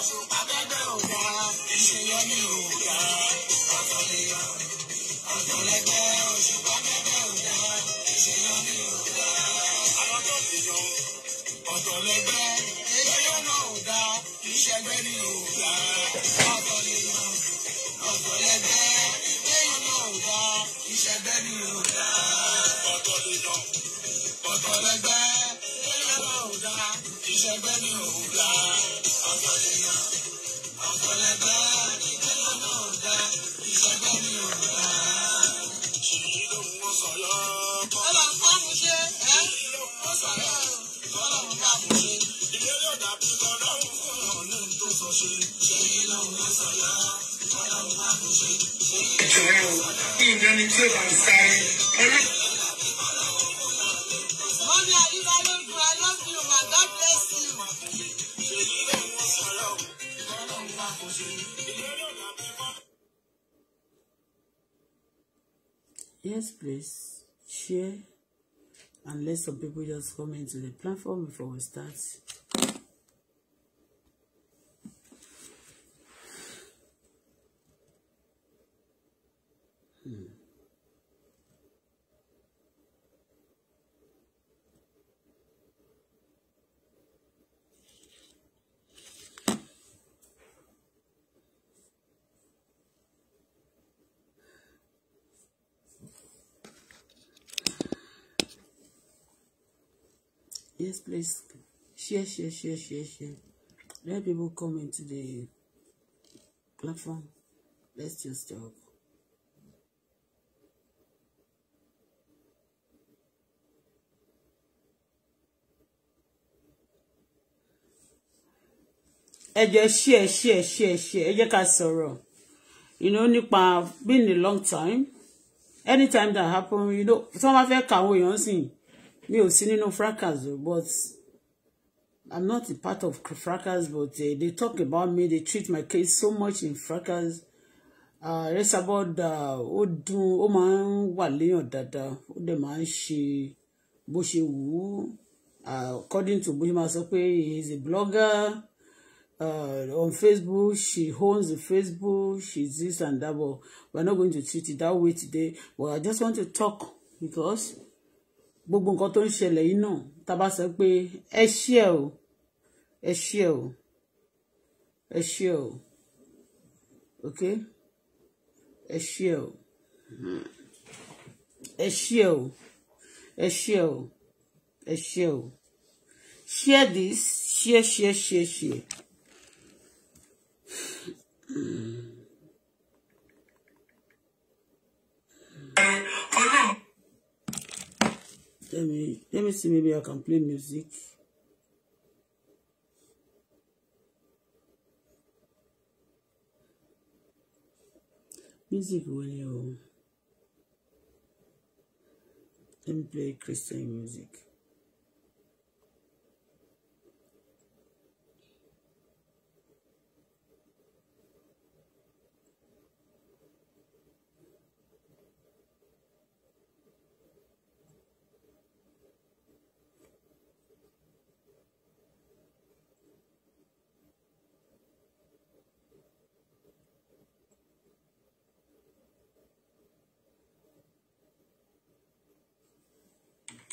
òṣùpá bẹ́ẹ̀ bẹ́ẹ̀ ò dáa èṣù yọ ní jọ̀ọ́ o kí n lẹ́ni tí ó bá ń sáré ọlọ́. Yes, please share and let some people just come into the platform before we start. Yes, please share, share, share, share, share. Let people come into the platform. Let's just talk. ẹ jẹ́ share share share share ẹ jẹ́ ká sọ̀rọ̀ you know nípa been a long time anytime that happen you know tí wọ́n bá fẹ́ kàwé yẹn sìn. Me ò sí no fracas but i'm not a part of fracas but uh, they talk about me they treat my case so much in fracas uh, ah, Resabod ah, ó dùn ó máa ń wà léèyàn dáadáa ó dẹ̀ máa ń ṣe bó ṣe wù ú ah, according to bóyá máa sọ he is a blogger uh, on Facebook. She owns the Facebook. She's this and that. But we're not going to treat it that way today. But I just want to talk because gbogbo nǹkan tó ń ṣẹlẹ̀ yìí náà tá a bá sọ pé ẹ ṣí ẹ o ẹ ṣí ẹ o ẹ ṣí ẹ o ok ẹ ṣí ẹ ẹ ṣí ẹ ẹ ṣí ẹ ẹ ṣí ẹ o share this share share share share. Let me let me see. Maybe I can play music. Music will you? Oh. Let me play Christian music.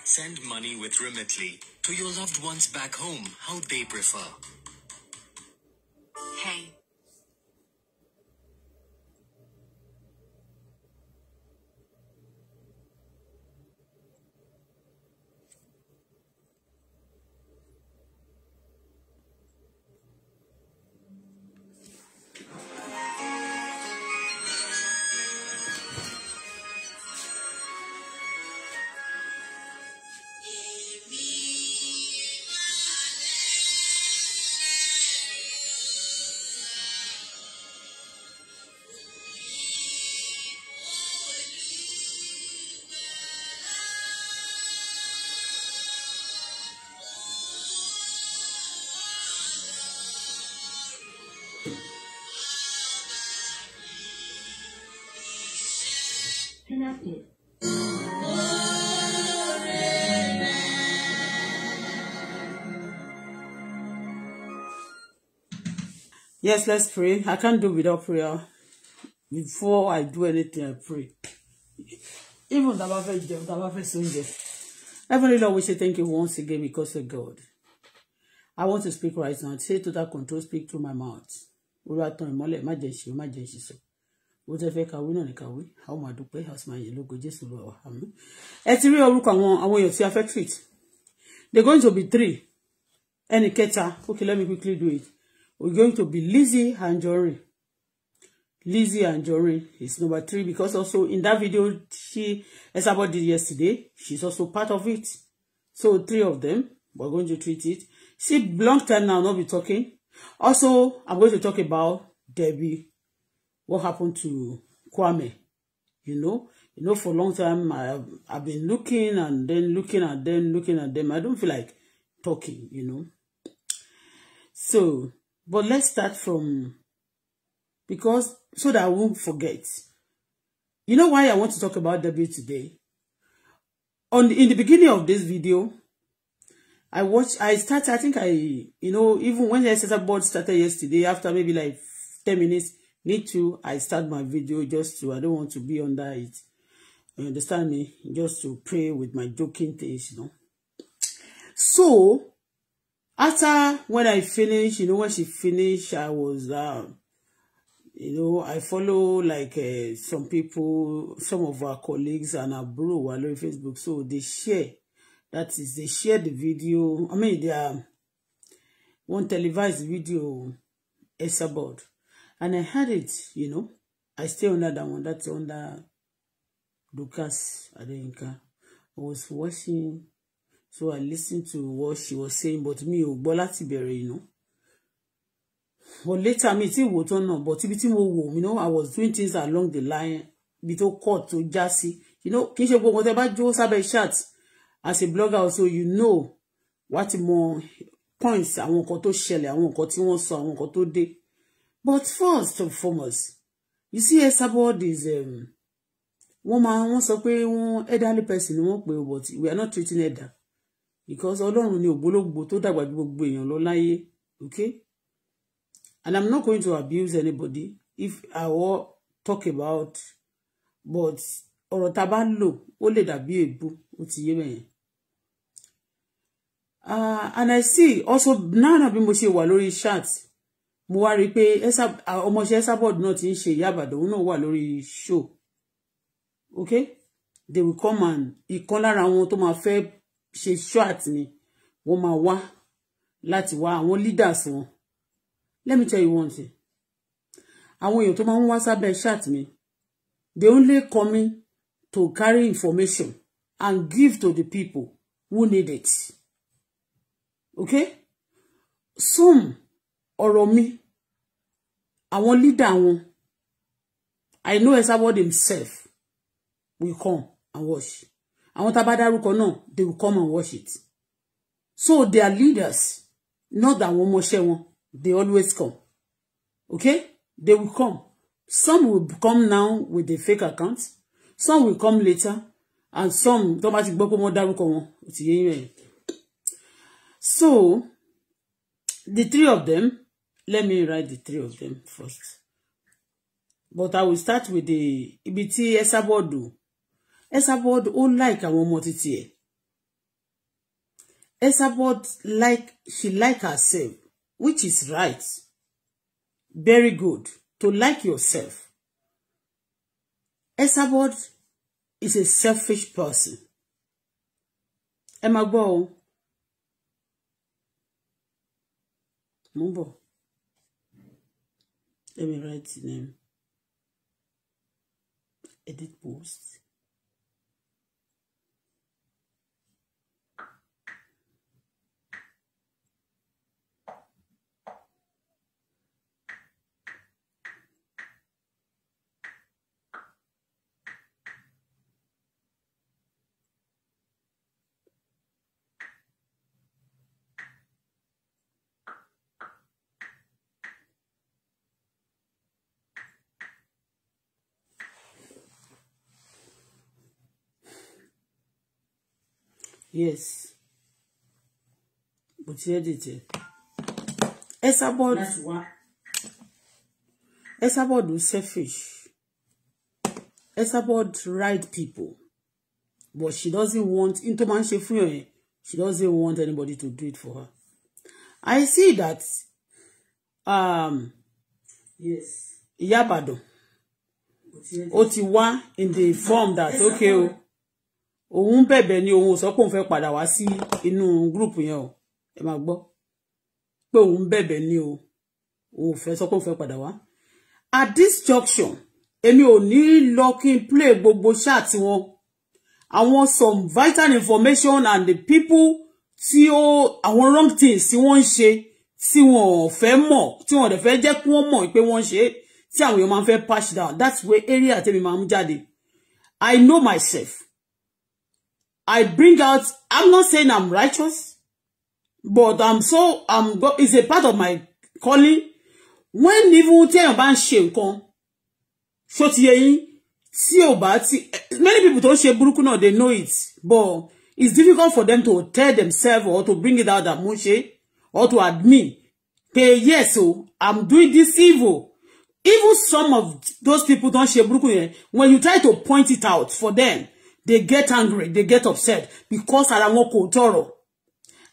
Send money with Remitly to your loved ones back home how they prefer. Yes, let's pray. I can't do without prayer. Before I do anything, I pray. Even the Bafa Jeff, the Sunday. Heavenly Lord, we say thank you once again because of God. I want to speak right now. Say to that control, speak through my mouth. Olúwa tan ìmọ́lẹ̀, má jẹ́ ṣe, má jẹ́ ṣe sọ. Bó tẹ́ fẹ́ kàwé náà ni kàwé, a ó máa dúpẹ́, a ó sì máa yẹ lógo Jésù lọ wà. Àmín. Ẹ ti rí orúkọ àwọn àwọn èèyàn tí They're going to be three. Any kẹta, okay, let me quickly do it. We're going to be Lizzie and Jory. Lizzie and Jory is number three because also in that video she Esabod did yesterday, she's also part of it. So three of them, we're going to treat it. See, long time now, not be talking. Also, I'm going to talk about Debbie, what happened to Kwame. You know, you know, for a long time I have, I've been looking and then looking at them, looking at them. I don't feel like talking, you know. So But let's start from because so that I won't forget. You know why I want to talk about W today? On in the beginning of this video, I watched I started I think I you know even when the SSR board started yesterday after maybe like 10 minutes need to. I start my video just to I don't want to be under it you understand me just to pray with my joking things you know so After when I finish, you know, when she finish, I was, um, you know, I follow like uh, some people, some of our colleagues and our bro were on Facebook. So they share, that is, they share the video. I mean, they are, one televised video, it's about, and I had it, you know. I stay under that one. That's under Lucas I Adenka. I was watching so I listened to what she was saying but mi ò gbọ́ láti bẹ̀rẹ̀ ìná but later mi ti wò tán náà but ibi tí mo wò you know I was doing things along the line ibi tó cut tó já sí you know kì í ṣe gbogbo tẹ bá jó sábẹ́ chat as a blogger also you know what ti points àwọn nǹkan tó ṣẹlẹ̀ àwọn nǹkan tí wọ́n sọ àwọn nǹkan tó dé but first and foremost you see Esabod is um, wọ́n máa wọ́n sọ pé wọ́n elderly person ni wọ́n pè but we are not treating elder because ọlọ́run ni ògbólógbò tó dàgbà ju gbogbo èèyàn lọ láyé okay and i'm not going to abuse anybody if i were talk about but ọ̀rọ̀ tá a bá lò ó lè dàbí èébú ó ti yé mẹ́yẹn uh, and i see also náà bí mo ṣe wà lórí chat mo wá rí i pé ọmọọṣẹ́ Esabod náà ti ń ṣe ìyá àbàdàn òun náà wà lórí show okay they will come and ìkan lára wọn tó máa fẹ́ ṣe short ni wọ́n máa wá láti wá àwọn leaders wọn let me tell you one thing àwọn èèyàn tó máa ń wá sábẹ́ chat mi they only coming to carry information and give to the people who need it okay some ọ̀rọ̀ mi àwọn leader wọn I know Esabod himself will come and watch àwọn tá a bá dárúkọ náà they will come and wash it so their leaders not àwọn ọmọọṣẹ́ wọn they always come okay they will come some will come now with the fake account some will come later and some tó bá ti gbọ́ pé wọ́n dárúkọ wọn ó ti yé yín ẹ̀yìn so the three of them let me write the three of them first but I will start with the ibi tí ẹ Esabod ó like àwọn ọmọ títí ẹ̀ Esabod like she like herself which is right very good to like yourself Esabod is a selfish person Emma máa mumbo. let me write the name edit post. yes mo you? edit ẹ Esabod Esabod selfish about right people but she doesn't want in tó máa she doesn't want anybody to do it for her I see that um, yes Yabado. Ìbàdàn in the form that okay òun bẹ̀bẹ̀ ni òun sọ pé òun fẹ́ padà wá sí inú gúrùpù yẹn o ẹ máa gbọ́ pé òun bẹ̀bẹ̀ ni o òun fẹ́ sọ pé òun fẹ́ padà wá at this junction èmi ò ní lọ kí n play gbogbo ṣáà tí wọn àwọn some vital information and the people tí ó àwọn wrong things tí wọ́n ń ṣe tí wọn ò fẹ́ mọ̀ tí wọn ò dẹ̀ fẹ́ jẹ́ kí wọ́n mọ̀ pé wọ́n ń ṣe tí àwọn èèyàn máa ń fẹ́ patch down that's where area tèmi máa ń jáde i know myself I bring out, I'm not saying I'm righteous, but I'm so, I'm, it's a part of my calling. When even tell about ṣe nǹkan, ṣó ti yé yín, tí many people don't ṣe burúkú náà, they know it, but it's difficult for them to tell themselves or to bring it out that mo or to admit, pé yes o, I'm doing this evil. Even some of those people don't ṣe burúkú when you try to point it out for them, they get angry they get upset because Aramoko Toro,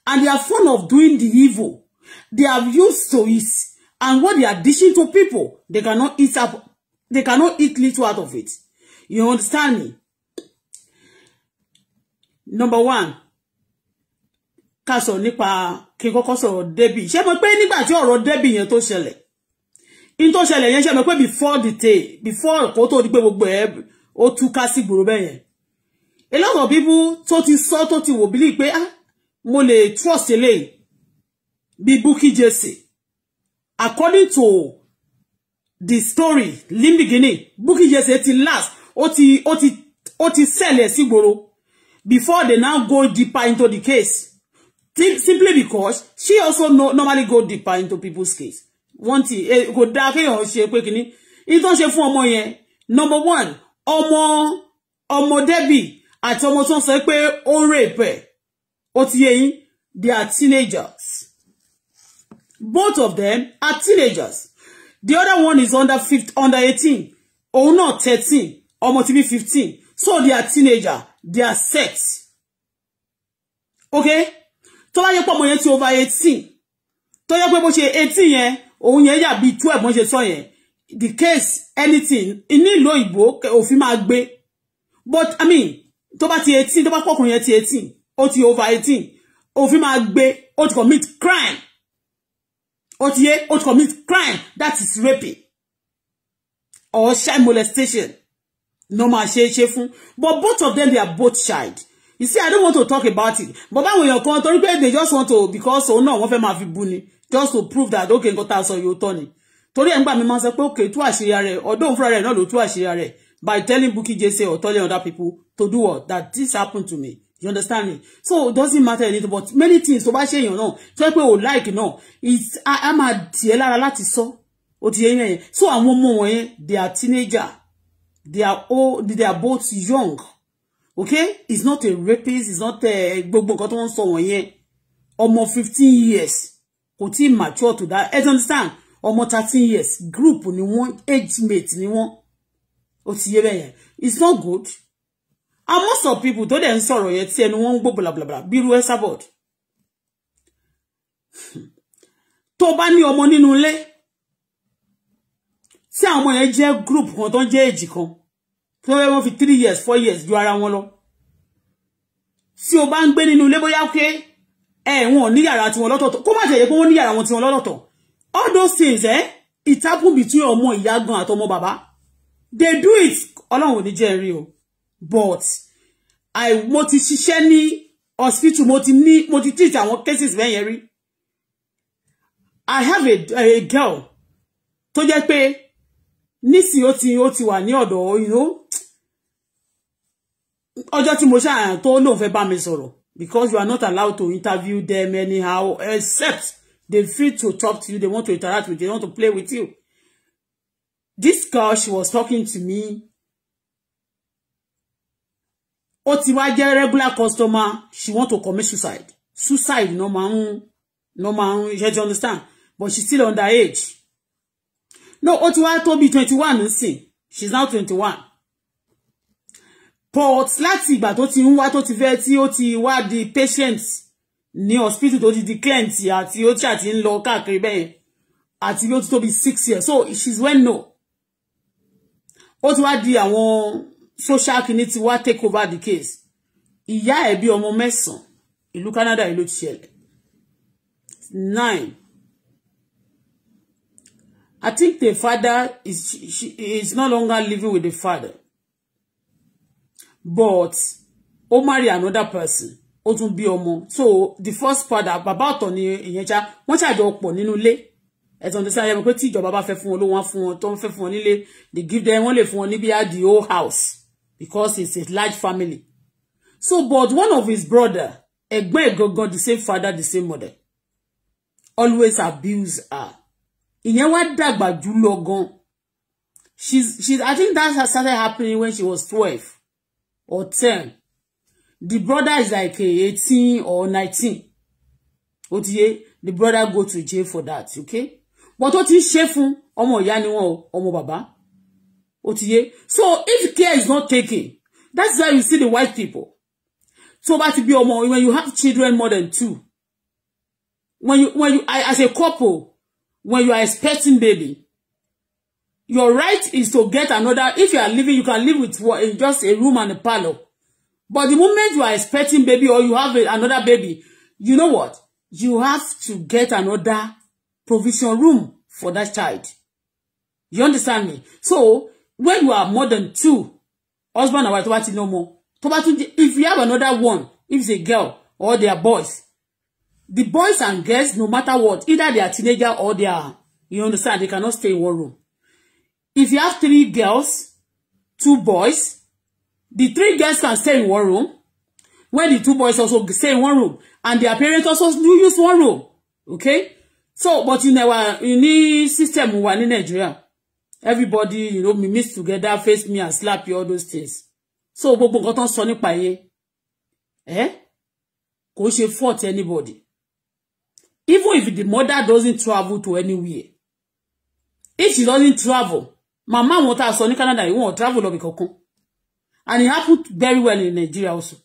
and they are fond of doing the evil they are used to it and what they are dishing to people they cannot eat up they cannot eat little out of it you understand me number one ká sọ nípa kí n kọ́kọ́ sọ̀rọ̀ débi ṣé mo pé nígbà tí ọ̀rọ̀ débi yẹn tó ṣẹlẹ̀ in tó ṣẹlẹ̀ yẹn ṣe mo pé before the day before koto tó di pé gbogbo ẹ̀ ó túká sí gbòòrò a lot of people tó ti sọ tó ti wò believe pé ah mo lè trust eléyìí bí Bukky Jesse according to the story ní beginning Bukky Jesse ti last ó ti ó ti ó ti ṣẹlẹ̀ sígboro before they now go deeper into the case simply because she also no, normally go deeper into people's case wọ́n ti eh, kò dáa kéèyàn ṣe pé kínní ìtàn ṣe fún ọmọ yẹn number one Omo Omo Debbie àti ọmọ tó ń sọ pé ó ń rape ẹ̀ ó ti yé yín they are teenagers both of them are teenagers the other one is under fifth under eighteen òun náà thirteen ọmọ ti bí fifteen so they are teenager they are sex okay tó bá yẹ pé ọmọ yẹn ti over eighteen tó yẹ pé bó ṣe eighteen yẹn òun yẹn yà bí twelve bó ṣe sọ yẹn the case anything ní ìlú òyìnbó òfin máa gbé but i mean To bá ti eighteen tó bá kọkùnrin yẹn ti eighteen ó ti over eighteen òfin máa gbé ó ti commit crime ó ti yé ó ti commit crime that is raping or child molestation no máa ṣe é fun, but both of them they are both child you see i don't want to talk about it but báwọn èèyàn kan torí pé they just want to because òun náà wọ́n fẹ́ máa fi bú ni just to prove that okay nǹkan tá so you yóò tọ́ ni torí ẹ̀ ń gbà mí okay tú àṣeyà rẹ̀ ọ̀dọ́ òun fúnra rẹ̀ náà ló tú àṣeyà rẹ̀ by telling Buki Jesse or telling other people to do what that this happened to me. You understand me? So it doesn't matter anything, but many things So by saying you know, tó people will ò like náà it's a máa tiẹ̀ lára láti sọ So àwọn one wọ̀nyẹn they are teenager they are old they are both young okay it's not a rapist it's not a eh, nǹkan tó ń sọ wọ̀nyẹn ọmọ fifteen years continue mature to that ẹ understand ọmọ thirteen years group ni one age mate ni one ó ti it's not good and most of people don't dẹ̀ ń sọ̀rọ̀ yẹn tí ẹnu wọn blah. gbó blablabla bí irú Esabod tó bá ní ọmọ nínú ilé tí àwọn yẹn jẹ́ group kan tó ń jẹ́ èjì kan tó fẹ́ wọ́n fi three years four years ju ara wọn lọ tí o bá ń gbé nínú ilé bóyá pé ẹ wọn ò ní yàrá tiwọn lọ́tọ̀ọ̀tọ̀ kó má jẹ̀yẹ pé wọ́n ní yàrá wọn tiwọn lọ́tọ̀ọ̀tọ̀ all those things eh, it happen between ọmọ ìyá gan àtọmọ bàbá they do it ọlọ́run ò ní jẹ́ rí o but i mo ti ṣiṣẹ́ ní hospital mo ti ní mo ti teach àwọn cases bẹ́ẹ̀ rí i have a, a girl tó jẹ́ pé nísìnyí ó ti ó ti wà ní ọ̀dọ̀ you know ọjọ́ tí mo ṣàyàn tó lóun fẹ́ bá mi sọ̀rọ̀ because you are not allowed to interview them anyhow except they feel to talk to you they want to interact with you they want to play with you this girl she was talking to me ó ti wá jẹ́ regular customer she want to commit suicide suicide no máa ń no máa ń you understand but she still under age no ó ti wá tó bí twenty one nísìn she's now twenty one but láti ìgbà tó ti ń wá tó ti fẹ́ tí ó ti wá di patient ní hospital tó ti di client àti ó ti àti ń lọ káàkiri bẹ́ẹ̀ àti ti tó bí six years so she's well no ó ti wá di àwọn social kìíní ti wá take over the case ìyá ẹ̀ bí ọmọ mẹ́sàn-án ìlú Canada ìlú ti ṣẹlẹ̀ nine I think the father is she, she is no longer living with the father. But ó marry another person. Ó tún bí ọmọ. So the first father bàbá ọ̀tọ̀ ni ìyẹn ṣá wọ́n ṣàjọ nínú ilé ẹ̀sán tó sáyẹ̀ mọ̀ pé tí ìjọba bá fẹ́ fún wọn ló wọ́n fún wọn tó ń fẹ́ fún wọn nílé they give them wọ́n lè fún wọn níbi at the whole house because it's a large family so but one of his brother ẹ̀gbọ́n ẹ̀ gangan the same father the same mother always abuse her ìyẹn wá dàgbà jù lọ gan she's she's I think that started happening when she was twelve or ten the brother is like eighteen or nineteen ó the brother go to jail for that okay but ó ti ń ṣe fún ọmọ ìyá ni wọn o ọmọ bàbá ó ti yé so if care is not taken that's why you see the white people tó bá ti bí ọmọ when you have children more than two when you when you as a couple when you are expecting baby your right is to get another if you are living you can live with what, just a room and a parlor but the moment you are expecting baby or you have a, another baby you know what you have to get another provision room for that child. You understand me? So, when you are more than two, husband and wife, tó no more. if you have another one, if it's a girl or they are boys, the boys and girls, no matter what, either they are teenager or they are, you understand, they cannot stay in one room. If you have three girls, two boys, the three girls can stay in one room, where the two boys also stay in one room, and their parents also do use one room, okay? so but in our ní system wa in Nigeria everybody you know we mix together face me and slap you all those things so gbogbo nǹkan tó ń sọ nípa eh kò ṣe fault anybody even if the mother doesn't travel to anywhere if she doesn't travel mama wọn tá sọ ní Canada yìí wọn travel lọ bí and it happened very well in Nigeria also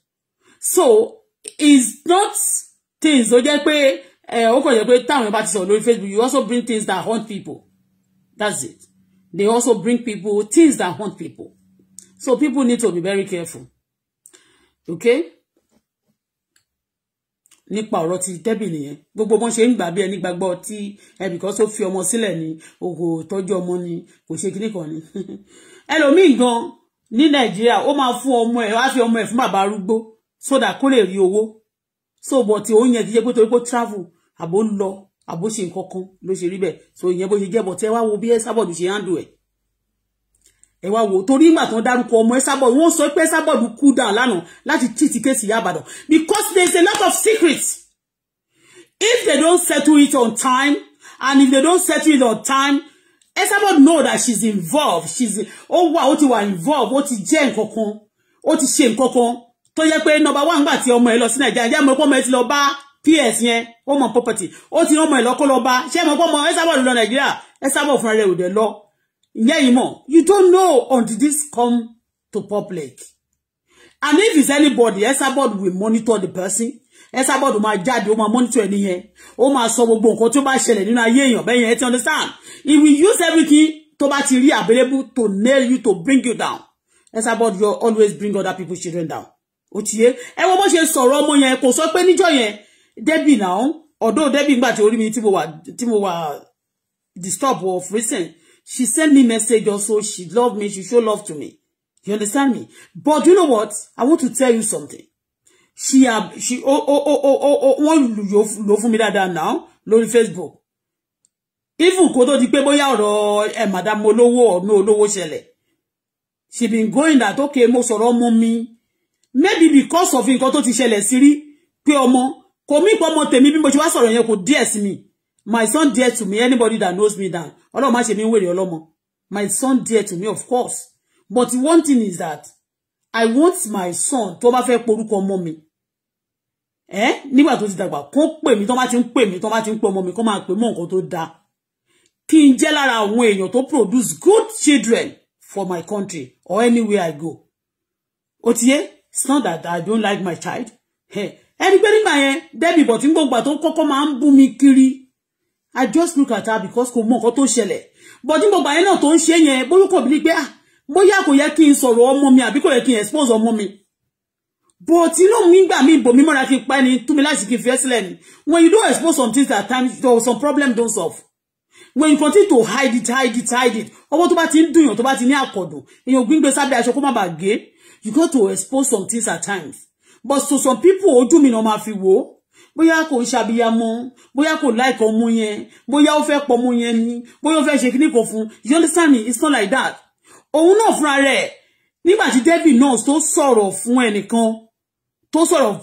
so it's not things ó jẹ́ pé ẹ eh, ó kàn jẹ́ pé táwọn èèyàn bá ti sọ̀rọ̀ lórí Facebook you also bring things that haunt people that's it they also bring people things that haunt people so people need to be very careful okay nípa ọ̀rọ̀ ti tẹ́bì nìyẹn gbogbo wọn ṣe ń gbà bí ẹni gbàgbọ́ tí ẹnìkan eh, tó fi ọmọ sílẹ̀ ni òkò tọ́jú ọmọ ni kò ṣe kíní kan ni ẹlòmíì gan ní nàìjíríà ó máa fún ọmọ ẹ̀ wá fi ọmọ ẹ̀ fún bàbá arúgbó sódà kó lè rí owó so bọ̀ tí òun yẹn ti jẹ́ pé torí pé travel àbó ń lọ àbó ṣe nǹkan kan ló ṣe rí bẹ́ẹ̀ so ìyẹn bó ṣe jẹ́ tí ẹ wá wo bí ẹ sábọ̀dù ṣe handle ẹ̀ ẹ wá wo torí ìgbà tán dárúkọ ọmọ ẹ sábọ̀ wọ́n sọ pé sábọ̀dù cool down lánàá láti títí kéèsì ìyá because there is a lot of secrets if they don't settle it on time and if they don't settle it on time ẹ sábọ̀ know that she is involved she is ó wà ó ti wà involved ó ti jẹ́ nǹkan kan ó ti ṣe nǹkan kan tó yẹ pé number one gbà tí ọmọ ẹ lọ sí nàìjíríà jẹ́ àmọ́ ọmọ ẹ ti lọ bá PS yẹn ó mọ property ó ti ọmọ ìlọ́kọ́ lọ bá ṣé mo gbọ́mọ ẹ sábà lọ Nàìjíríà ẹ sábà fúnra rẹ̀ ò lọ ìyẹn yìí mọ̀ you don't know until this come to public and if it's anybody ẹ sábà will monitor the person ẹ sábà tó máa jáde ó máa monitor ẹni yẹn ó máa sọ gbogbo nǹkan tó bá ṣẹlẹ̀ nínú ayé èèyàn bẹ́ẹ̀ yẹn ẹ ti understand If we use everything tó bá ti rí available to nail you to bring you down ẹ sábà you always bring other people children down ó ti yé ẹ wo bó ṣe sọ̀rọ̀ ọmọ yẹn kò sọ pé níjọ́ yẹn Debbie now although Debbie nígbà tí orí mi tí mo wà tí mo wà disturb of recent she sent me message also she loved me she show love to me you understand me but you know what I want to tell you something she am she oh oh oh oh oh oh wọ́n lò fún mi dáadáa now lórí Facebook even kó tó di pé bóyá ọ̀rọ̀ ẹ̀ eh, madam olówó ọ̀nà olówó ṣẹlẹ̀ she been going that okay mo sọ̀rọ̀ ọmọ mi maybe because of nǹkan tó ti ṣẹlẹ̀ Siri rí pé kò mí pọ́ ọmọ tèmi bí mo ṣe wá sọ̀rọ̀ yẹn kò díẹ̀ sí mi my son dear to me anybody that knows me that ọlọ́run má ṣe mí wèrè ọlọ́mọ my son dear to me of course but one thing is that I want my son tó bá fẹ́ porúkọ ọmọ mi ẹ́ eh? nígbà tó ti dàgbà kó pè mí tó bá ti ń pè mí tó bá ti ń pè ọmọ mi kó máa pè mọ́ nǹkan tó dáa kí n jẹ́ lára àwọn èèyàn tó produce good children for my country or anywhere I go. Ó ti yé, it's not that I don't like my child. Hey, ẹni pé nígbà yẹn Debbie bọ̀ tí ń gbogbo àtó kọ́kọ́ máa ń bú mi kiri I just look at her because kò mọ nǹkan tó ṣẹlẹ̀ bọ̀ tí gbogbo àyẹn náà tó ń ṣe yẹn bórúkọ bí pé ah bóyá kò yẹ kí n sọ̀rọ̀ ọmọ mi àbí kò yẹ kí n expose ọmọ mi but inú mi gbà mí ibò mi mọ́ra kí n pa ẹni tú mi láti kí n fi ẹ́ sílẹ̀ ni when you don't expose some things at times some problems don't solve when you continue to hide it hide it hide it ọwọ́ tó bá ti ń dùnyàn tó bá ti ní àkọ̀dùn èèyàn gbígbé sábẹ́ aṣọ kó má bàa gé you go to expose some things at times but so some people ojú mi náà máa fi wò ó bóyá kò ń ṣàbíyamọ bóyá kò láìkọ ọmú yẹn bóyá ó fẹ́ pọmú yẹn ni Boya ó fẹ́ ṣe kíní kan fún you understand me it's not like that òun náà fúnra rẹ̀ nígbà tí debbie náà tó sọ̀rọ̀ fún ẹnìkan tó sọ̀rọ̀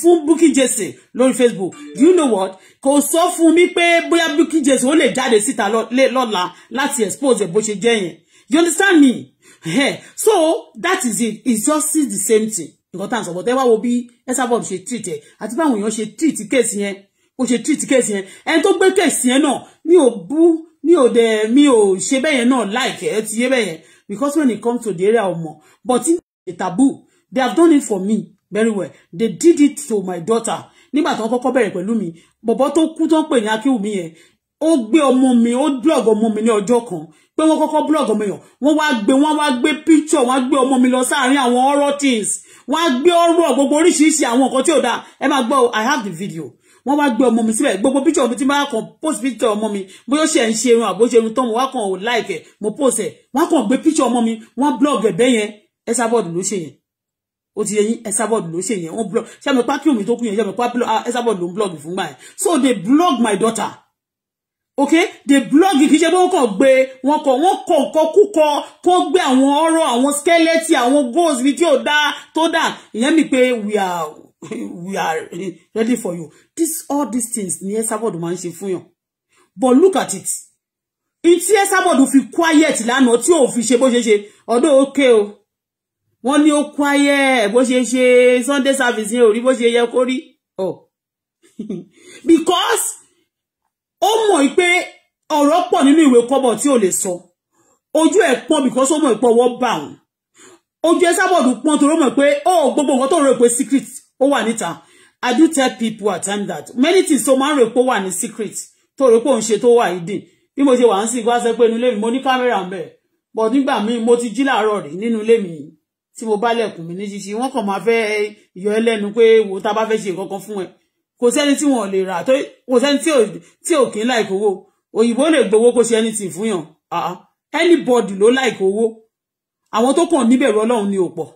fun Bukky Jesse lórí Facebook do you know what kò so fun mi pe boya Bukky Jesse O ó lè jáde síta lọ́la láti expose ẹ̀ bó ṣe jẹ́ yẹn you understand me so that is it it's just the same thing nǹkan tá à ń sọ bọ́ tẹ́ wá wo bí Esabod ṣe treat ẹ̀ àti báwọn èèyàn ṣe treat case yẹn ó ṣe treat case yẹn ẹni tó gbé case yẹn náà mi ò bú mi ò dẹ̀ mi ò ṣe bẹ́ẹ̀ náà like ẹ̀ ti yé bẹ́ẹ̀ because when it comes to the area of ọmọ but in the taboo they have done it for me very well they did it to my daughter nígbà tí wọ́n kọ́kọ́ bẹ̀rẹ̀ pẹ̀lú mi bọ̀bọ́ tó kú tó ń pè ní akíwùmí yẹn ó gbé ọmọ mi ó blog ọmọ mi ní ọjọ́ kan pé wọ́n kọ́kọ́ blog ọmọ yẹn wọ́n wá gbé wọ́n wá gbé picture wọ́n gbé ọmọ mi lọ sáàárín àwọn horror things wọ́n á gbé ọ̀rọ̀ gbogbo oríṣiríṣi àwọn nǹkan tí ò dáa ẹ máa gbọ́ i have the video wọ́n wá gbé ọmọ mi síbẹ̀ gbogbo picture ọmọ tí máa kàn post picture ọmọ mi bóyá ó ṣe ń ṣe irun àbó ṣe irun tán mo wá kàn ó like ẹ̀ mo post ẹ̀ wọ́n kàn gbé picture ọmọ mi wọ́n blog ẹ̀ bẹ́yẹn Esabod ló ṣe yẹn ó ti yẹ yín Esabod ló ṣe yẹn wọ́n blog ṣé àmì pákí omi tó kú yẹn ṣé àmì pákí Esabod ló ń blog fún gbà yẹn so they blog my daughter okay the blog kì í ṣe pé wọ́n kàn gbé wọn kàn wọ́n kàn kọ́ kúkọ kó gbé àwọn ọ̀rọ̀ àwọn skeleton àwọn goals mi tí ò dá tó dà ìyẹn mi pé we are we are ready for you this all these things ni ẹ sábọ̀dù máa ń ṣe fún yàn but look at it ìtí ẹ sábọ̀dù fi quiet lánàá tí ò fi ṣe bó ṣe ṣe ọdún òkè o wọ́n ní ó quiet bó ṣe ṣe sunday service yẹn ò rí bó ṣe yẹ kó rí oh because ó mọ̀ pé ọ̀rọ̀ pọ̀ nínú ìwé kọ́bọ̀ tí ò lè sọ ojú ẹ̀ pọ́n because ó mọ̀ pé ọwọ́ bà wọ́n ojú ẹ sábọ̀dù pọ́n torí ó mọ̀ pé ó gbogbo nǹkan tó rò pé secret ó wà níta I do tell people at time that many things tó máa ń rò pé ó wà ní secret tó rò pé òun ṣe tó wà hidden bí mo ṣe wà ń sìn kó wá sọ pé inú ilé mi mo ní kámẹ́rà ń bẹ̀ bọ̀ nígbà míì mo ti jí làárọ̀ rí nínú ilé mi tí mo bá lẹ̀kùn mi ní ṣíṣe wọ́n kàn máa fẹ́ yọ ẹlẹ́nu pé wo ta bá fẹ́ ṣe nǹkan kan fún ẹ kò sẹ́ni tí wọ́n lè rà torí kò sẹ́ni tí ò kí ń láìkó owó òyìnbó lè gbowó kó ṣe anything fún yàn anybody ló láìkó owó àwọn tó kàn níbẹ̀rù ọlọ́run ni ò pọ̀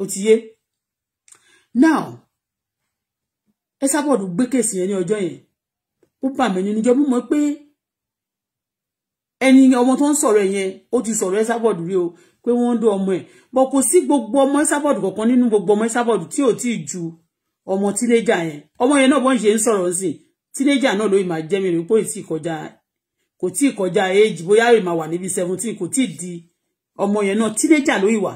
ó ti yé now ẹ sábọ̀dù gbé kèsì yẹn ní ọjọ́ yẹn ó bà mí nínú ìjọba mọ̀ pé ẹni ọmọ tó ń sọ̀rọ̀ yẹn ó ti sọ̀rọ̀ ẹ sábọ̀dù rí o pé wọ́n ń dún ọmọ ẹ̀ bọ̀ kò sí gbogbo ọmọ ẹ sábọ̀dù kọ̀ọ̀kan nínú gbogbo ọmọ ẹ sábọ̀dù tí ò tí ju ọmọ tínéjà yẹn ọmọ yẹn náà bọ́n ṣe ń sọ̀rọ̀ sí tínéjà náà lóyún máa jẹ́ mi rí pé tí kọjá kò tí kọjá age bóyá rè máa wà níbi seventeen kò tí di ọmọ yẹn náà tínéjà lóyún wà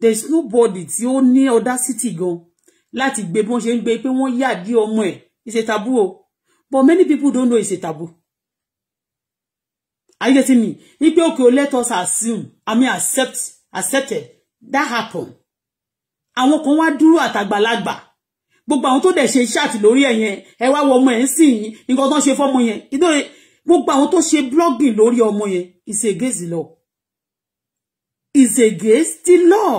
there is nobody tí ó ní city. gan láti gbé bọ́n ṣe ń gbé pé wọ́n yàdí ọmọ ẹ̀ ìṣe tabu o but many people don't know it's a tabu are you getting me ipe okay let us assume i mean accept accepted that happen àwọn kan wá dúró àtàgbàlagbà gbogbo àwọn tó dẹ̀ ṣe ṣáàtì lórí ẹ̀ yẹn ẹ wá wọ ọmọ ẹ̀ ń sìn yín nǹkan tó ń ṣe fọ́mọ yẹn inú gbogbo àwọn tó ṣe blogging lórí ọmọ yẹn is against the law is against the law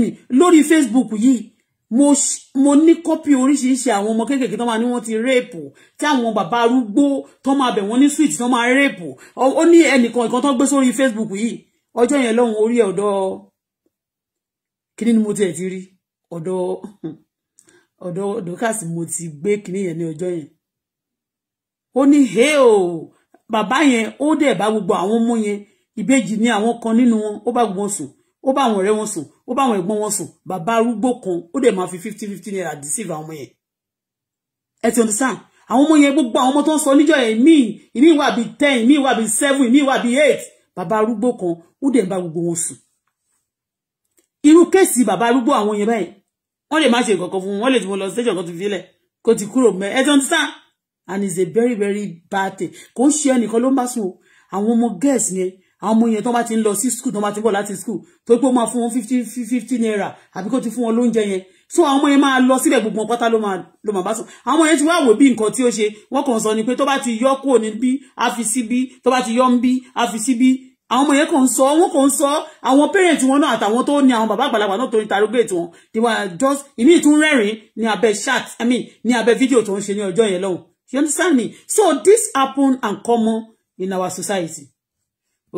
mi lórí Facebook yìí mo mo ní kọ́pì oríṣiríṣi àwọn ọmọ kéékèèké tó máa ní wọ́n ti réèpù tí àwọn bàbá arúgbó tó máa bẹ̀ wọ́n ní sweet tó máa réèpù ó ní ẹnìkan ìkan tó gbé sórí Facebook yìí ọjọ́ yẹn lọ́hùn orí ọ̀dọ́ kí ni mo tiẹ̀ ti rí ọ̀dọ̀ ọ̀dọ̀ Dorcas mo ti gbé kinní yẹn ní ọjọ́ yẹn ó ní he o bàbá yẹn ó dẹ̀ bá gbogbo àwọn ọmọ yẹn ìbejì ní àwọn kan nínú wọn ó bá gbogbo wọn sùn ó bá àwọn ọ̀rẹ́ wọn sùn ó bá àwọn ẹ̀gbọ́n wọn sùn bàbá arúgbó kan ó dẹ̀ máa fi fifty fifty naira deceive àwọn ọmọ yẹn ẹ ti understand àwọn ọmọ yẹn gbogbo àwọn ọmọ tó ń sọ níjọ́ yẹn mí ìmí wà bíi ten ìmí wà bíi seven ìmí wà bíi eight bàbá arúgbó kan ó dẹ̀ bá gbogbo wọn sùn irú kéèsì bàbá arúgbó àwọn yẹn báyìí wọ́n lè má ṣe nǹkan kan fún wọn lè tí mo lọ station kan ti fi lẹ̀ kó ti kúrò mẹ́ ẹ ti ń sá and it's a very very bad thing kò ń ṣe ẹnìkan ló ń bá sùn o àwọn ọmọ girls yẹn àwọn ọmọ yẹn tó bá ti ń lọ sí school tó bá ti bọ̀ láti school tó pé ó máa fún wọn fifty fifty naira àbí kó ti fún wọn lóúnjẹ yẹn so àwọn ọmọ yẹn máa lọ sílẹ̀ gbogbo wọn pátá ló máa bá sùn àwọn ọmọ yẹn ti wá wò bí nǹkan tí ó ṣe wọ́n kàn sọ ni pé tó bá ti yọ kúrò níbí àfi síbí tó bá ti yọ ń bí àfi síbí àwọn ọmọ yẹn kò ń sọ wọn kò ń sọ àwọn parent wọn náà àtàwọn tó ní àwọn bàbá àgbàlagbà náà tó ń tarogate wọn they were just ìmí ìtún rẹ́rìn ní abẹ́ chat i mean ní abẹ́ fídíò tó ń ṣe ní ọjọ́ yẹn lọ́hùn you understand me so this happen and common in our society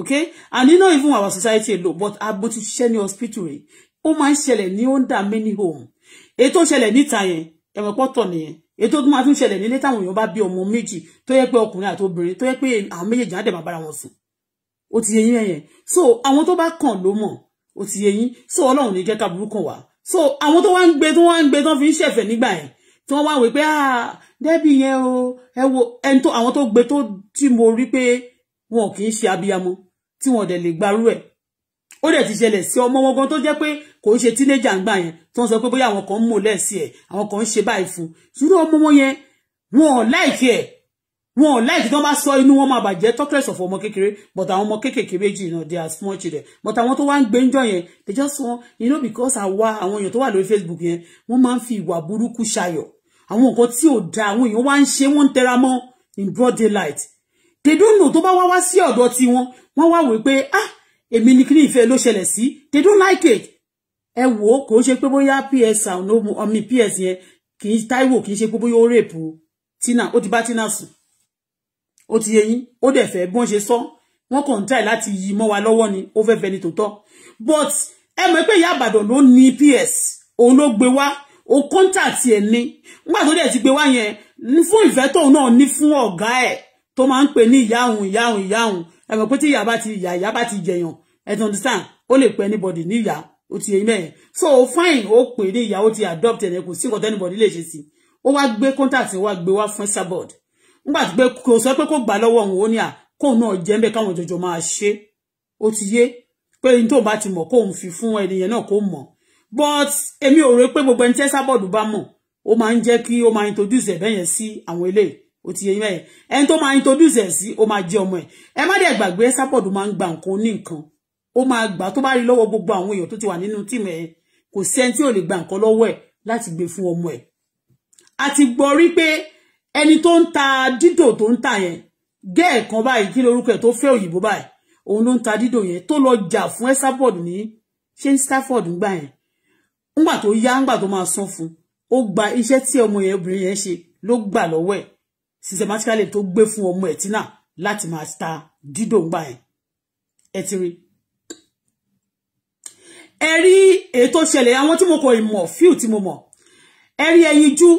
okay and you know even our society alone but abo ti ṣiṣẹ́ ní hospital rẹ̀ ó máa ń ṣẹlẹ̀ ní under many home èyí tó ṣẹlẹ̀ níta yẹn ẹ̀wọ̀n pọ̀tọ̀ nìyẹn èyí tó máa tún ṣẹlẹ̀ nílé táwọn èèyàn bá bí ọmọ méjì tó yẹ pé ọkùnrin àti obìnrin tó yẹ pé àwọn méjèèjì á dẹ̀ bàbára wọn sùn ó ti yé yín so àwọn tó bá kàn ló mọ̀ ó ti yé so ọlọ́run ní jẹ́ ká burú kàn so àwọn tó wá ń gbé tó wá ń gbé tó fi ń ṣẹ̀fẹ̀ nígbà yẹn tí wọ́n wá wí pé ah dẹ́bì yẹn o ẹ wo ẹni tó àwọn tó gbé tó tí mo rí pé wọn kì í ṣe abiyamọ tí wọn dẹ̀ lè gbarú ẹ̀ ó dẹ̀ ti ṣẹlẹ̀ sí ọmọ wọn gan tó jẹ́ pé kò ń ṣe tínéjà ń gbà yẹn tó ń sọ pé bóyá àwọn kan ń mò lẹ́sí ẹ̀ àwọn kan ń ṣe báyìí fún ṣùgbọ́n ọmọ wọn yẹn wọn láìkí ẹ̀ wọn ò láìkí tó bá sọ inú wọn máa bàjẹ́ talkless of ọmọ kékeré but àwọn ọmọ kékèké You know, they are small children but àwọn tó wá ń gbé ń they just wan you know because àwa àwọn èèyàn tó wà lórí Facebook yẹn wọ́n máa ń fi ìwà buruku ṣayọ̀ àwọn nǹkan tí ò da àwọn èèyàn wá ń ṣe wọ́n ń tẹra mọ́ in broad daylight they don't know tó bá wá wá sí ọ̀dọ̀ tiwọn wọ́n wá wò pé ah èmi ni kíní ìfẹ́ ló ṣẹlẹ̀ sí they don't like it ẹ wò ó kò ń ṣe pé bóyá ps àwọn ọmọ ps yẹn kì í Táíwò kì í ṣe rape. bóyá tina ó ti bá tina sùn O ti yé yín ó dẹ̀ fẹ́ bọ́n ṣe sọ wọ́n kàn tàì láti yí wa lọ́wọ́ ni ó fẹ́ fẹ́ ni tòótọ́ but ẹ mọ̀ pé ìyá àbàdàn ló ní ps o ló gbé wá o contact e ni. nígbà tó dẹ̀ ti gbé wá yẹn fún ìfẹ́ tóun náà ní fún ọ̀gá ẹ̀ tó máa ń pè ní ìyá òun ìyá òun ìyá òun ẹ mọ̀ pé ti ya ya ba ti jẹyàn ẹ ti understand O le pe anybody ni ya ó ti yẹn so fine o pè ní ya ó ti adopt ẹ̀ kò sí nǹkan tẹ́nibọ̀dì lè ṣe sí ó wá gbé contact o wá gbé wá fún ẹ̀ nígbà tí pé kò sọ pé kò gbà lọ́wọ́ òun ó ní à kóun náà jẹ́ ń bẹ́ káwọn jọjọ máa ṣe ti yé pé ní tóun bá ti mọ̀ kóun fi fún ẹnìyẹn náà kó mọ̀ but èmi ò rò pé gbogbo ẹni tẹ́ sábọ̀dù bá mọ̀ ó máa ń jẹ́ kí ó máa introduce ẹ̀ bẹ́yẹn sí àwọn eléyìí ó ti yé yín bẹ́yẹn ẹni tó máa introduce ẹ̀ sí ó máa jẹ́ ọmọ ẹ̀ ẹ má dẹ̀ gbàgbé ẹ sábọ̀dù máa gba nǹkan ní nǹkan ó máa gbà tó bá rí lọ́wọ́ gbogbo àwọn èèyàn tó ti wà nínú tíìmù ẹ̀ kò sí ẹni tí ò lè gba nǹkan lọ́wọ́ ẹ̀ láti gbé fún ọmọ ẹ̀ àti gbọ́ rí ẹni tó ń ta dídò tó ń ta yẹn gẹ́ẹ̀ kan báyìí kí lorúkọ ẹ̀ tó fẹ́ òyìnbó báyìí òun ló ń ta dídò yẹn tó lọ jà fún Esabod ní ṣé Stafford ńgbà yẹn ńgbà tó yá ńgbà tó máa san fún ó gba iṣẹ́ tí ọmọ yẹn obìnrin yẹn ṣe ló gbà lọ́wọ́ ẹ̀ systematically tó gbé fún ọmọ ẹ̀ tínà láti máa ta dídò ńgbà yẹn ẹ ti rí ẹ rí èyí tó ṣẹlẹ̀ àwọn tí mo kò mọ̀ fíù tí mo mọ̀ ẹ rí ẹyinjú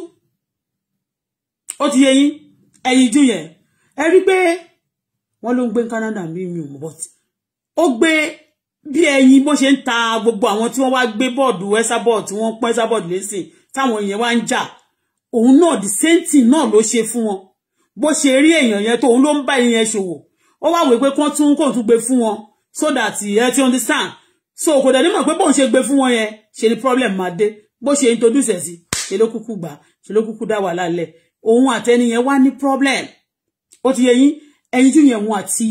ó ti yẹ yín ẹ̀yìn jù yẹn ẹ rí pé wọ́n ló ń gbé Canada mi mi ò mọ̀ bọ́t ó gbé bí ẹyin bó ṣe ń ta gbogbo àwọn tí wọ́n wá gbé bọ́ọ̀dù ẹ́sàbọ̀d tí wọ́n pọ́n ẹ́sàbọ̀d lẹ́sìn táwọn èèyàn wá ń jà òun náà the same thing náà ló ṣe fún wọn bó ṣe rí èèyàn yẹn tó òun ló ń bá èèyàn ṣòwò ó wá wèé pé kán tún kò tún gbé fún wọn so that ẹ ti understand so kò dẹ̀ nímọ̀ pé bóun ṣe gbé fún wọn yẹn ṣe ni problem máa dé bó ṣe introduce ẹ̀ sí ṣe ló kúkú gbà ṣe ló kúkú dá wàhálà lẹ̀ òun àtẹni yẹn wá ní problem ó ti yẹ yín ẹyin tí yẹn wọn àti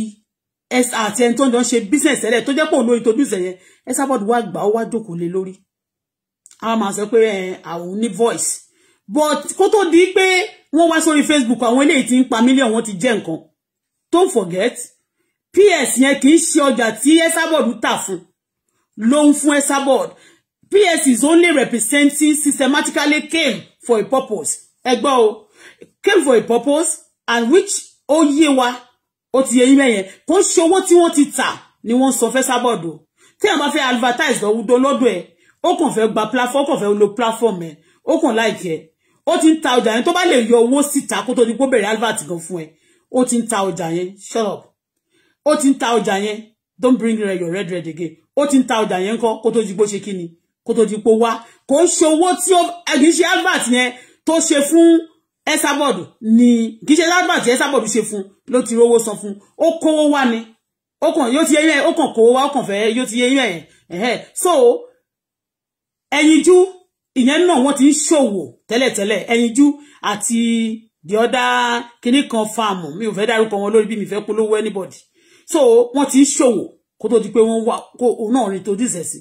àti ẹni tó ń jọ ṣe business ẹ̀rẹ̀ tó jẹ́ pé òun ló introduce yẹn ẹ sábọ̀dù wá gbà ó wá jókòó lé lórí a máa sọ pé àwọn ní voice but kó tó di pé wọ́n wá sórí Facebook àwọn eléyìí ti ń pa mílíọ̀n wọ́n ti jẹ́ nǹkan don't forget PS yẹn kì í ṣe ọjà tí ẹ sábọ̀dù tà fún ló ń fún ẹ sábọ̀dù PS is only representing systematically came for a purpose ẹ o came for a purpose and which ó ye wa ó ti yé yín mẹ́yẹn kò ń ṣe owó tí wọ́n ti tà ni wọ́n ń san fẹ́ sábọ̀dọ̀ tí àwọn bá fẹ́ advertise lọ́wọ́dọ́ lọ́dọ̀ ẹ̀ O kon fẹ́ gba platform O kon fẹ́ lo platform ẹ̀ ó kàn like ẹ̀ ó ti ń ta ọjà yẹn tó bá lè yọ owó síta kó tó di ko ó bẹ̀rẹ̀ advert gan fún ẹ ó ti ta ọjà yẹn shut up O tin ń ta ọjà yẹn don't bring your red red again O tin ń ta ọjà yẹn kọ́ kó tó di pé ó ṣe kí ni kó tó di ko ó wá kò ń ṣe owó tí ó ẹ̀gì ṣe advert yẹn tó ṣe fún ẹsàbọọdù ni kì í ṣe lágbà tí ẹsàbọọdù ṣe fún ló ti rówó san fún ó kówó wá ni ó kàn yóò ti yẹ yẹn ó kàn kówó wá ó kàn fẹ́ yóò ti yẹ yẹn ẹhẹ so ẹyinjú ìyẹn náà wọ́n ti ń ṣòwò tẹ́lẹ̀tẹ́lẹ̀ ẹyinjú àti the other kinní kan farm mi ò fẹ́ dárúkọ wọn lórí bí mi fẹ́ polówó anybody so wọ́n ti ń ṣòwò kó tó di pé wọ́n wà kó òun náà ní introduce ẹ̀ sí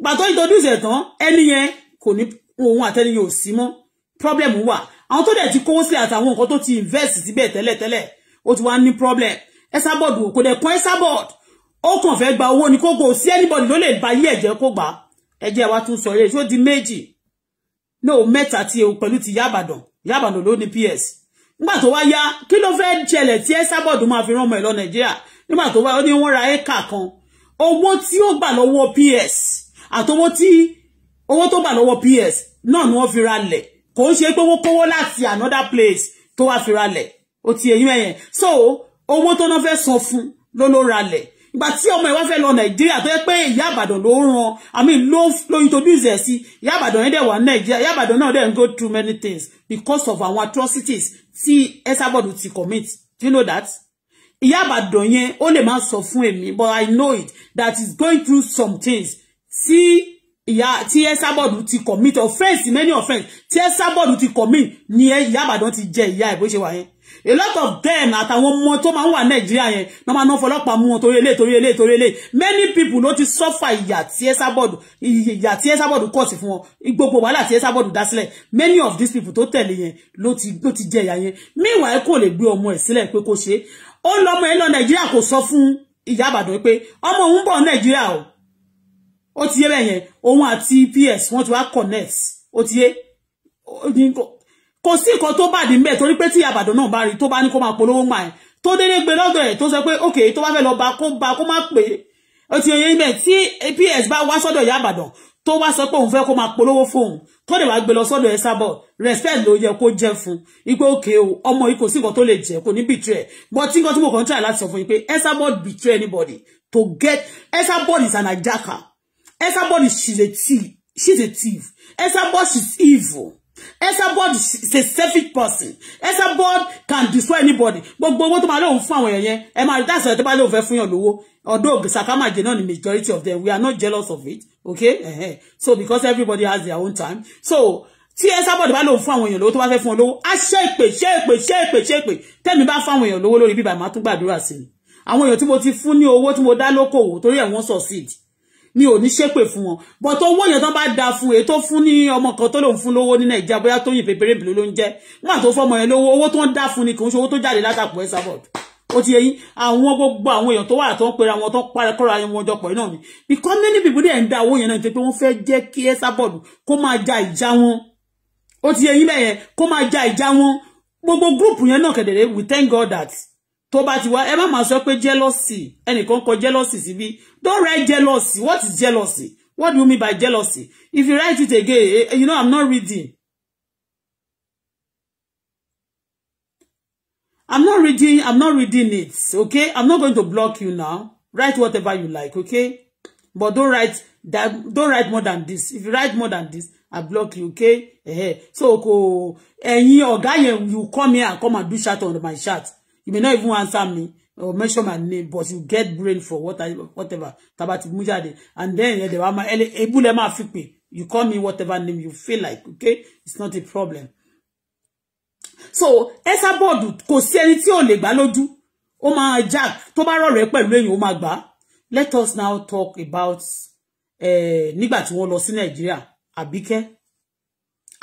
gbàtọ́ introduce ẹ̀ tán ẹni yẹn kò ní òun àtẹniyàn ò sí mọ́ problem wà àwọn tó dẹ̀ ti kówó sílẹ̀ àtàwọn nǹkan tó ti invest síbẹ̀ tẹ́lẹ̀tẹ́lẹ̀ ó ti wá ní problem Esabod wò kò dẹ̀ kọ́ Esabod ó kàn fẹ́ gba owó ni kó kò sí anybody ló lè ba yí ẹ̀jẹ̀ kó gbà ẹ̀jẹ̀ wa tún sọ yẹn tó di méjì no mẹ́ta ti ewu pẹ̀lú ti yábàdàn yábàdàn ló ní PS nígbà tó wá yá kí ló fẹ́ jẹlẹ̀ tí Esabod máa fi rán ọmọ ẹ̀ lọ Nàìjíríà nígbà tó wá ó ní wọ́n ra éka kan owó tí ó PS àtowó tí owó tó gbà lọ́wọ́ PS náà ni wọ́n fi ra lẹ̀ kò ń ṣe pé kówó láti another place tó wá fi ralẹ̀ ó ti eyín ẹ̀yẹn so owó tó náà fẹ́ san fún ló ló ralẹ̀ ìgbà tí ọmọ ẹ wá fẹ́ lọ nàìjíríà tó yẹ pé ìyá àbàdàn ló ràn àmì ló ló introduce ẹ̀ sí ìyá àbàdàn yẹn dẹ̀ wà nàìjíríà ìyá àbàdàn náà dẹ̀ ń go through many things because of àwọn atrocities tí ẹsàbọ̀dù ti commit do you know that ìyá àbàdàn yẹn ó lè má sọ fún èmi but i know it that is going through some things See ìyá tí Esabod ti commit offence many offence tí Esabod ti commit ni ìyá Ìbàdàn ti jẹ ìyá ẹ̀ bó ṣe wà yẹn a lot of them àtàwọn ọmọ tó máa ń wà nàìjíríà yẹn ló máa ná fọlọ́pàá mú wọn torí eléyìí torí eléyìí torí eléyìí many people ló ti suffer ìyà tí Esabod ìyà tí Esabod kọ̀ sí fún wọn gbogbo wàhálà tí Esabod dá sílẹ̀ many of these people tó tẹ̀lé yẹn ló ti ló ti jẹ ìyà yẹn meanwhile kò lè gbé ọmọ ẹ̀ sílẹ̀ pé kó ṣe ó lọ ọmọ yẹn lọ nàìjíríà kò sọ fún ìyá àbàdàn pé ọmọ òun bọ̀ nàìjíríà o ó ti yé bẹ́ẹ̀ yẹn òun àti PS wọ́n ti wá connect ó ti yé kò sí nǹkan tó bàdí mbẹ torí pé tí àbàdàn náà bá rí tó bá ní kó máa polówó mà ẹ tó dédé gbé lọ́dọ̀ ẹ̀ tó sọ pé òkè tó bá fẹ́ lọ ba kó ba kó má pè é ó ti yẹ ibẹ̀ tí PS bá wá sọ́dọ̀ ìyá àbàdàn tó wá sọ pé òun fẹ́ kó máa polówó fóun tó lè wá gbé lọ sọ́dọ̀ ẹ̀ sábọ̀ respect ló yẹ kó jẹ́ fún ipe òkè o ọmọ yìí kò sí nǹkan tó lè jẹ́ kò ní betray but tí nǹkan tí mo kàn ń try láti sọ fún yín pé ẹ sábọ̀ betray anybody to get ẹ sábọ̀ is an hijacker Esabod is she's a thief. She's a thief. Esabod is evil. Esabod is a selfish person. Esabod can destroy anybody. But but what máa lóun fún àwọn èèyàn ẹ máa that's why tó bá lóun fẹ́ fún yàn lówó. Although Sakamaje náà majority of them we are not jealous of it. Okay? Uh-huh. So because everybody has their own time. So tí Esabod bá lóun fún àwọn èèyàn lówó tó bá fẹ́ fún wọn lówó á ṣe èpè ṣe èpè ṣe èpè ṣe èpè tẹ́mi bá fún àwọn èèyàn lówó lórí bíbá màá tún gbàdúrà sí i. Àwọn èèyàn tí mo ti fún ní owó tí mo dá lókòwò torí ẹ̀ wọ́n succeed mi ò ní ṣépè fún wọn but owó yẹn tán bá da fún ètò fún ní ọmọ kan tó lòun fún lówó ní nàìjíríà bóyá tóyìn pépéré bìló ló ń jẹ nígbà tó fọmọ yẹn lówó owó tó ń dá fún ni kì í ṣe owó tó jáde látàpọ̀ ẹ̀ sábọ̀d ó ti yẹyìn àwọn gbogbo àwọn èèyàn tó wà tó ń pera wọn tó ń para kọ́ra wọn jọ pọ̀ náà ni because many people dẹ̀ ń da owó yẹn náà nítorí pé wọ́n fẹ́ jẹ́ kí ẹ sábọ̀d kó máa ja ìjà wọn ó ti yẹyìn bẹ́ẹ̀ yẹn kó máa ja ìjà wọn gbogbo gúrùpù yẹn náà kẹ̀dẹ̀rẹ́ we thank God that tó bá ti wá ẹ má máa sọ pé jealousy ẹnìkan kọ jealousy síbí don't write jealousy what is jealousy what do you mean by jealousy if you write it again eh, eh, you know i'm not reading i'm not reading i'm not reading it okay i'm not going to block you now write whatever you like okay but don't write that don't write more than this if you write more than this i block you okay eh so ko ẹ̀yin ọ̀gá yẹn you come here and come and do shout on my shout you may not even answer me or mention my name but you get brain for what I, whatever tabati mujade and then yeah, they ma ebule ma fi you call me whatever name you feel like okay it's not a problem so esa board kò sí ẹni tí ó lè gbà lójú ó máa jack to bá rore pẹ̀lú ẹ̀yin ó magba. let us now talk about eh nígbà tí wọ́n lọ sí Nigeria Àbíkẹ́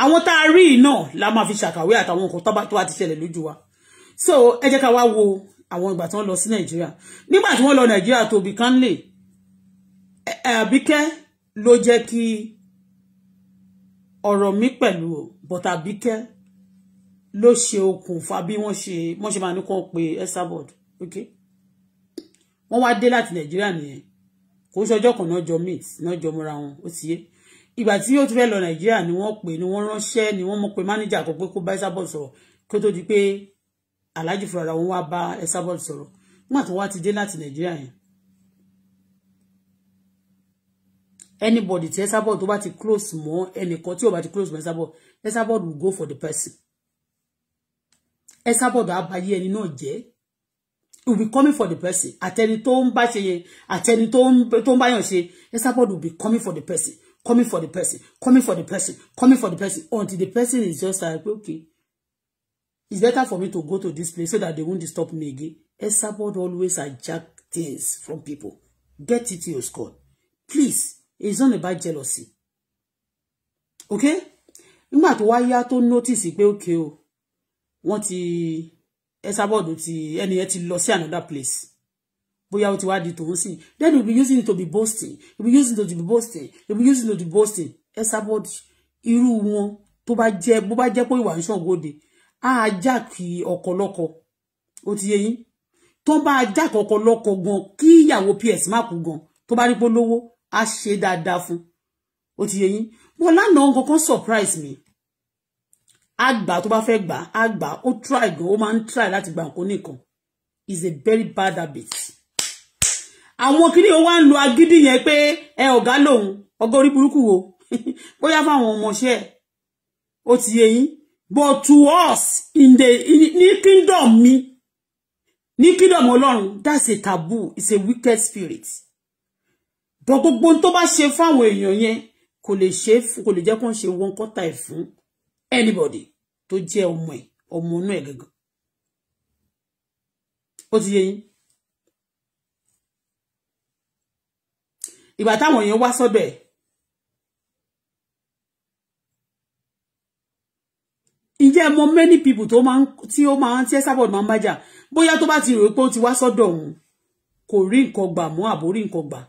àwọn tá rí náà la máa fi ṣàkàwé àtàwọn nǹkan tó bá ti ṣẹlẹ̀ lójú wa so ẹ jẹ́ ká wá wo àwọn ìgbà tí wọ́n lọ sí nàìjíríà nígbà tí wọ́n lọ nàìjíríà tó bí kánlè àbíkẹ́ ló jẹ́ kí ọ̀rọ̀ mi pẹ̀lú o but àbíkẹ́ ló ṣe okùnfà bí wọ́n ṣe wọ́n ṣe máa ní kàn pé esabod ok wọ́n wá dé láti nàìjíríà nìyẹn kò ń ṣọjọ́ kan náà jọ meet náà jọ múra wọn ó ti yé ìgbà tí ó ti fẹ́ lọ nàìjíríà ni wọ́n pè ni wọ́n ránṣẹ́ ni wọ́n mọ̀ pé mánéjà kò pé kó bá esabod sọ̀rọ̀ kó tó di pé aláàjì fúnra wọn wá bá Esabod sọ̀rọ̀ nígbà tó wá ti dé láti nàìjíríà yẹn anybody tí Esabod tó bá ti close mọ́ ẹnìkan tí ò bá ti close mọ́ Esabod Esabod will go for the person Esabod abayé ẹni náà jẹ́ will be coming for the person àtẹni tó ń bá ṣe yẹn àtẹni tó ń bá yàn ṣe Esabod will be coming for the person coming for the person coming for the person coming for the person until the person is just like okay it's better for me to go to this place so that they won't disturb me again. Esabod always hijack things from people. Get it to your score. Please, it's not about jealousy. Okay? Nígbà tó wá yá to notice it, okay o. Wọ́n ti Esabod ti ẹni yẹn ti lọ another place. Bóyá ó ti wá di tòun sí. Then you'll be using it to be boasting. You'll be using it to be boasting. You'll be using it to be boasting. Esabod irú wọn tó bá jẹ́ bó bá jẹ́ pé ìwà ń ṣàn gòde á jákì ọ̀kọ̀lọ́kọ̀ ó ti yé yín tó bá jákì ọ̀kọ̀lọ́kọ̀ gan kí ìyàwó ps má kú gan tó bá rí polówó á ṣe dáadáa fún ó ti yé yín wọn lánàá kankan surprise me. Agba tó bá fẹ́ gbà àgbà ó try gan ó man try láti gba nǹkan nìkan is a very bad habit àwọn kiri ó wá ń lo agídí yẹn pé ẹ ọ̀gá lòun ọgọ́ orí burúkú wo bóyá fáwọn ọmọọṣẹ́ ó ti yé but to us in the in kingdom me, ní kingdom Ọlọ́run that's a taboo it's a wicked spirit but gbogbo tó bá ṣe fáwọn èèyàn yẹn kò lè ṣe kò lè jẹ́ kó ń ṣe wọn kọ́ta ẹ̀ fún anybody to jẹ́ ọmọ ẹ̀ ọmọ inú ẹ̀ gangan ó ti yé yín ìgbà táwọn èèyàn wá sọ́dọ̀ jẹ́ mọ many people to máa ń tí ó máa ń tí Esabod máa ń bájà bóyá tó bá ti rò pé ó ti wá sọ́dọ̀ òun kò rí nǹkan gbà mọ́ àbò rí nǹkan gbà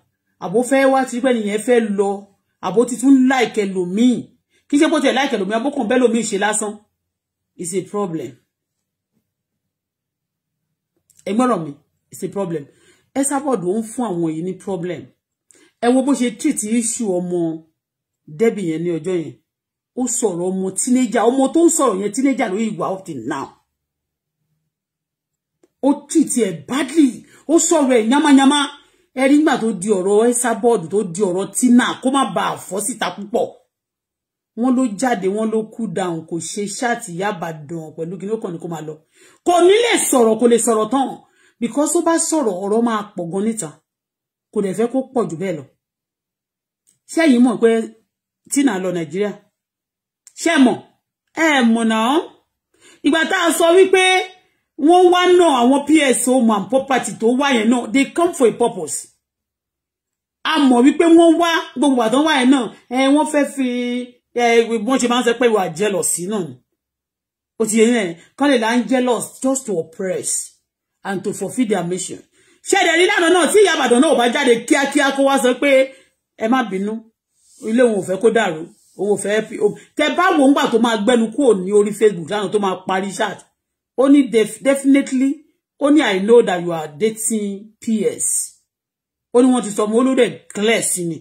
àbò fẹ́ wá ti pẹ́ nìyẹn fẹ́ lọ àbò ti tún láìkẹ́ lòmíì kí ṣe bó tiẹ̀ láìkẹ́ lòmíì àbó kàn bẹ́ lòmíì ṣe lásán it's a problem ẹgbọ́rọ̀ mi it's a problem Esabod ó ń fún àwọn yìí ní problem ẹ wo bó ṣe treat issue ọmọ Debbie yẹn ní ọjọ́ yẹn O sọ̀rọ̀ ọmọ tínéjà ọmọ tó ń sọ̀rọ̀ yẹn tínéjà lórí ìwà up till now ó tìtì ẹ̀ badly ó sọ̀rọ̀ ẹ̀ yamayama ẹ̀rí nígbà tó di ọ̀rọ̀ ẹ́sà bọ́ọ̀dù tó di ọ̀rọ̀ tina kó má bàa fọ́ síta púpọ̀ wọ́n ló jáde wọ́n ló kú dáhùn kò ṣe ṣáàtì yábàdàn pẹ̀lú kí ló kàn ní kó máa lọ kò ní lè sọ̀rọ̀ kò lè sọ̀rọ̀ tán because ó bá sọ̀rọ̀ ọ̀rọ̀ máa pọ̀ gan níta kò dẹ̀ fẹ́ kó ṣe mọ̀ ẹ mọ̀ náà ìgbà tá a sọ wípé wọ́n wá náà àwọn PSO mọ and property tó wá yẹn náà they come for a purpose a mọ̀ wípé wọ́n wá gbogbo àtọ́ wá yẹn náà ẹ wọ́n fẹ́ fi ẹ wọ́n ṣe máa ń sọ pé ìwà jealousy náà ó ti yẹn yẹn kán lè là ń jealous just to oppress and to fulfil their mission ṣẹ̀dẹ̀ rí lánàá náà tí ìyá àbàdàn náà ò bá jáde kíákíá kó wá sọ pé ẹ má bínú ilé òun ò fẹ́ kó dàrú owó fẹ́ fi tẹ bá wò ńgbà tó máa gbẹnu kúrò ní orí Facebook lánàá tó máa parí chat ó ní definitely ó I know that you are dating PS ó want to ti sọ ọmọ olóde clear ni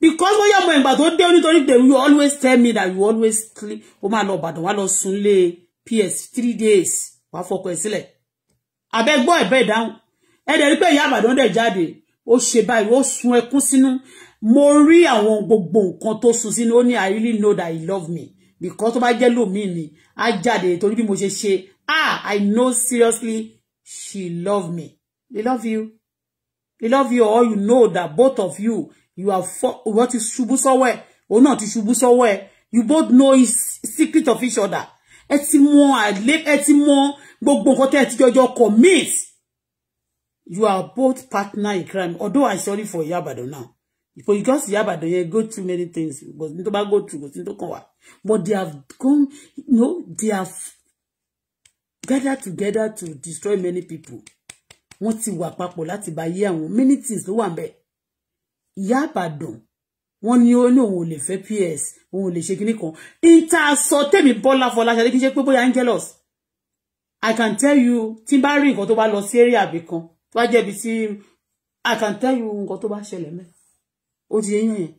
because wọ́n yà mọ ìgbà tó dé nítorí pé you always tell me that you always clean ó máa lọ Ìbàdàn wá lọ sunlé PS three days wàá fọkọ ẹ̀ sílẹ̀ abẹ́gbọ́ ẹ̀bẹ́ ìdáhùn ẹ̀dẹ̀ rí pé ìyá Ìbàdàn dẹ̀ jáde ó ṣe báyìí ó sun ẹkún sínú mo rí àwọn gbogbo nǹkan tó sun sínú ó ní i really know that he love me because tó bá jẹ́ lómìn ni á jáde torí bí mo ṣe ṣe ah i know seriously she love me they love you they love you all you know that both of you you are for wọ́n ti ṣubú sọ́wọ́ ẹ̀ òun náà ti ṣubú sọ́wọ́ ẹ̀ you both know his secret of each other ẹ ti mọ̀ àlé ẹ ti mọ̀ gbogbo nǹkan tẹ́ ẹ ti jọjọ commit you are both partner in crime although i sorry for Iya Ibadan now If you can see Ìyábàdàn yẹn go through many things but ní tó go through kò sí tó but they have come, you know they have gathered together to destroy many people wọ́n ti wà papọ̀ láti bá yé àwọn many things ló wà ń bẹ̀ Ìyábàdàn wọ́n you ó ní òun ò lè fẹ́ ps òun ò lè ṣe kinní kan níta sọ tèmi Bọ́lá Fọláṣadé kí n ṣe angelos i can tell you tí n bá rí nǹkan tó bá lọ sí i can tell you nǹkan tó bá ó ti yé yẹn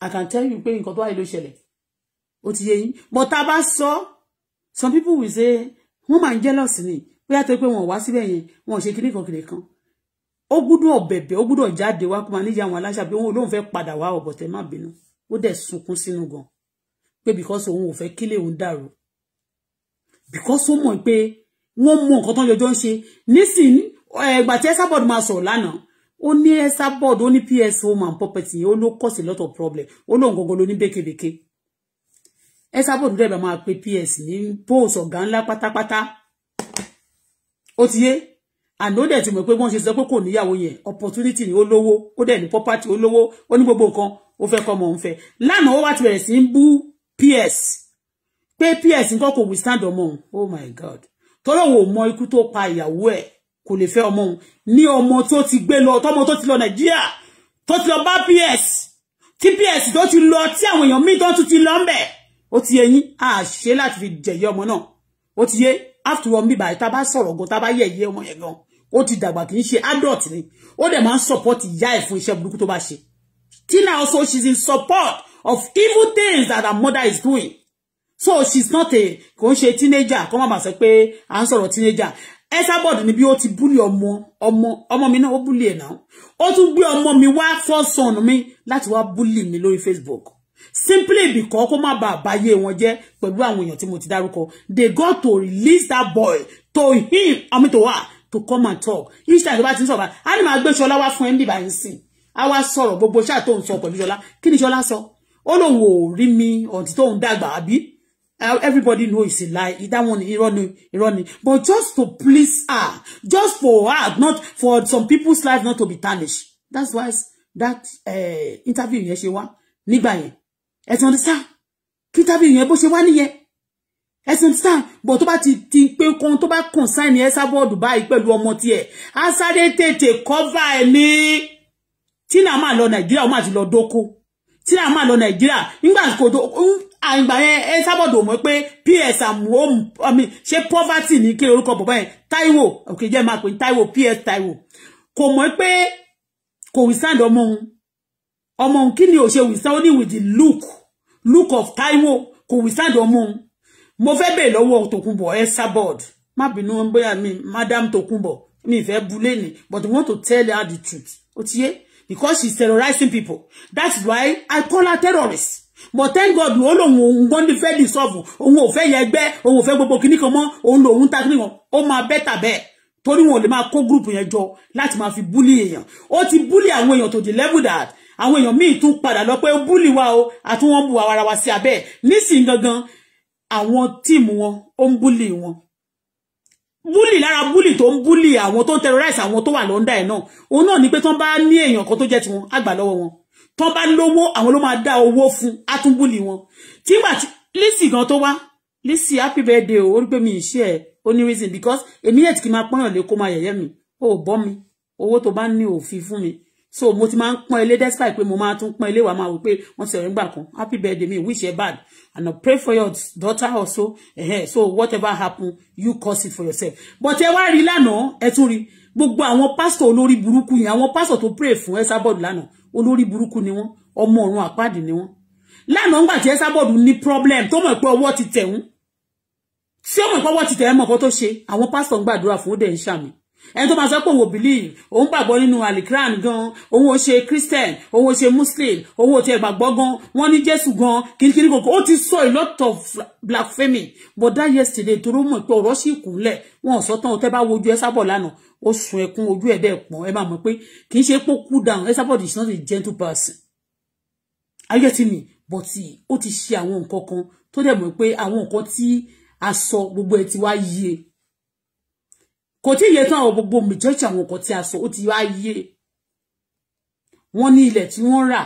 i can tell you pé nǹkan tó wáyé ló ṣẹlẹ̀ ó ti yé but tá a bá sọ some people will say wọ́n máa ń jealous ni bóyá tó pé wọn ò wá síbẹ̀ yẹn wọn ò ṣe kíní kan kìnìkan kan ó gbúdọ̀ bẹ̀bẹ̀ ó gbúdọ̀ jáde wá kó máa níjà àwọn aláṣà pé òun lòun fẹ́ padà wá ọ̀bọ̀ tẹ́ má bínú ó dẹ̀ sunkún sínú gan pé because òun ò fẹ́ kílé òun dàrú because ó mọ̀ pé wọ́n mọ nǹkan tó ń jọjọ́ ń ṣe nísìnyí ẹ̀gbà tí ẹ sábọ̀dù máa sọ̀rọ̀ lánàá ó ní ẹsà board ó ní ps home and property ó ló cause a lot of problem ó lóun gangan ló ní békebèke ẹsà board dẹ̀ bá máa pe ps ní post ọ̀gá ńlá pátápátá ó ti yé àná dẹ̀ ti mọ̀ pé wọ́n ṣe sọ pé kò níyàwó yẹn opportunity ni ó lówó ó dẹ̀ ní property ó lówó ó ní gbogbo nǹkan ó fẹ́ kọ́ ọmọ òun fẹ́ lánàá ó wá ti bẹ̀rẹ̀ sí ń bú ps pé ps nǹkan kò withstand ọmọ òun oh my god tọ́lọ́wọ́ ò mọ ikú tó pa ìyàwó ẹ̀ kò lè fẹ́ ọmọ òun ní ọmọ tó ti gbé lọ tọmọ tó ti lọ nàìjíríà tó ti lọ bá ps tí ps tó ti lọ tí àwọn èèyàn míì tó tún ti lọ ń bẹ̀ ó ti yẹ yín àṣẹ láti fi jẹ̀yẹ ọmọ náà ó ti yẹ after one mi báyìí tá a bá sọ̀rọ̀ gan tá a bá yẹ̀yẹ́ ọmọ yẹn gan ó ti dàgbà kì í ṣe adult ni ó dẹ̀ máa ń support ìyá ẹ̀ fún iṣẹ́ burúkú tó bá ṣe Tina also she's in support of evil things that her mother is doing so she's not a kò ń ṣe teenager kọ́ máa sọ pé à ń sọ̀rọ̀ teenager Esabod ni bí ó ti bully ọmọ ọmọ ọmọ mi náà ó bully ẹ̀ náà ó tún gbé ọmọ mi wá for son mi láti wá bully mi lórí Facebook simply because kó má bàa báyé wọn jẹ́ pẹ̀lú àwọn èèyàn tí mo ti dárúkọ they got to release that boy to him àmì tó wà to come and talk each time tó bá ti ń sọ̀rọ̀ a ní máa gbé ṣọlá wá fún ẹ níbi àyè sìn a wá sọ̀rọ̀ gbogbo ṣáà tó ń sọ pẹ̀lú ṣọlá kí ni ṣọlá sọ ó lóun ò on mi ọ̀tí tóun dàgbà àbí everybody know it's a lie that one irọ́ running, irọ́ ni but just to please her just for her not for some people's life not to be tarnished that's why that uh, interview yẹn she wá nígbà yẹn ẹ understand interview yẹn but she wá nìyẹn ẹ ti understand but tó bá ti ti pé kan tó bá concern ẹ sábọ́ọ̀dù báyìí pẹ̀lú ọmọ tiẹ̀ á sáré tètè cover ẹ̀ ní tí náà máa lọ nàìjíríà ó máa ti lọ dóko tí náà máa lọ nàìjíríà nígbà kò àgbà yẹn ẹ sábọ̀dù ò mọ̀ pé ps àmúhòmù ṣe poverty ní kí orúkọ bàbá yẹn Táíwò òkè jẹ́ máa pè ní Táíwò ps Táíwò kò mọ̀ pé kò withstand ọmọ òun ọmọ òun kí ni ò ṣe ó ní with the look look of Táíwò kò withstand ọmọ òun mo fẹ́ bèè lọ́wọ́ Tòkunbọ̀ ẹ sábọ̀dù má bínú bóyá mi madam Tòkunbọ̀ mi ìfẹ́ bulé ni but I want to tell her the truth ó ti yé because she's terrorizing people that's why I call her terrorist but thank god ó lòun òun gbọ́ndì fẹ́ dissolve òun ò fẹ́ yẹ ẹgbẹ́ òun ò fẹ́ gbogbo kìíní kan mọ́ òun lòun ta kìíní kan ó máa bẹ́tà bẹ́ẹ̀ torí wọn ò lè máa kó group yẹn jọ láti máa fi búlì èèyàn ó ti búlì àwọn èèyàn to the level that àwọn èèyàn míì tún padà lọ pé búlì wa o àti wọn bu ara wa sí abẹ́ nísìnyí gangan àwọn tíìmù wọn ó ń búlì wọn búlì lára búlì tó ń búlì àwọn tó ń terrorize àwọn to wà lọ́ndà ẹ̀ náà òun náà ni pé tán bá ní èèyàn kan tó jẹ́ tiwọn àgbà lọ́wọ́ wọn tó bá lówó àwọn ló máa dá owó fún átúnbùlì wọn tígbà tí Lizzy gan tó wá Lizzy happy birthday o ó mi ì ṣe reason because èmi yẹn ti kì máa pọ́nyàn lé kó máa yẹ̀yẹ́ mi ó bọ́ mi owó tó bá ní òfin fún mi so mo ti máa ń pọ́n ilé despite pé mo máa tún pọ́n ilé wa máa wò pé wọ́n ti sọ̀rọ̀ nígbà kan happy birthday mi wish her bad and I pray for your daughter also eh, so whatever happen you cause it for yourself but ẹ wá rí lánàá ẹ tún rí gbogbo àwọn pásítọ̀ olórí burúkú yẹn àwọn pásítọ̀ tó pray fún ẹ sábọ̀dù lánàá olórí burúkú ni wọ́n ọmọ ọ̀run àpáàdì ni wọ́n lánàá ńgbà tí ẹ sábọ̀dù ní problem tó mọ̀ pé ọwọ́ ti tẹ̀ wọ́n tí ó mọ̀ pé ọwọ́ ti tẹ̀ ẹ́ mọ̀ kó tó ṣe àwọn pásítọ̀ ń gbàdúrà fún ó dẹ̀ ń ṣàmì ẹni tó máa sọ pé òwò believe òun gbàgbọ́ nínú alikran gan òun ò ṣe christian òun ò ṣe muslim òun ò tiẹ̀ gbàgbọ́ gan wọ́n ní jésù gan kirikiri kòkó ó ti sọ a lot of blasphemy but that yesterday toró mọ̀ pé ọ̀rọ̀ sì kúnlẹ̀ wọn ò sọ tán o tẹ́ bá wojú ẹ sábọ̀ lánàá ó sun ẹkún ojú ẹ̀ dẹ̀ pọ̀n ẹ máa mọ̀ pé kì í ṣe cool down ẹ sábọ̀ is not a gentle person are you getting me but ó ti ṣe àwọn nǹkan kan tó dẹ̀ mọ̀ pé àwọn nǹkan tí a gbogbo ẹ ti wá yíye kò tí ì yẹ tán àwọn gbogbo méjèèjì àwọn nǹkan tí a sọ o ti wá yé wọ́n ní ilẹ̀ tí wọ́n rà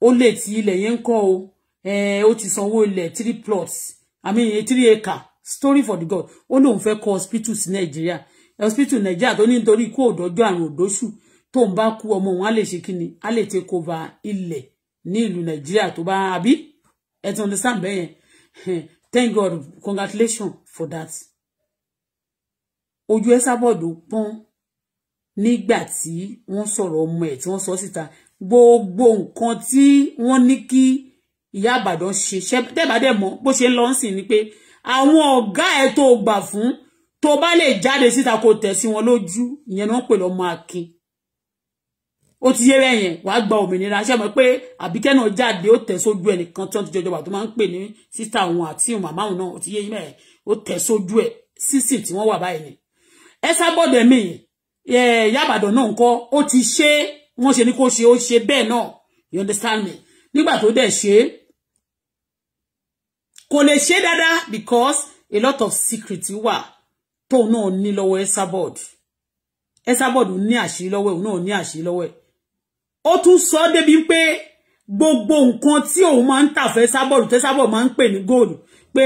ó lè ti ilẹ̀ yẹn ń kọ́ o eh, ti sanwó ilẹ̀ three plots i mean three acre story for the god ó lóun fẹ́ kọ́ hospital sí nàìjíríà hospital nàìjíríà tó ní nítorí ikú òdòjọ́ àrùn òdòṣù tó ń bá kú ọmọ òun á lè ṣe kí ni á lè take over ilẹ̀ ní ìlú nàìjíríà tó bá àbí ti understand bẹ́ẹ̀ thank god congratulations for that ojú Ẹsábọ̀dù pọ́n nígbà tí wọ́n sọ̀rọ̀ ọmọ ẹ̀ tí wọ́n sọ síta gbogbo nǹkan tí wọ́n ní kí ìyá àbàdàn ṣe ṣe tẹ́bàdẹ̀ mọ́ bó ṣe ń lọ sí ni pé àwọn ọ̀gá ẹ̀ tó gbà fún tó bá lè jáde síta kó tẹ̀ sí wọn lójú ìyẹn ni wọ́n pè lọ́mọ akin ó ti yé rẹ̀yìn wàá gba òmìnira ṣe mọ̀ pé àbíkẹ́ náà jáde ó tẹ̀ sójú ẹ̀ nìkan tí wọ́n ti jọjọ wà tó máa ń pè ní sísá òun àti òun màmá òun náà ó ti yé yín mẹ́ẹ̀ ó tẹ̀ sójú ẹ̀ sísìn tí wọ́n wà báyìí Ẹ̀sàbọ̀dẹ̀ mi e, yábàdàn náà ńkọ́ ó ti ṣe wọ́n ṣe ní kó ṣe ó ṣe bẹ́ẹ̀ náà you understand me nígbà tó dẹ̀ ṣe kò lè ṣe dáadáa because a lot of secrets. wà tóun náà ní lọ́wọ́ Ẹ̀sàbọ̀dẹ̀ Ẹ̀sàbọ̀dẹ̀ ní àṣírí lọ́wọ́ ẹ̀ òun náà ní àṣírí lọ́wọ́ ẹ̀ ó tún sọ débi pé gbogbo nǹkan tí òun máa ń tà fẹ́ Ẹ̀sàbọ̀dẹ̀ tẹ́sàbọ̀dẹ̀ máa ń pè ní góòlù pé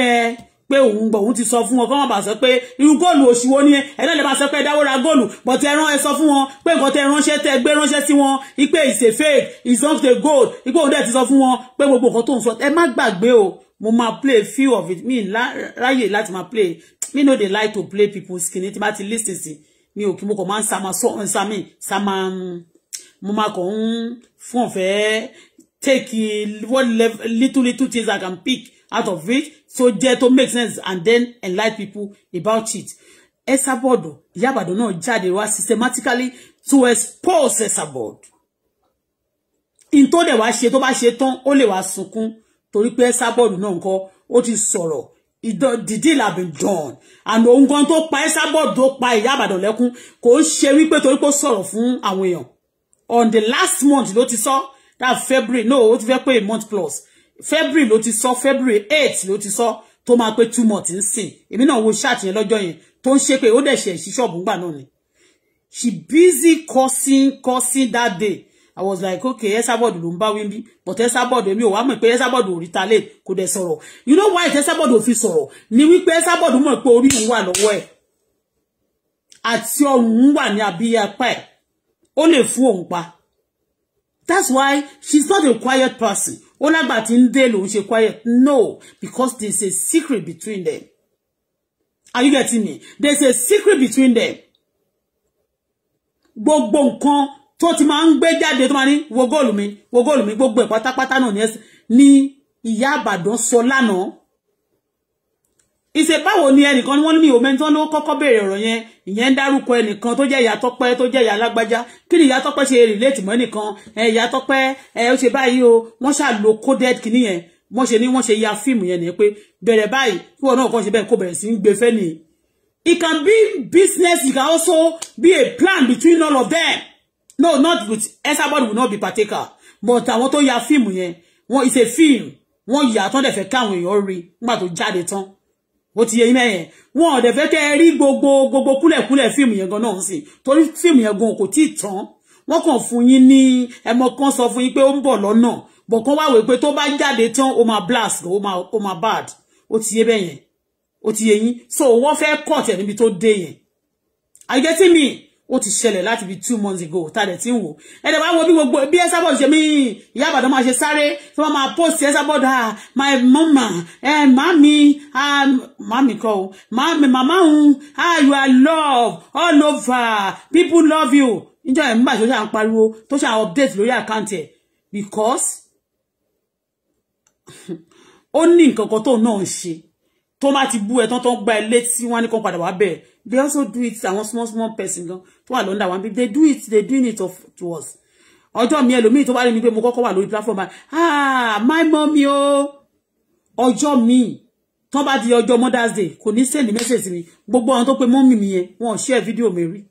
pé òun gbọ̀ òun ti sọ fún wọn kọ́ wọn bá sọ pé irú góòlù òṣìwò ni ẹ̀dá lè bá sọ pé ẹ̀dáwó ra góòlù but ẹ rán ẹ sọ fún wọn pé nǹkan tẹ ránṣẹ́ tẹ gbé ránṣẹ́ sí wọn ipe it's a fake it's not a goal ipe òun dẹ̀ ti sọ fún wọn pé gbogbo nǹkan tó ń sọ ẹ má gbàgbé o mo máa play few of it mi ráyè láti máa play mi no dey like to play people skinny tí bá ti lis ten sí mi ò kí mo kàn máa ń sa máa sọ ń sa mi sa máa mo máa kàn ń fún ọ̀fẹ́ take what little little things I can pick out of it tó jẹ́ to make sense and then enlighten people about it Esabod Ìyá Ìbàdàn náà jáde wá systematically to expose Esabod in tó dẹ̀ wá ṣe tó bá ṣe tán ó lè wá sunkún torí pé Esabod náà nǹkan ti sọ̀rọ̀ the deal have been done and ohun kan tó pa Esabod tó pa Ìyá Ìbàdàn lẹ́kún kò ṣe wípé torí pé ó Fun fún àwọn on the last month ló ti sọ that February no ó ti fẹ́ pé month plus February ló ti sọ February 8 ló ti sọ tó máa pé two months nsìn èmi náà wo ṣáàtì yẹn lọ́jọ́ yẹn tó ń ṣe pé ó dẹ̀ ṣe sí ṣọ́ọ̀bù ńgbà náà ni she busy cursing cursing that day i was like okay Esabod ló ń bá wí bí but Esabod èmi ò wá mọ̀ pé Esabod ò retaliate kò dẹ̀ sọ̀rọ̀ you know why Esabod ò fi sọ̀rọ̀ ni wípé Esabod mọ̀ pé orí òun wà lọ́wọ́ ẹ̀ àti ọrùn wà ní abíyá apá ẹ̀ ó lè fún òun pa that's why she's not a quiet person ó lágbà tí ń quiet no because there's a secret between them are you getting me there's a secret between them gbogbo nǹkan tó ti máa ń gbé jáde tó máa ní wo góòlù mi wo góòlù mi gbogbo ìṣe báwo ni ẹnìkan ni wọ́n ní mi ò mẹ́ntán ló kọ́kọ́ béèrè ọ̀rọ̀ yẹn ìyẹn ń dárúkọ ẹnìkan tó jẹ́ ìyá tọ́pẹ́ tó jẹ́ ìyá lágbájá kí ni ìyá tọ́pẹ́ ṣe rìlẹ́tì mọ́ ẹnìkan ìyá tọ́pẹ́ ẹ ó ṣe báyìí o wọ́n ṣàlò coded kìíní yẹn wọ́n ṣe ní wọ́n ṣe ya fíìmù yẹn nìyẹn pé bẹ̀rẹ̀ báyìí kí wọn náà kàn ṣe bẹ́ẹ̀ kó bẹ̀rẹ̀ sí ń gbé fẹ́ nìyí It can be business. It can also be a plan between all of them. No, not with everybody will not be partaker. But àwọn tó ya fíìmù yẹn, wọ́n is a film. Wọ́n yà tán dẹ̀ fẹ́ káwọn èèyàn rí nígbà tó jáde tán ó ti yẹ yín mẹ́yẹn wọn ò dẹ̀ fẹ́ kẹ́ ẹ kule kule film kúlẹ̀kúlẹ̀ fíìmù yẹn gan náà sì torí fíìmù yẹn gan kò tí ì tán wọ́n kàn fún yín ní ẹmọ kan sọ fún yín pé ó ń bọ̀ lọ́nà bọ̀ kan wáwèé pé tó bá jáde tán ó máa blast ó máa ó máa bad ó ti yé bẹ́yẹn ó ti yẹ yín so wọ́n fẹ́ cut ẹ̀ níbi tó dé yẹn are you getting me ó ti ṣẹlẹ̀ láti bí two months ago tá a dẹ̀ ti ń wò ẹ̀dẹ̀ wá wo bí gbogbo bí Esabod ṣe mí ìyá àbàdàn máa ṣe sáré tí wọ́n máa post Esabod ah my mama eh, mami ah mami kọ́ o mami mama ń ah you are love all over people love you níjọ́ ẹ̀ ń gbà tó ṣà pariwo tó ṣà update lórí account, ẹ̀ because ó ní nǹkan kan tó náà ń ṣe tó má ti bú ẹ tán tó ń gba ẹ létí wọn ní kan padà wá bẹ́ẹ̀ they also do it àwọn small small person gan tó wà lọ́ndà wọn they do it they doing it of, to us Ojo mi ẹlòmíì tó bá rí mi pé mo kọ́kọ́ wà lórí platform ah my mommy o Ojo mi tó bá di Ojo mother's day kò ní send message mi gbogbo àwọn tó pe mommy mi yẹn wọn share video mi rí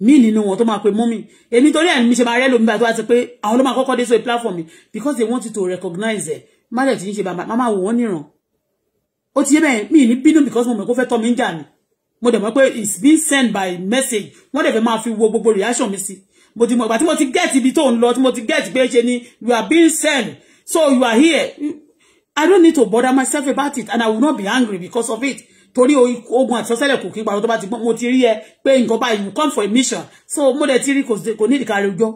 mi nínú wọn tó máa pe mọ́mì èmi torí ẹ̀ mi ṣe ba rẹ́ lómi báyìí tó bá ti pé àwọn ló máa kọ́kọ́ dé platform mi because they want you to recognize ẹ̀ má dẹ̀ ti ń ṣe bàbá má máa wò wọ́n níran ó ti yé bẹ́ẹ̀ mi ní bínú because mo mọ̀ kó fẹ́ tọ́ mi ń mo dẹ̀ mọ̀ pé is being sent by message wọ́n dẹ̀ fẹ́ máa fi wo gbogbo reaction mi sí mo ti mọ̀ ìgbà tí mo ti get ibi tó ń lọ tí mo ti get pé ṣe ni you are being sent so you are here I don't need to bother myself about it and I will not be angry because of it torí ogun àtisọ́sẹ́lẹ̀ kò kí n parọ́ tó bá ti gbọ́n mo ti rí ẹ pé nǹkan báyìí you come for a mission so mo dẹ̀ ti rí kò ní ìdíkàrẹ́ ọjọ́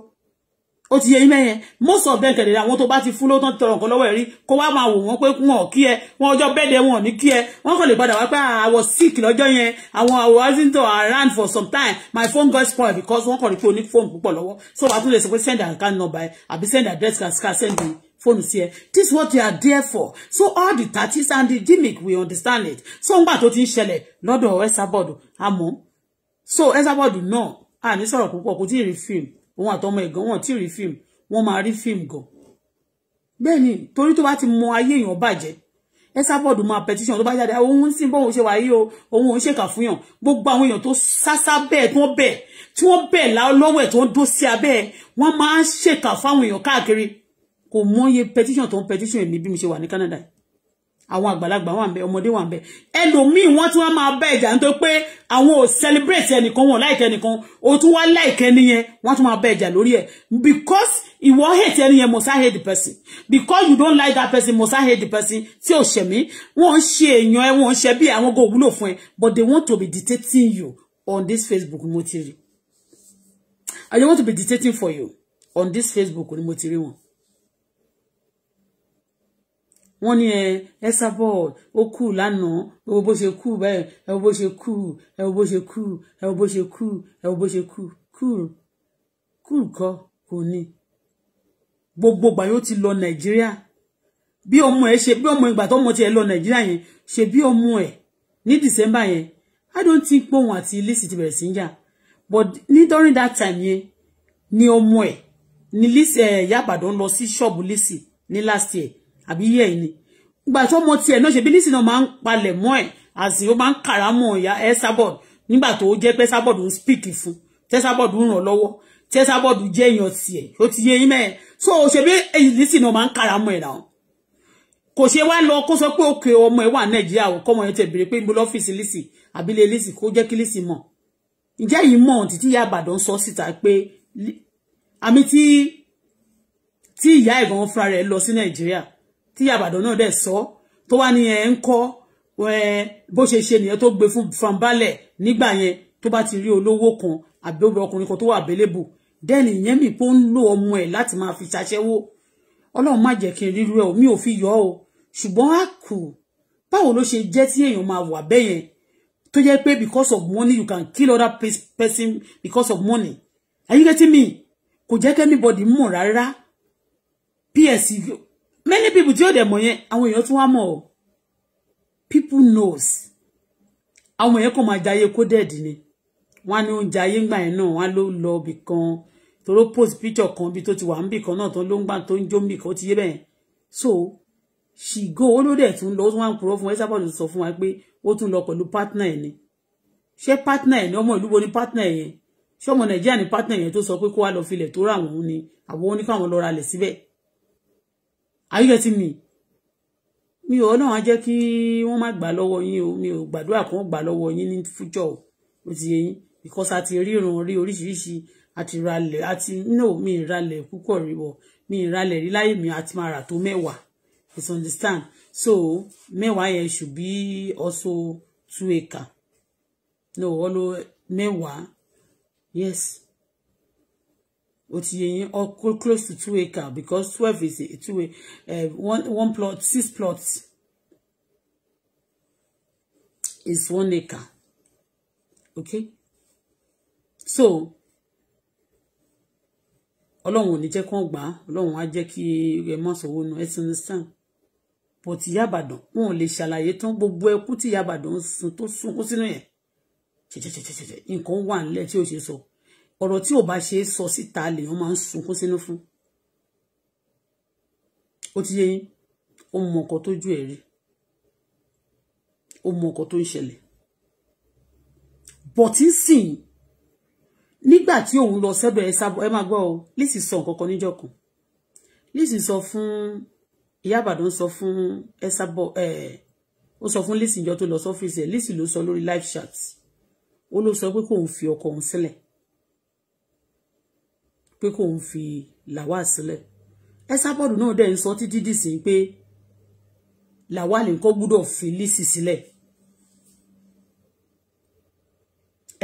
ó ti yẹ yín mẹ́yẹn most of them kẹ̀dẹ̀dẹ̀ àwọn to bá ti fún ló tán tọrọ nǹkan lọ́wọ́ ẹ̀ rí kó wá máa wò wọ́n pé wọn ò kí ẹ wọn ọjọ́ bẹ́ẹ̀dẹ̀ wọn ò ní kí ẹ wọ́n kàn lè padà wá pé àwọ̀ ah, sick lọ́jọ́ yẹn àwọn àwọ̀ wasn't around for some time my phone got spoiled because wọ́n kàn rí pé o ní fóònù púpọ̀ lọ́wọ́ so wàá tún lè sọ pé send account number ẹ àbí send address kan scan send me phone sí ẹ this is what you are there for so all the tactics and the gimmick we understand it so ngbà to ti ń ṣẹlẹ̀ lọ́dọ̀ Esabod àmọ́ so Esabod náà à ní sọ̀rọ̀ púpọ̀ kò tí ì rí fíìmù òun àtọmọ ẹ̀gán wọn tí rí fíìmù wọn máa rí fíìmù gan bẹ́ẹ̀ ni torí tó bá ti mọ ayé èèyàn bàjẹ́ ẹ sábọ̀dù máa petition tó bá jáde òun sì bóun ṣe wà yìí o òun ò ń ṣèkà fún yàn gbogbo àwọn èèyàn tó sásá bẹ́ẹ̀ tí wọ́n bẹ̀ tí wọ́n bẹ̀ lọ́wọ́ ẹ̀ tí wọ́n dó sí abẹ́ ẹ̀ wọ́n máa ń ṣèkà fáwọn èèyàn káàkiri kò mọye petition tó ń petition èmi bí mo ṣe wà ní Canada yìí àwọn àgbàlagbà wà ń bẹ ọmọdé wà ń bẹ ẹlòmíì wọ́n tún wá máa bá ẹjà nítorí pé àwọn ò celebrate ẹnìkan wọn láìkẹ ẹnìkan ó tún wá láìkẹ ẹnìyẹn wọ́n tún máa bá ẹjà lórí ẹ because ìwọ hate ẹnìyẹn musa hate the person because you don't like that person musa hate the person tí ò ṣẹ̀mí wọ́n ń ṣe èèyàn ẹ wọ́n ń ṣe bí àwọn kò wúlò fún ẹ but they want to be dictating you on this Facebook mo ti rí i want to be dictating for you on this Facebook ni mo ti rí wọn wọ́n ní ẹ Esabod ó kú lánàá ẹ wo bó ṣe kú bẹ́ẹ̀ ẹ wo bó ṣe kú ẹ wo bó ṣe kú ẹ bó ṣe kú ẹ bó ṣe kú kú kú kọ kò ní. gbogbo ìgbà yóò ti lọ nàìjíríà bí ọmọ ẹ ṣe bí ọmọ ìgbà tó ọmọ tiẹ lọ nàìjíríà yẹn ṣe bí ọmọ ẹ ní december yẹn i don't think pohun àti lisi ti bẹ̀rẹ̀ sí ń jà but ní during that time yẹn ni ọmọ ẹ ni lisi ẹ eh, yàbàdàn lọ sí ṣọ́ọ̀bù lisi ní last year àbí yẹ ẹ ni ìgbà tó mọ tiẹ̀ náà ṣe bí lísìn náà máa ń palẹ̀ mọ́ ẹ̀ àsìn ó máa ń kàrámọ̀ ìyá ẹ sábọ̀d nígbà tó jẹ́ pé sábọ̀d ń speak fún tẹ́ sábọ̀d ń ràn lọ́wọ́ tẹ́ sábọ̀d jẹ́ èèyàn tiẹ̀ ó ti yé mẹ́ẹ̀ so ṣe bí lísìn náà máa ń kàrámọ̀ ẹ̀ náà kò ṣe wá lọ kó sọ pé òkè ọmọ ẹ wà nàìjíríà ò kọ́mọ yẹn tẹ̀ bèrè pé níbo lọ́fíìsì lísì àbílẹ̀ lísì kó jẹ́ kí lísì mọ̀ ǹjẹ́ yìí mọ̀ ìyá ẹ̀gbọ́n fúnra rẹ̀ lọ sí nàìjíríà tí àbàdàn náà dẹ̀ sọ tó wá ní ẹ ń kọ́ bó ṣe ṣe nìyẹn tó gbé fún fanbalẹ̀ nígbà yẹn tó bá ti rí olówó kan àbí ọkùnrin kan tó wà available then ìyẹn mi pé ó ń lo ọmọ ẹ̀ láti máa fi ṣaṣẹ́wó ọlọ́run má jẹ́ kí n ríru ẹ̀ mi ò fi yọ o ṣùgbọ́n á kù báwo ló ṣe jẹ́ tí èèyàn máa wà bẹ́ẹ̀ yẹn tó jẹ́ pé because of money you can kill other person because of money are you getting me kò jẹ́ kí anybody mọ̀ rárá ps many people tí ó money, mọ̀ yẹn àwọn èèyàn tún people knows àwọn èèyàn kò máa jayé kó dẹ̀dì ni wọ́n á ní oúnjẹ ayé ńgbà yẹn náà wọ́n á ló lọ ibì kan toró post picture kan bí tó ti wà níbì kan náà tó ló ń gbà tó ń jó níbì kan ó ti yé bẹ́ẹ̀ so she go ó ló dẹ̀ tún lọ ó tún wá ń purọ́ fún wa ẹ sábà sọ fún wa pé partner ẹ̀ ni She partner ẹ̀ ni ọmọ ìlú wo ni partner ẹ̀ yẹn ṣé ọmọ nàìjíríà ni partner yẹn tó sọ pé kó wá lọ filẹ̀ tó rà wọ́n ni àwọn oníkàwọn lọ ra lẹ̀ síbẹ̀ are you getting me mi ò náà jẹ́ kí wọ́n má gbà lọ́wọ́ yín o mi ò gbàdúrà kan gbà lọ́wọ́ yín ní fújọ́ o ó ti yẹ yín because a ti ríran rí oríṣiríṣi àti ralẹ̀ àti no mi ìralẹ̀ púpọ̀ rí wọ mi ìralẹ̀ rí láyé mi àti máa rà tó mẹ́wàá you understand so mẹ́wàá yẹn should be also two acre no olo mẹ́wàá yes ó ti yẹ yín or close to two acre because twelve is a two a uh, one one plot six plots is one acre okay so ọlọ́run ò ní jẹ́ kán gbà á ọlọ́run á jẹ́ kí ẹ mọ̀ sọ́wọ́ nu ẹ ti ní sàn pọ̀ tí Ìyá Ìbàdàn wọn ò lè ṣàlàyé tán gbogbo ẹkú tí Ìyá in sun tó sunkún sínú yẹn ṣẹ̀ṣẹ̀ṣẹ̀ṣẹ̀ nǹkan wà nílẹ̀ tí ò ṣe So ọ̀rọ̀ tí ò bá ṣe é sọ síta lèèyàn máa ń sunkún sínú fún ó ti yé yín ó mọ nǹkan tójú ẹ̀ rí ó mọ nǹkan tó ń ṣẹlẹ̀ bọ̀tí sìn nígbà tí òun lọ sẹ́dọ̀ ẹ sábọ̀ ẹ máa gbọ́ ọ Lizzy sọ nǹkan kan níjọ́ kan Lizzy sọ fún ìyá àbàdàn sọ fún ẹ sábọ̀ ẹ ó sọ fún Lizzy ìjọ tó lọ sọ́fíìsì ẹ Lizzy ló sọ lórí live chat ó ló sọ pé kóun fi ọkọ òun sílẹ̀ pé kò ń fi Lawal sílẹ̀ Esabod náà dẹ̀ ń sọ títí dìsí pé Lawal nǹkan gbúdọ̀ fi Lizzy sílẹ̀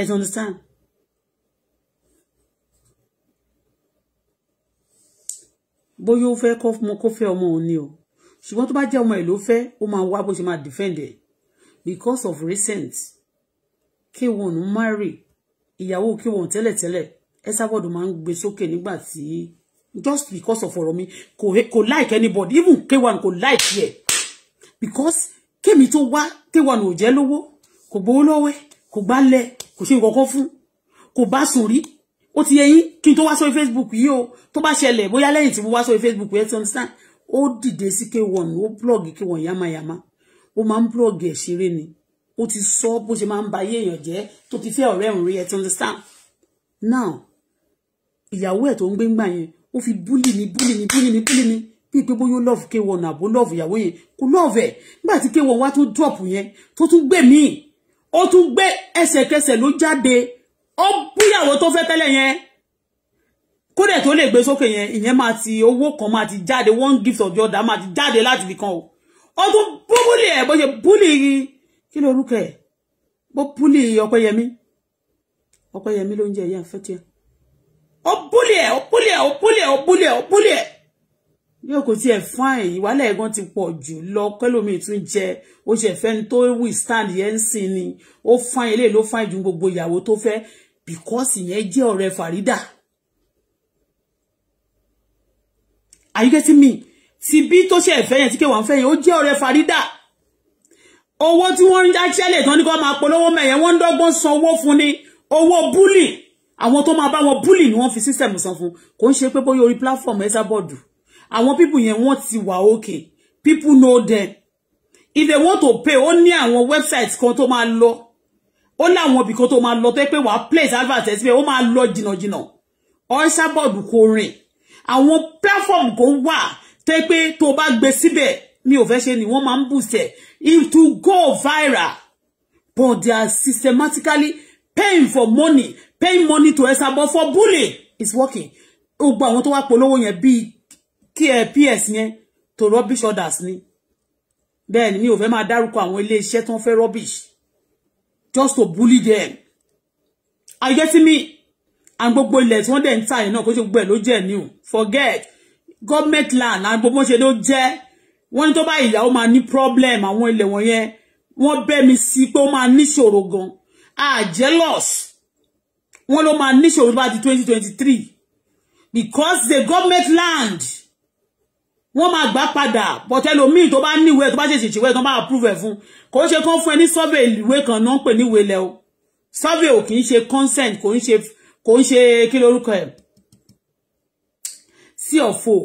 ẹ understand bóyá ó fẹ́ kọ́ ọmọ kó fẹ́ ọmọ òun ni o ṣùgbọ́n tó bá jẹ́ ọmọ ẹ̀ ló fẹ́ ó máa wá bó ṣe máa defend ẹ̀ because of recent k1 marry ìyàwó k1 tẹ́lẹ̀tẹ́lẹ̀ Esabod máa ń gbé sókè nígbà just because of ọ̀rọ̀ mi kò like anybody even K1 kò like ẹ̀ because kémi tó wá K1 ò jẹ́ lówó kò gbowó lọ́wọ́ kò gbálẹ̀ kò ṣe nǹkan kan fún kò bá sùn rí ó ti yẹ yín kí n tó Facebook yìí o tó bá ṣẹlẹ̀ bóyá lẹ́yìn tí mo wá sórí Facebook yẹn ti understand ó dìde sí K1 ó blog K1 yama yama máa ń blog ẹ̀ ṣeré ni ó ti sọ bó ṣe máa ń ba ayé èèyàn jẹ́ tó ti fẹ́ ọ̀rẹ́ òun rí ẹ ti understand now ìyàwó ẹ̀ tó ń gbé ń gbà yẹn ó fi búlì mi búlì mi búlì mi búlì mi bíi pé bóyá ó lọ́ọ̀fù kéwọ̀n àbó lọ́ọ̀fù ìyàwó yẹn kò lọ́ọ̀fù ẹ̀ nígbà tí kéwọ̀n wá tó dọ̀pù yẹn tó tún gbé míì ó tún gbé ẹsẹ̀kẹsẹ̀ ló jáde ó búyàwó tó fẹ́ tẹ́lẹ̀ yẹn kódà tó lè gbé sókè yẹn ìyẹn máa ti owó kan máa ti jáde one gift of the other máa ti jáde láti fi kan o ó tún búbúlì ẹ̀ bó ṣe búlì kí lorúkọ ẹ̀ bó búlì ọpẹ́yẹmí ọpẹ́yẹmí ló ń jẹ ìyá ìfẹ́ ó búlì ẹ̀ ó búlì ẹ̀ ó búlì ẹ̀ ó búlì ẹ̀ ó búlì ẹ̀ yóò kò tiẹ̀ fún àyè ìwálẹ̀ ẹ̀gán ti pọ̀ jù lọ pẹ́lòmíì tún jẹ ó ṣe fẹ́ni tó withstand yẹn ń sìn ni ó fún àyè eléyìí ló fún àyè ju gbogbo ìyàwó tó fẹ́ bìkọ́sì yẹn jẹ́ ọ̀rẹ́ Farida are you getting me ti bí tó ṣe ẹ̀fẹ́ yẹn tí kéwàá ń fẹ́ yẹn ó jẹ́ ọ̀rẹ́ Farida owó tí wọ́n ń dá ṣẹlẹ̀ tán ní kó máa polówó mẹ́yẹn wọ́n ń dọ́gbọ́n ni owó búlì àwọn tó máa bá wọn búlì ni wọ́n fi system san fún kò ń ṣe pé bóyá orí platform ẹ̀sà bọ́ọ̀dù àwọn people yẹn wọ́n ti wà òkè people know them if they want to pay ó ní àwọn website kan tó máa lọ ó láwọn ibì kan tó máa lọ tó pé wàá place advertise pé ó máa lọ jìnnàjìnnà ẹ̀sà bọ́ọ̀dù kò rìn àwọn platform kan wà tó pé tó bá gbé síbẹ̀ mi ò fẹ́ ṣe ni wọ́n máa ń bùsẹ̀ if to go viral but they are systematically paying for money paying money to but for bully, is working gbogbo àwọn tó wá polówó yẹn bíi ps yẹn to rubbish orders. ni bẹ́ẹ̀ ni mi ò fẹ́ máa dárúkọ àwọn iléeṣẹ́ tó ń fẹ́ rubbish just to bully them are you getting me and gbogbo ilẹ̀ tí wọ́n dẹ̀ ń tà yẹn náà kó ṣe gbogbo ẹ̀ ló jẹ́ ni o forget government land and gbogbo ṣe ló jẹ́ wọ́n to tó bá ìyàwó máa ní problem àwọn ilẹ̀ wọ̀nyẹn wọ́n bẹ́ mi sí pé ó máa níṣòro gan ah jealous wọ́n ló máa níṣòro bá di 2023, because the government land wọ́n máa gbà padà but ẹlòmíì tó bá níwèé ẹ̀ tó bá ṣèṣì ìṣèwé ẹ̀ tó bá approve ẹ̀ fún kò ṣe kán fún ẹ ní survey ìwé kan náà ń pè níwèé lẹ o survey ò kì í ṣe consent kò ń ṣe kò ń ṣe kí lorúkọ ẹ̀ sí ọ̀fọ̀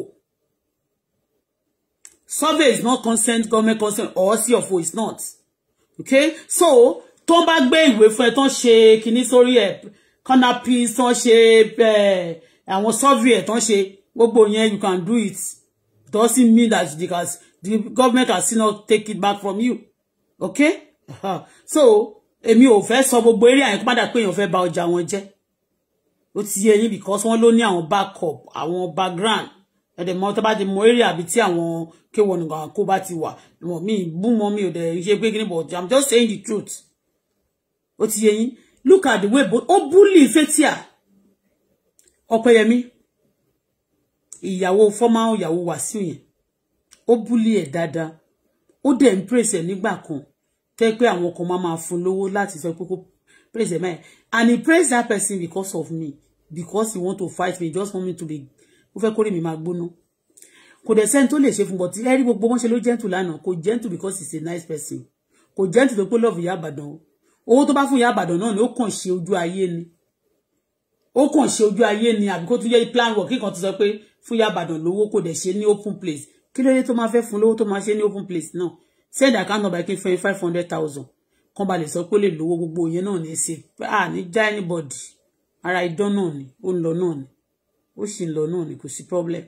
survey is not consent government consent or sí ọ̀fọ̀ is not okay so tó bá gbé ìwé fún ẹ tó ń ṣe kinní sórí ẹ̀ kọ́nápì tán ṣe eh, àwọn survey tán ṣe gbogbo yẹn you can do it it doesn't mean that because the government has still not take it back from you okay so èmi ò fẹ́ sọ gbogbo eré àyẹ̀kọ́ padà pé èèyàn fẹ́ ba ọjà wọn jẹ́ ó ti yé yín because wọ́n ló ní àwọn backup àwọn background ẹ̀dẹ̀ mọ́ tó bá ti mọ eré àbí tí àwọn kéwọ̀n nìkan kó bá ti wà ìwọ̀n mi bú mọ́ mi ò dẹ̀ ṣe pé kíni but I'm just saying the truth ó ti yé yín look at the way but ó bully Fathia Ọpẹ́yẹmí ìyàwó fọ́mà ìyàwó Wàsíù yẹn ó bully ẹ̀ dáadáa ó dẹ̀ ń praise ẹ̀ nígbà kan tẹ́ pé àwọn kan máa máa fún lówó láti sọ pé kó praise ẹ̀ and he praise that person because of me because he want to fight me just want me to be ó fẹ́ kórè mi máa gbóná kò dẹ̀ sẹ́ni tó lè ṣe fún bọ̀tí ẹ rí gbogbo wọn ṣe ló gentle lánàá kò gentle because he's a nice person kò gentle tó pé love ìyá àbàdàn o owó tó bá fún ìyá àbàdàn náà ni ó kàn ṣe ojú ayé ni ó kàn ṣe ojú ayé ni àbí kó tún jẹ́ plan work kíkan tó sọ pé fún ìyá àbàdàn lówó kò dẹ̀ ṣe ní open place kí ló dé tó máa fẹ́ fún lówó tó máa ṣe ní open place náà send account number kí n fẹ́ five hundred thousand kan ba lè sọ pé ó lè lówó gbogbo yẹn náà ní í ṣe à ní já anybody ara idán náà ni ó ń lọ náà ni ó sì ń lọ náà ni kò sí problem.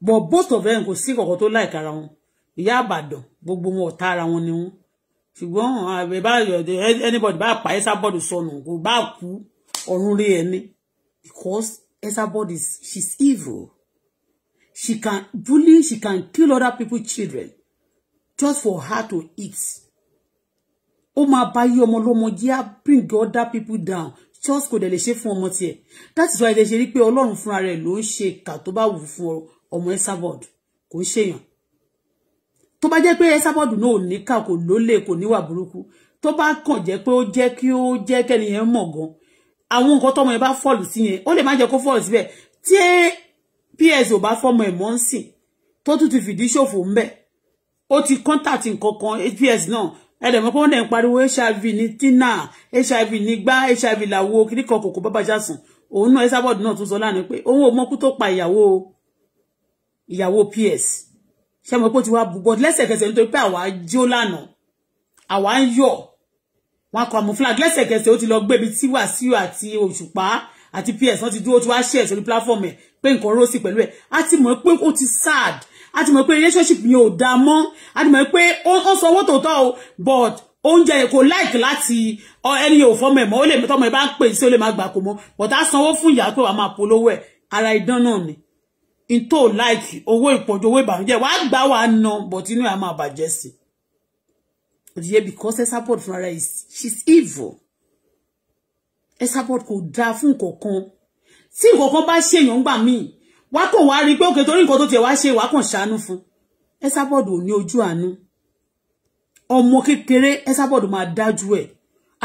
but both of them kò sí kọ̀ọ̀kan tó láìka ara wọn ìyá àbàdàn gbogbo wọn ọ̀tá ara wọn ni wọn ṣùgbọ́n àbẹ̀ anybody bá pa Esabod sọnù kò bá kú ọ̀run rí ẹni because Esabod is she's evil she can bully she can kill other people children just for her to eat ó máa bá yí ọmọ lọ́mọ jẹ́ á bring other people down just kò dẹ̀ lè ṣe fún ọmọ tiẹ̀ that is why ẹ ṣe rí pé ọlọ́run fúnra rẹ̀ ló ń ṣe kà tó bá wù fún ọmọ Esabod kò ń ṣèyàn tó bá jẹ́ pé ẹ sábọ́dù náà ò ní kà kò lólè kò níwà burúkú tó bá kàn jẹ́ pé ó jẹ́ kí ó jẹ́ kẹ́ni yẹn mọ̀ gan àwọn nǹkan tọmọ yẹn bá fọ́ọ̀lù sí yẹn ó lè má jẹ́ kó fọ́ọ̀lù síbẹ̀ tí ps ò bá fọ́mọ ẹ̀ mọ́ ń sìn tó tún ti fìdí ṣòfò ń bẹ̀ ó ti kọ́ńtàtì nǹkan ps náà ẹ̀rẹ̀ mọ́ pé wọ́n dẹ̀ ń pariwo hiv ní tina hiv ní gbá hiv làwo kíríkọ̀ kòkó bábà jásùn òun náà ẹ sábọ́ọ̀dù náà tún sọ lánàá pé òun ò mọ́kú tó pa ìyàwó ìyàwó ps ṣe mọ̀ pé ó ti wá bu but lẹ́sẹ̀kẹsẹ̀ nítorí pé àwa jó lánàá àwa ń yọ̀ wọn kọ àmúflag lẹ́sẹ̀kẹsẹ̀ ó ti lọ gbébi tí Wàsíù àti Òṣùpá àti PS wọn ti dúró tí wàá share sórí platform ẹ̀ pé nǹkan rọ́ọ̀sì pẹ̀lú ẹ̀ á ti mọ̀ pé ó ti sad á ti mọ̀ pé relationship yẹn ò dáa mọ́ á ti mọ̀ pé ó sọ owó tòótọ́ o but oúnjẹ yẹn like láìkì láti ẹni yóò fọmọ ẹ̀ mọ́ ó lè tọmọ ẹ̀ bá ń pè sí ó lè má gbà kó mọ́ but á sanwó fún ìyá pé wàá máa polówó ẹ̀ ara idán náà ni in to like owó ìpọ̀jù owó ìbànújẹ́ wàá gbá wa nà but inú ẹ̀ máa bàjẹ́ sí òdìyẹ because Esabod fúnra rẹ̀ she's evil Esabod kò dáa fún nǹkankan tí nǹkankan bá ṣèyàn gbà míì wá kò wá rí pé òkè torí nǹkan tó tiẹ̀ wá ṣe wá kàn ṣàánú fún Esabod ò ní ojú àánú ọmọ kékeré Esabod máa dájú ẹ̀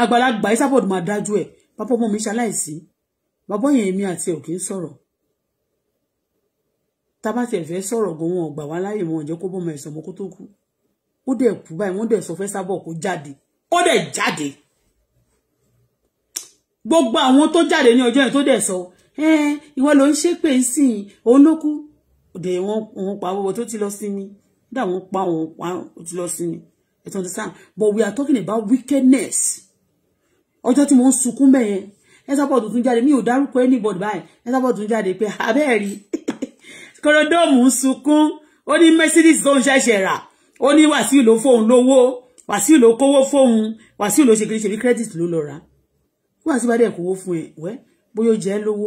àgbàlagbà Esabod máa dájú ẹ̀ bàbá ọmọ mi ṣaláìsí bàbá yẹn èmi àti ẹ̀ ò kì í sọ̀rọ̀ tá bá tiẹ̀ fẹ́ sọ̀rọ̀ gan wọn gbà wá láyè wọn jẹ́ kó bọ́mọ ẹ̀sán ọmọ kó tó kú ó dẹ̀ kú báyìí wọ́n dẹ̀ sọ fẹ́ sábọ̀ kó jáde ó dẹ̀ jáde gbogbo àwọn tó jáde ní ọjọ́ yẹn tó dẹ̀ sọ ìwọ ló ń ṣépè sí i òun ló kú òde wọn pa owó tó ti lọ sí mi dá wọn pa wọn pa ó ti lọ sí mi you understand but we are talking about wickedness ọjọ́ tí mo ń sunkún bẹ́yẹn ẹ sábọ̀ tuntun jáde mi ò dárúkọ anybody báyìí ẹ sábọ̀ tuntun jáde pé abẹ́ẹ̀ rí korodomu ń sunkún ó ní mercedes tó ń ṣẹ̀ṣẹ̀ rà ó ní wàsíù ló fóun lówó wàsíù ló kówó fóun wàsíù ló ṣègbè ṣèbí credit ló lọ rà wàsíù bá dẹ̀ kówó fún ẹ wẹ́ bóyá ó jẹ́ lówó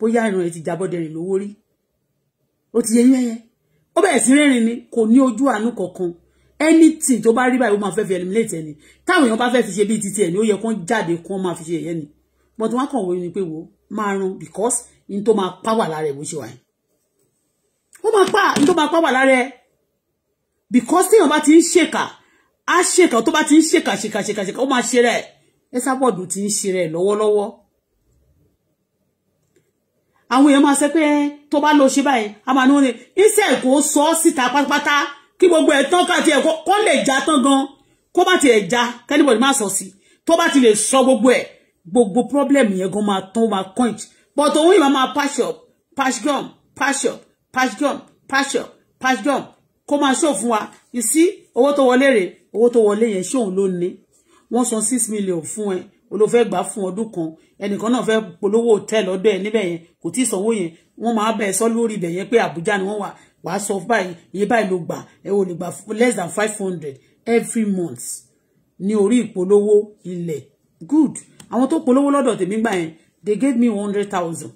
bóyá ìran ẹ ti jábọ́dẹ̀rìn lówó rí ó ti yẹ yẹ́yẹ́ ó bẹ̀rẹ̀ sí rẹ́rìn ni kò ní ojú àánú kankan anything tó bá rí báyìí ó máa fẹ́ fi eliminate ẹni táwọn èèyàn bá fẹ́ fi ṣe bíi titi ẹni ó yẹ kán jáde kán máa fi ṣe ẹ̀yẹ́ ni but wọ́n kàn wọ́n ni pé wo máa run because n tó máa power lára ẹ̀ bó ṣe wà wọ́n máa pa ní tó máa pa wà lára because téèyàn bá ti ń ṣèkà á ṣèkà tó bá ti ń ṣèkà ṣèkà ṣèkà ṣèkà ó máa ṣe rẹ̀ ẹ sábọ̀dù ti ń ṣe rẹ̀ lọ́wọ́lọ́wọ́ àwọn èèyàn máa ṣe pé tó bá lọ ṣe báyìí a máa ní wọn ní iṣẹ́ ẹ̀kọ́ sọ síta pátápátá kí gbogbo ẹ̀tàn káàtì ẹ̀kọ́ kó lè já tán gan kó bá ti ẹ̀ já kẹ́nìbọ̀dì má sọ sí tó bá ti lè sọ gbogbo ẹ̀ gbogbo problem yẹn gan máa tán máa point but òun ìmọ̀ máa patch up patch gum patch up patch job patch job patch job kó máa ṣó fún wa you see owó tó wọlé Owo to tó wọlé yẹn ṣóun ló ní wọ́n san six million fún ẹ olófẹ́ gbà fún ọdún kan ẹnìkan náà fẹ́ polówó hòtẹ́ẹ̀lì ọdọ̀ ẹ níbẹ̀ yẹn kò tí ì sanwó yẹn wọ́n máa bẹ̀ sọ lórí ibẹ̀ yẹn pé Àbújá ni wọ́n wà wàá sọ báyìí iye báyìí ló gbà ẹ ò lè gbà less than five hundred every month ní orí ìpolówó ilẹ̀ good àwọn tó polówó lọ́dọ̀ tèmi gbà yẹn they gave me one hundred thousand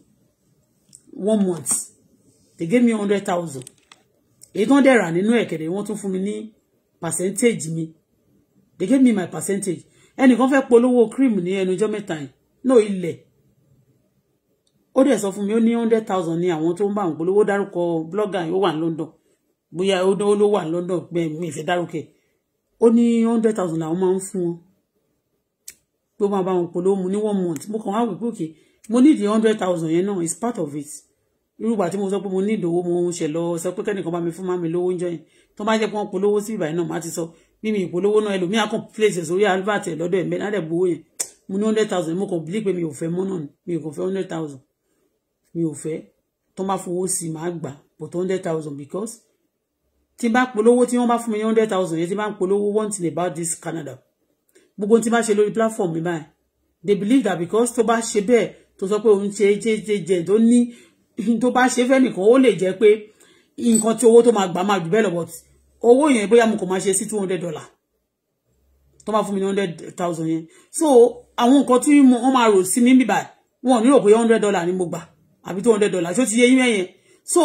one month they gave me hundred thousand èyí tán dẹ̀ rà nínú ẹ̀kẹ̀dẹ̀ wọ́n tún fún mi percentage me. they gave me my percentage ẹnìkan fẹ́ polówó cream ní ẹnujọ́ mẹ́ta yìí náà ilẹ̀ ó dẹ̀ sọ so mi ó ní hundred thousand ní Want to ń bá àwọn polówó dárúkọ blogger yìí ó wà ní London bóyá ó dánwó ló wà ní London pé mi ìfẹ́ dárúkẹ ó ní hundred thousand làwọn máa ń fún wọn pé ó máa bá one month mo kàn wá wípé òkè mo need the hundred thousand yẹn náà it's part of it irúgbà tí mo sọ pé mo ní ìdòwò mo ń ṣe lọ sọ pé kẹ́nìkan bá mi fún mami lówó oúnjẹ yẹn tó bá jẹ́ pé wọ́n polówó sí ìbàyẹn náà má ti sọ mímì ìpolówó náà ẹlòmíà kàn pílẹ̀sì sórí albert lọ́dọ̀ ẹ̀mẹ́ náà dẹ̀gbowó yẹn mo ní hundred thousand mo kàn bílí pé mi ò fẹ́ mọ́nà ni mi ò fẹ́ hundred thousand mi ò fẹ́ tó bá fowó sí máa gbà but hundred thousand because tí bá polówó tí wọ́n bá fún mi ní hundred thousand yẹn tí bá ń polówó one thing about this Canada gbogbo tí bá ṣe lórí platform mi báyìí they believe that because tó bá ṣe bẹ́ẹ̀ tó sọ pé òun ṣe jẹjẹjẹ tó tó bá ṣe fẹ́ nìkan ó lè jẹ́ pé nǹkan tí owó tó máa gbà máa jù bẹ́ẹ̀ lọ but owó yẹn bóyá mo kò máa ṣe sí two hundred dollar tó máa fún mi ní hundred thousand yẹn so àwọn nǹkan tí wọ́n máa rò sí mi bíbà wọn ò ní rò pé hundred dollar ni mo gbà àbí two hundred dollar ṣó ti yé yín yẹn so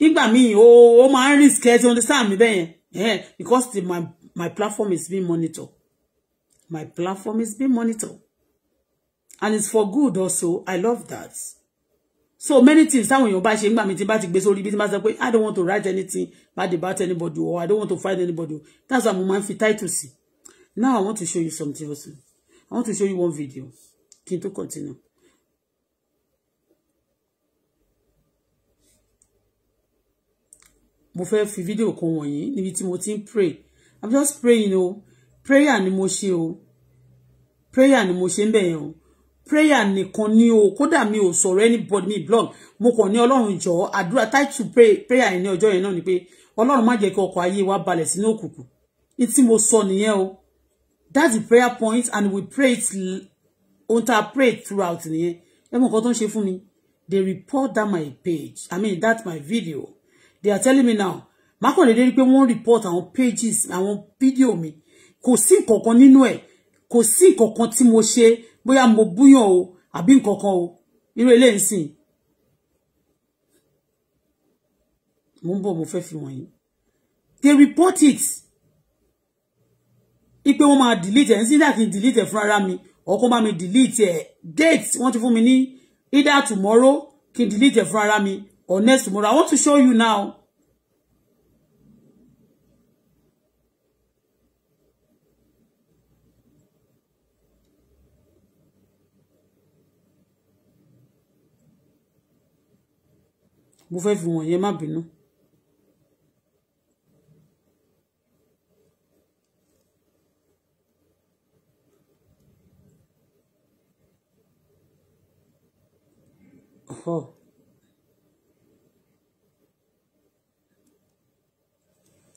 nígbà míì o ó máa ń risk ẹ ti understand mi bẹ́ẹ̀ yẹn because the, my, my platform is being monitored my platform is being monitored and it's for good also i love that so many things táwọn èèyàn bá ṣe nígbà mi tí bá ti gbé sórí ibi tí bá sọ pé i don't want to write anything bad about anybody or i don't want to fight anybody that's why mo máa ń fi title sí now i want to show you something also i want to show you one video kí to continue. mo fẹ́ fi video. kan wọ̀nyí níbi tí mo ti pray i'm just praying o prayer ni mo ṣe o prayer ni mo ṣe ń bẹ̀yẹn o prayer nìkan ni o kódà mi ò sọ̀rọ̀ anybody mi blog mo kàn ní ọlọ́run jọ àdúrà pray. prayer yẹn ní ọjọ́ yẹn náà ni pé ọlọ́run má jẹ́ kí ọkọ̀ ayé wa balẹ̀ sínú òkùnkùn ní tí mo sọ nìyẹn o that's the prayer point and we pray it ohun pray throughout nìyẹn ẹ mọ nǹkan tó ń ṣe fún mi they report that my page i mean that my video they are telling me now mákànlédé rí pé wọ́n report àwọn pages àwọn fídíò mi kò sí nǹkan kan nínú ẹ̀ kò sí nǹkan kan tí mo ṣe bóyá mo búyàn o àbí nǹkan o irú eléyìí sìn mo ń bọ̀ mo fẹ́ fi wọ̀nyí they report it ipe wọ́n máa delete ẹ̀ nígbà kí n delete ẹ̀ fúnra mi ọkọ bá mi delete ẹ̀ date wọ́n ti fún mi ní either tomorrow kí n delete ẹ̀ fúnra mi or next tomorrow i want to show you now mo fẹ́ fi wọ̀nyẹn má bínú.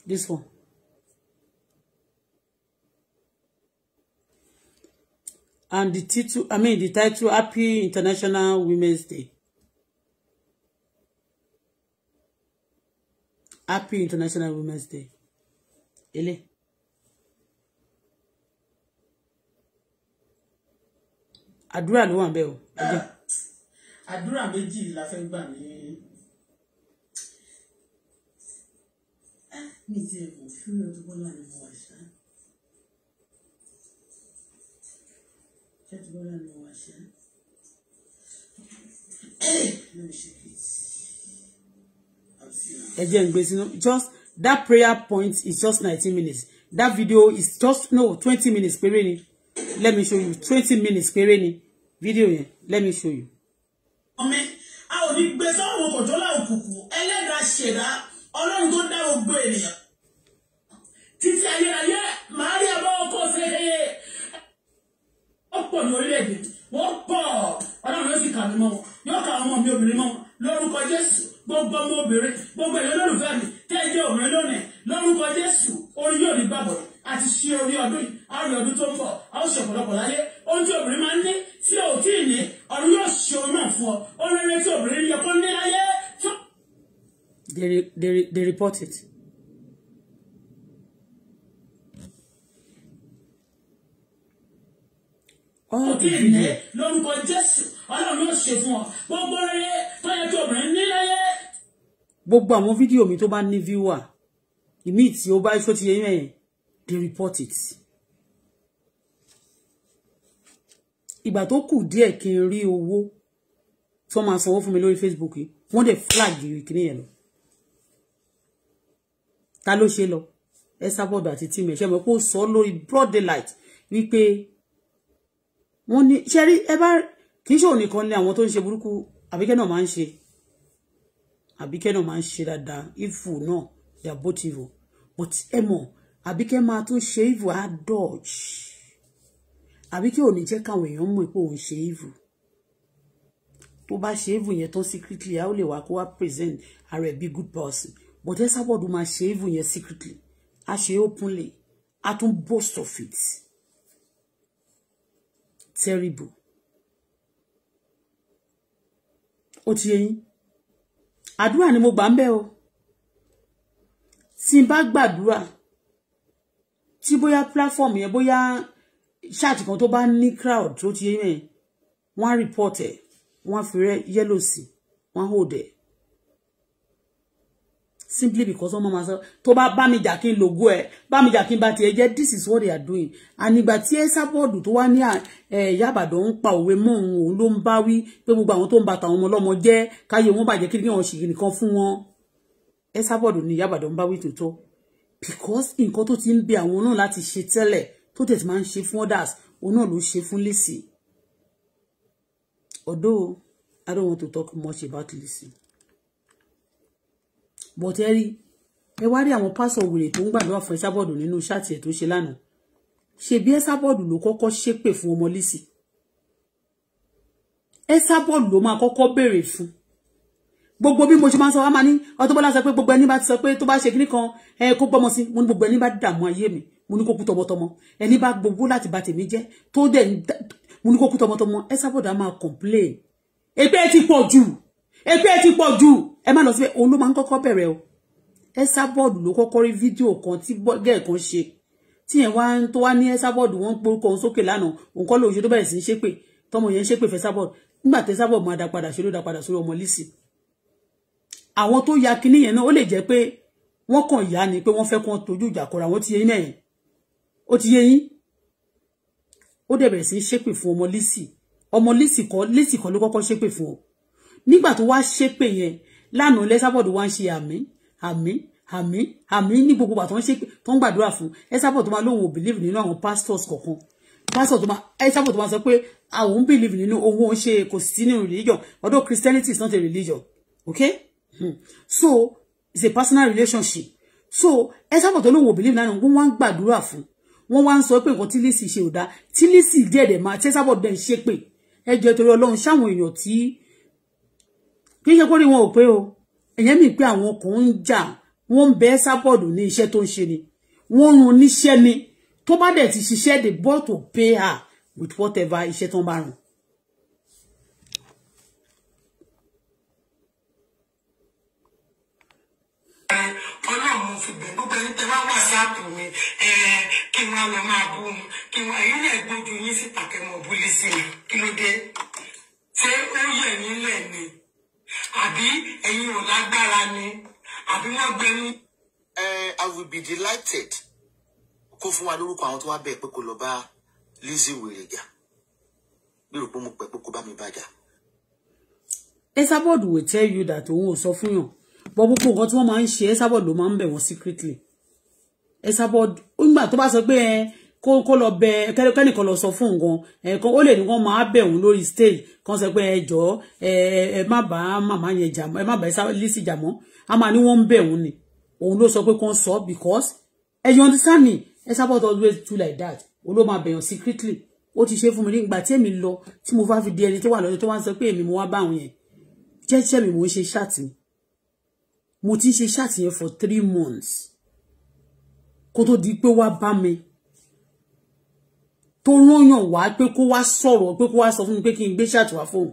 This one. And the title, I mean the title, Happy International Women's Day. happy international women's day ele àdúrà ló wà ń o. Adura meji la fẹ́ gbà ní. mi ti ẹ̀kọ́ fún ọdún bọ́lá ni mo wà ṣá. ṣé ọdún bọ́lá ni mo wà ṣá. mi ò ẹ just that prayer point is just 19 minutes that video is just no 20 minutes péré let me show you 20 minutes péré video yẹn let me show you. ọmọ a ò ní gbé sọ́wọ́n kòjọ́lá òkùnkùn ẹlẹ́dàá ṣẹ̀dá ọlọ́run tó dá gbogbo ènìyàn lórúkọ jésù gbogbo ọmọ obìnrin gbogbo èèyàn lórúfẹ́ mi tẹ́jẹ́ obìnrin lónìí lórúkọ jésù orí yóò ní gbàgbọ́ àti ṣe orí ọdún yìí àwọn ọdún tó ń bọ̀ a ṣe ọ̀pọ̀lọpọ̀ láyé ohun tí obìnrin máa ń ní tí ò tí ì ní ọdún yóò ṣe ohun náà fún ọ ó rere tí obìnrin yẹ kó ní láyé. They, they, they report it. òbí ìní lórúkọ jésù ọlọ́run yóò ṣe fún ọ gbogbo rẹ tó yẹ kí obìnrin ní láyé. gbogbo àwọn fídíò mi tó bá ní viewer ìmí tí ó bá ṣó ti yẹ yẹn they report it. ìgbà tó kù díẹ̀ kí n rí owó tó máa sanwó fún mi lórí Facebook yìí wọ́n dẹ̀ flag ìkíní yẹn lọ. ta ló ṣe lọ ẹ sábọ̀dọ̀ àti tíìmù ẹ̀ ṣe mọ̀ pé ó sọ lórí broad daylight wípé wọ́n ní ṣẹ́rí ẹ bá kì í ṣe òun nìkan ni àwọn tó ń ṣe burúkú àbíkẹ́ náà máa ń ṣe àbíkẹ́ náà máa ń ṣe dáadáa ifu náà they are both evil but ẹ mọ̀ àbíkẹ́ máa tún ṣe evil á dodge àbíkẹ́ ò ní jẹ́ káwọn èèyàn mọ̀ pé òun ṣe evil tó bá ṣe evil yẹn tán secretly a ó lè wá kó wá present ara ẹ̀ bí good person but ẹ sábọ̀dù máa ṣe evil yẹn secretly a ṣe openly a tún boast of it terrible ó ti yẹ yín ni mo gbà ń bẹ̀ o tí n bá gbàdúrà tí platform yẹn bóyá ṣáàtì kan tó bá ní crowd tó ti yẹ yín wọ́n á report ẹ̀ wọ́n á hold ẹ̀ simply because wọ́n mama sọ "To ba ba mi jakin logo n ba mi jakin kí n bá tiẹ̀ this is what they are doing ànígbà tí ẹ́sàbọ̀dù tó wá ní yàbàdàn eh yabado òwe mọ́ òun òun ló ń bá wí pé gbogbo àwọn tó ń ba tàwọn ọmọ ọlọ́mọ jẹ́ káyé wọn bàjẹ́ kí wọ́n ṣì nìkan fún wọn ẹ́sàbọ̀dù ní yàbàdàn ń bá wí tòótọ́ because nǹkan tó ti ń bẹ àwọn náà láti ṣe tẹ́lẹ̀ tó tẹ̀ ti máa others òun náà ló ṣe fún Lizzy although I don't want to talk much about lisi but ẹ rí ẹ wá rí àwọn pásọ wèrè tó ń gbàdúrà fún ẹsábọọdù nínú ṣáàtì ẹ tó ṣe lánàá ṣebí ẹsábọọdù ló kọ́kọ́ ṣépè fún ọmọ Lizzy ẹsábọọdù ló máa kọ́kọ́ béèrè fún gbogbo bí mo ṣe máa ń sọ wá máa ní Auto Bola sọ pé gbogbo ẹni bá ti sọ pé tó bá ṣe kíní kan ẹ kó gbọmọ sí mo ní gbogbo ẹni bá dààmú ayé mi mo ní kó kú tọmọtọmọ ẹni bá gbogbo láti bà tèmi jẹ́ tó dẹ̀ mo ní kó kú tọmọtọmọ ẹsábọọdù á máa complain èpè ti pọ̀ jù èpè ti pọ̀ jù ẹ m'a lọ síbẹ̀ òun ló máa ń kọ́kọ́ bẹ̀rẹ̀ o ẹsà bọ́ọ̀dù ló kọ́kọ́ rí fídíò kan tí gẹ́ẹ̀ kan ṣe tí yẹn wá ń tó wá ní ẹsà bọ́ọ̀dù wọ́n ń porúkọ òun sókè lánàá òun kọ́ lóun ṣe tó bẹ̀rẹ̀ sí í ṣépè tọmọ yẹn ń ṣépè fẹ́ sábọ̀ọ̀dù nígbà tẹ sábọ̀ọ̀dù máa dápadà ṣe ló dápadà sórí ọmọ lísì àwọn tó ya kinní yẹn náà ó lè jẹ́ pé wọ́n kàn yá ni pé wọ́n fẹ́ kàn tójú ìjà kọra wọ́n ti yé yín mẹ́yìn ó ti yé yín ó dẹ̀ bẹ̀rẹ̀ sí í ṣépè fún ọmọ lísì ọmọ lísì kọ́ lísì kọ́ ló kọ́kọ́ ṣépè fún ọ nígbà tó wá ṣépè yẹn lánàá lẹ́sàbọ̀dù wá ń ṣe àmì àmì àmì àmì ní gbogbo àtọ́ ń ṣe tó ń gbàdúrà fún lẹ́sàbọ̀dù tó máa lóun ò believe nínú àwọn pastors kọ̀ọ̀kan pásítọ̀ tó máa ẹ́sàpọ̀ tó máa sọ pé àwọn believe nínú owó ń ṣe kò sí nínú religion although Christianity is not a religion okay hmm. so it's a personal relationship so ẹ́sàpọ̀ tó lóun ò believe nínú wọn wá ń gbàdúrà fún wọn wá ń sọ pé nǹkan tí Lizzy ṣe ò dáa tí Lizzy díẹ̀ dẹ̀ máa tẹ́sàpọ̀ dẹ̀ ń ṣépè ẹjọ́ torí Ọlọ́run ṣáwọn èèyàn tí kì í ṣe kórìí wọn ò pé o ẹ̀yẹ́ mi pé àwọn kan ń jà wọ́n ń bẹ́ sábọ̀dù ní iṣẹ́ tó ń ṣe ni wọ́n run níṣẹ́ ni tó bá dẹ̀ ti ṣiṣẹ́ they bought to pay her with whatever iṣẹ́ tó ń bá rùn. kí ló dé ṣé ó yẹ̀ nílẹ̀ ni àbí ẹ̀yin ò lágbára ni àbí wọ́n gbé ní. I will be delighted kó fún wa lórúkọ àwọn tó wá bẹ̀ pé kó lọ bá Lizzie wèrèjà bí rò pé mo pẹ̀ pé kó bá mi bàjá. Esabod will tell you that òun ò sọ fún yàn bọ́ gbogbo nǹkan tí wọ́n máa ń ṣe Esabod ló máa ń bẹ̀ wọ́n secretly Esabod nígbà tó bá sọ pé ẹ kó kó lọ bẹ kẹ́nìkan lọ sọ fún nǹkan ẹ̀kan ó lè ní wọ́n máa bẹ̀ wọ́n lórí stage kan sọ pé ẹ jọ ẹ ẹ má bá màmá yẹn jà ẹ má bá Lizzy jà mọ́ a máa ní wọ́n ń bẹ̀ ni òun ló sọ pé kàn sọ because ẹ you understand me E support always do like that òun ma be bẹ̀yàn secretly ó ti ṣe fún mi nígbà tí èmi lọ tí mo bá fi di ẹni tó wà lọ́dọ̀ tó wá ń sọ pé èmi mo wá bá àwọn yẹn jẹ́jẹ́ mi mo ń ṣe ṣáàtì mo ti ń ṣe ṣáàtì for three months kó tó di pé wá bá mi tó rányàn wá pé kó wá sọ̀rọ̀ pé kó wá sọ fún mi pé kí n gbé ṣàtìwá fóun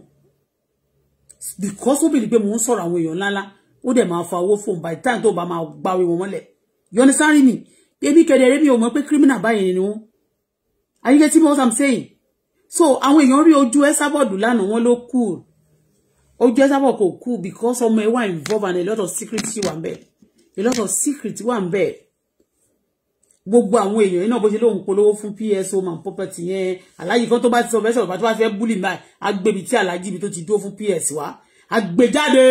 because ó bìlí pé mò ń sọ̀rọ̀ àwọn èèyàn ńláńlá ó dẹ̀ máa fa owó fóun by time tó bá máa gbáwé wọn mọ́lẹ̀ yọni sáré mi ebi kẹdẹrẹ mi ò mọ̀ pé criminal báyìí ni wọn are you getting what I'm saying so àwọn èèyàn rí ojú ẹ sábọ̀dù lánàá wọn ló cool ojú ẹ sábọ̀ kò cool because ọmọ ẹ wà involved and a lot of secret wà ń bẹ̀ a lot of secret wà ń bẹ̀ gbogbo àwọn èèyàn yìí náà bó ṣe lóun polówó fún pso man property yẹn aláyìí kan tó bá ti sọ fẹsẹ̀ bàbá tó bá fẹ́ búlì báyìí agbèbí tí aláàjì ibi tó ti dúró fún ps wa agbèjáde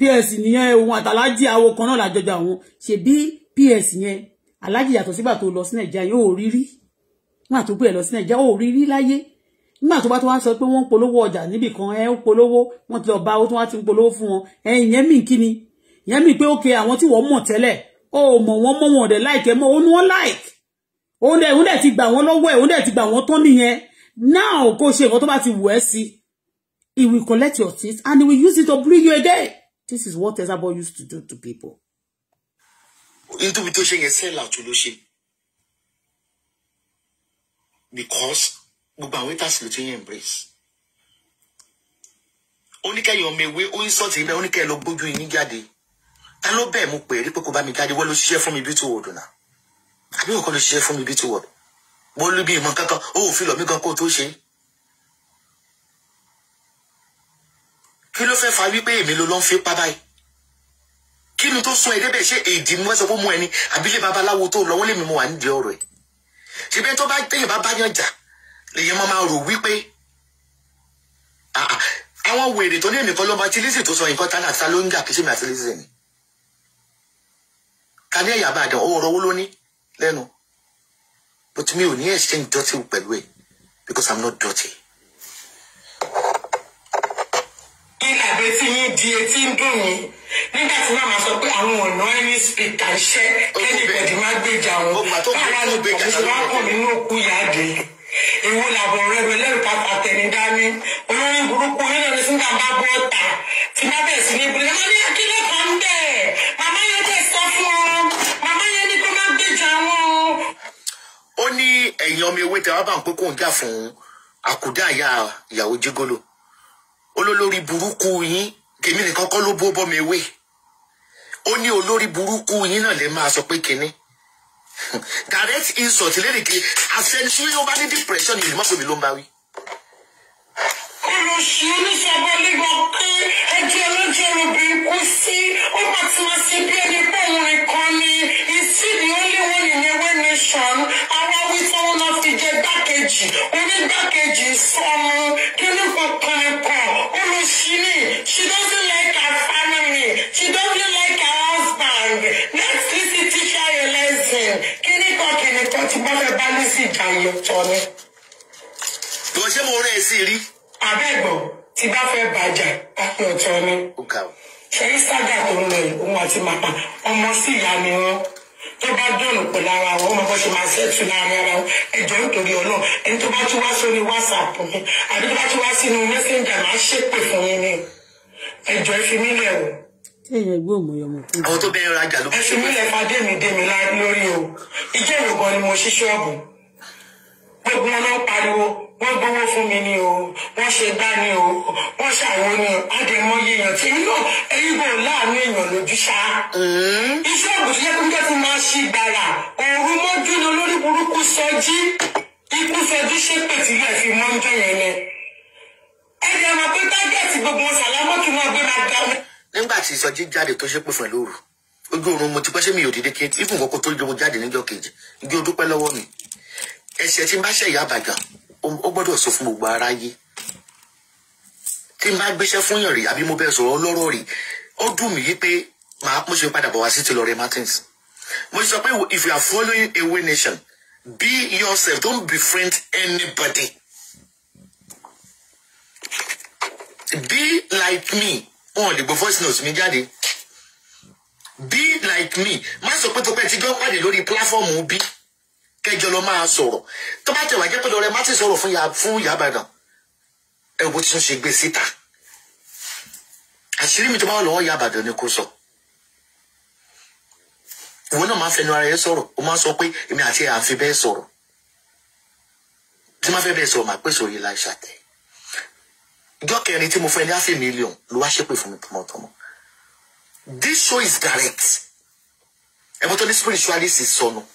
ps nìyẹn òun àtàlájì àwo kan náà làjọjà òun ṣe bí ps yẹn aláàjì yàtọ̀ sígbà tó lọ sí nàìjíríà yóò rí rí wọn àtúgbò ẹ lọ sí nàìjíríà ò rí rí láyé nígbà tó bá tó wá sọ pé wọ́n ń polówó ọjà níbì kan ẹ ń polówó wọ́n ti lọ bá owó tó wá ti ń polówó fún wọn ẹ ìyẹn mì kíni ìyẹn mì pé ókè àwọn tí wọ́n mọ̀ tẹ́lẹ̀ o mọ̀ wọ́n mọ́ wọn ọ̀dẹ̀ láìkẹ mọ́ òun wọn láìkẹ òun dẹ̀ òun dẹ̀ ti gbà wọ́n lọ́wọ́ ẹ̀ òun dẹ̀ ti gbà wọ́n tán nìyẹn now kó ṣe nǹkan tó bá ti wù ẹ́ sí he will collect your things and he will use it to bring you again this is what Ezabo used to do to people. nítorí tó ṣe yẹn sell out ló ṣe because gbogbo àwọn haters ló ti ń embrace oníkẹyìn ọmọ ewé ó ń sọ̀tì ibẹ̀ oníkẹyìn lọ gbójú yín jáde ta ló bẹ́ẹ̀ mo pè é rí pé kò bá mi jáde wọ́n ló ṣiṣẹ́ fún mi bí tó wọ̀dù náà àbí òkò ló ṣiṣẹ́ fún mi bí tó wọ̀dù wọ́n ló bí ìmọ̀ kankan ó ò fi lọ̀ mí gan kó tó ṣe. kí ló fẹ́ fa wípé èmi ló lọ́ ń fi pa báyìí kí ni tó sún ẹ débẹ̀ ṣé èdè mú ẹsẹ̀ kó mú ẹni àbílẹ̀ babaláwo tó lọ́wọ́ lèmi mo wà nídìí ọ̀rọ̀ ẹ̀ ṣebí tó bá téèyàn bá báyàn jà lèyàn máa rò wípé àwọn wèrè tó ní èmi kọ́ ló lísì tó sọ nǹkan tá náà ta ló ń jà kí sèmi àti lísì ni ta ní ẹ̀yà àbàdàn ọ̀rọ̀ owó ló lẹ́nu but mi ò ní exchange dirty pẹ̀lú ẹ̀ because i'm not dirty. ilé àgbẹ̀ tí yín di etí ń dùn yín nígbà tí màmá sọ pé àwọn ọ̀nà ẹni spíkà iṣẹ́ kẹ́nìbọ̀dì má gbèjà wọn báwa ni kò sí wá kùn nínú òkú yáde èwo làbọ̀ rẹ lẹ́rù pápá tẹ̀mí olórí burúkú nínú ẹni sí ń bá sí ní ibùdó ẹ̀ má ní akílẹ̀ kan bẹ́ẹ̀ màmá yẹn ó ní ẹ̀yin ọmọ ewé tẹwàá bá ń pé kó ń jà fún àkúdá àyà ìyàwó jígolo olólórí burúkú yín kèmí nìkan kọ́ ló bó bọ́mọ ewé ó ní olórí burúkú yín náà lè máa sọ pé kínní direct insult lẹ́nìkì àfẹnusí yóò bá ní depression ìlú mọ́pẹ́ mi ló ń bá wí olùsù oníṣàgbà nígbà pé ẹjẹ ọlọ́jọ́ obìnrin kú sí ó bá ti máa ṣe bí ẹni pé òun nìkan ni ìsì ni ó àwa wí tí wọn náà fi jẹ gbákejì onígbákejì sọnù kíní kankan nìkan olùsù ni she doesn't like her family she doesn't like her husband next visit teacher your lesson kíní kan kíní kan ti bá fẹ́ bá ní sí ìjà ìyọ̀tọ̀ ni. bó ṣe mo rẹ̀ sí rí àbẹ́ẹ̀gbọ̀n tí bá fẹ́ bàjà táyé ọ̀tọ̀ ni ṣe instagram tó ń lọ yìí òun àti màmá ọmọ sí ìyá ni wọn tó bá dọ̀nù pẹ̀lú ara wọn ọmọ bó ṣe máa ṣẹ́tù láàrin ara wọn ẹ̀jọ̀ nítorí ọlọ́run ẹni tó bá tún wá sórí whatsapp mi àbí tó bá tún wá sínú messenger máa ṣépè fún yín ni ẹ̀jọ̀ ìfimílẹ̀ o. téèyàn gbé òmùyọ mọ fún mi. àwọn tó bẹ́ẹ̀ rajà ló. ẹ̀fimílẹ̀ fa dèmídèmí lórí o ìjẹ́ ìrògbọ́n ni mo ṣí ṣọ́ọ̀bù gbogbo wọn náà pariwo wọ́n gbọ́wọ́ fún mi ni o wọ́n ṣe bá ni o wọ́n ṣàwọn ni àdèmọ yíyan tí inú ẹ̀yìn bò láàánú èèyàn lójú ṣá. Mm-hmm. iṣẹ́ òkùnṣẹ́ kúndé ti máa ṣí gbàrà òru mọ́jú ni olórí burúkú sọjí ikú sọjú ṣépè tílẹ̀ fi mọ́ ń jọyọ̀ ni. ẹ̀rẹ̀ ọmọ pé tágẹ́ẹ̀tì gbogbo sàlámọ́tì náà gbé máa ga. nígbà tí sọjí jáde tó ṣépè fún ẹ lóru ojú oorun mo ti pẹ́ sẹ́mi òdìdí kí ifun kọ́kọ́ tó gbogbo jáde níjọ́ kejì ní ojú pẹ́ lọ́wọ́ mi ẹ̀ṣẹ̀ tí n bá ṣẹ̀yà àbàjá ó gbọ́dọ̀ sọ fún gbogbo aráyé tí n bá gbéṣẹ́ fún yàn rí àbí mo bẹ sọ̀rọ̀ ọlọ́rọ̀ rí ó dùn mí yí pé màá mo ṣe padà bọ̀ wá sí ti Lorraine Martins mo sọ pé if you are following a way nation be yourself don't befriend anybody be like me wọn ò lè gbọ́ voice note mi jáde be like me má sọ pé tó pẹ́ ti gbọ́ pàdé lórí pláfọ́ọ̀mù bí kẹjọ lọ máa sọ̀rọ̀ tó bá tẹwàá jẹ́ pé lọrẹ má ti sọ̀rọ̀ fún ìyá Ìbàdàn ẹ wo tí wọ́n ṣe gbé síta àṣírí mi tó bá wà lọ́wọ́ ìyá ni kò sọ ìwọ náà máa fẹnu ara yẹn sọ̀rọ̀ o máa sọ pé èmi àti ẹ àfi bẹ́ẹ̀ sọ̀rọ̀ tí má fẹ́ bẹ́ẹ̀ sọ̀rọ̀ máa pè sórí ilá ìṣàtẹ ìjọ kẹrin tí mo fẹ́ ní àfi mílíọ̀n ló wá ṣépè fún mi tọmọtọmọ this show is direct ẹ bọ́ tó ní spiritualist sọnù. So no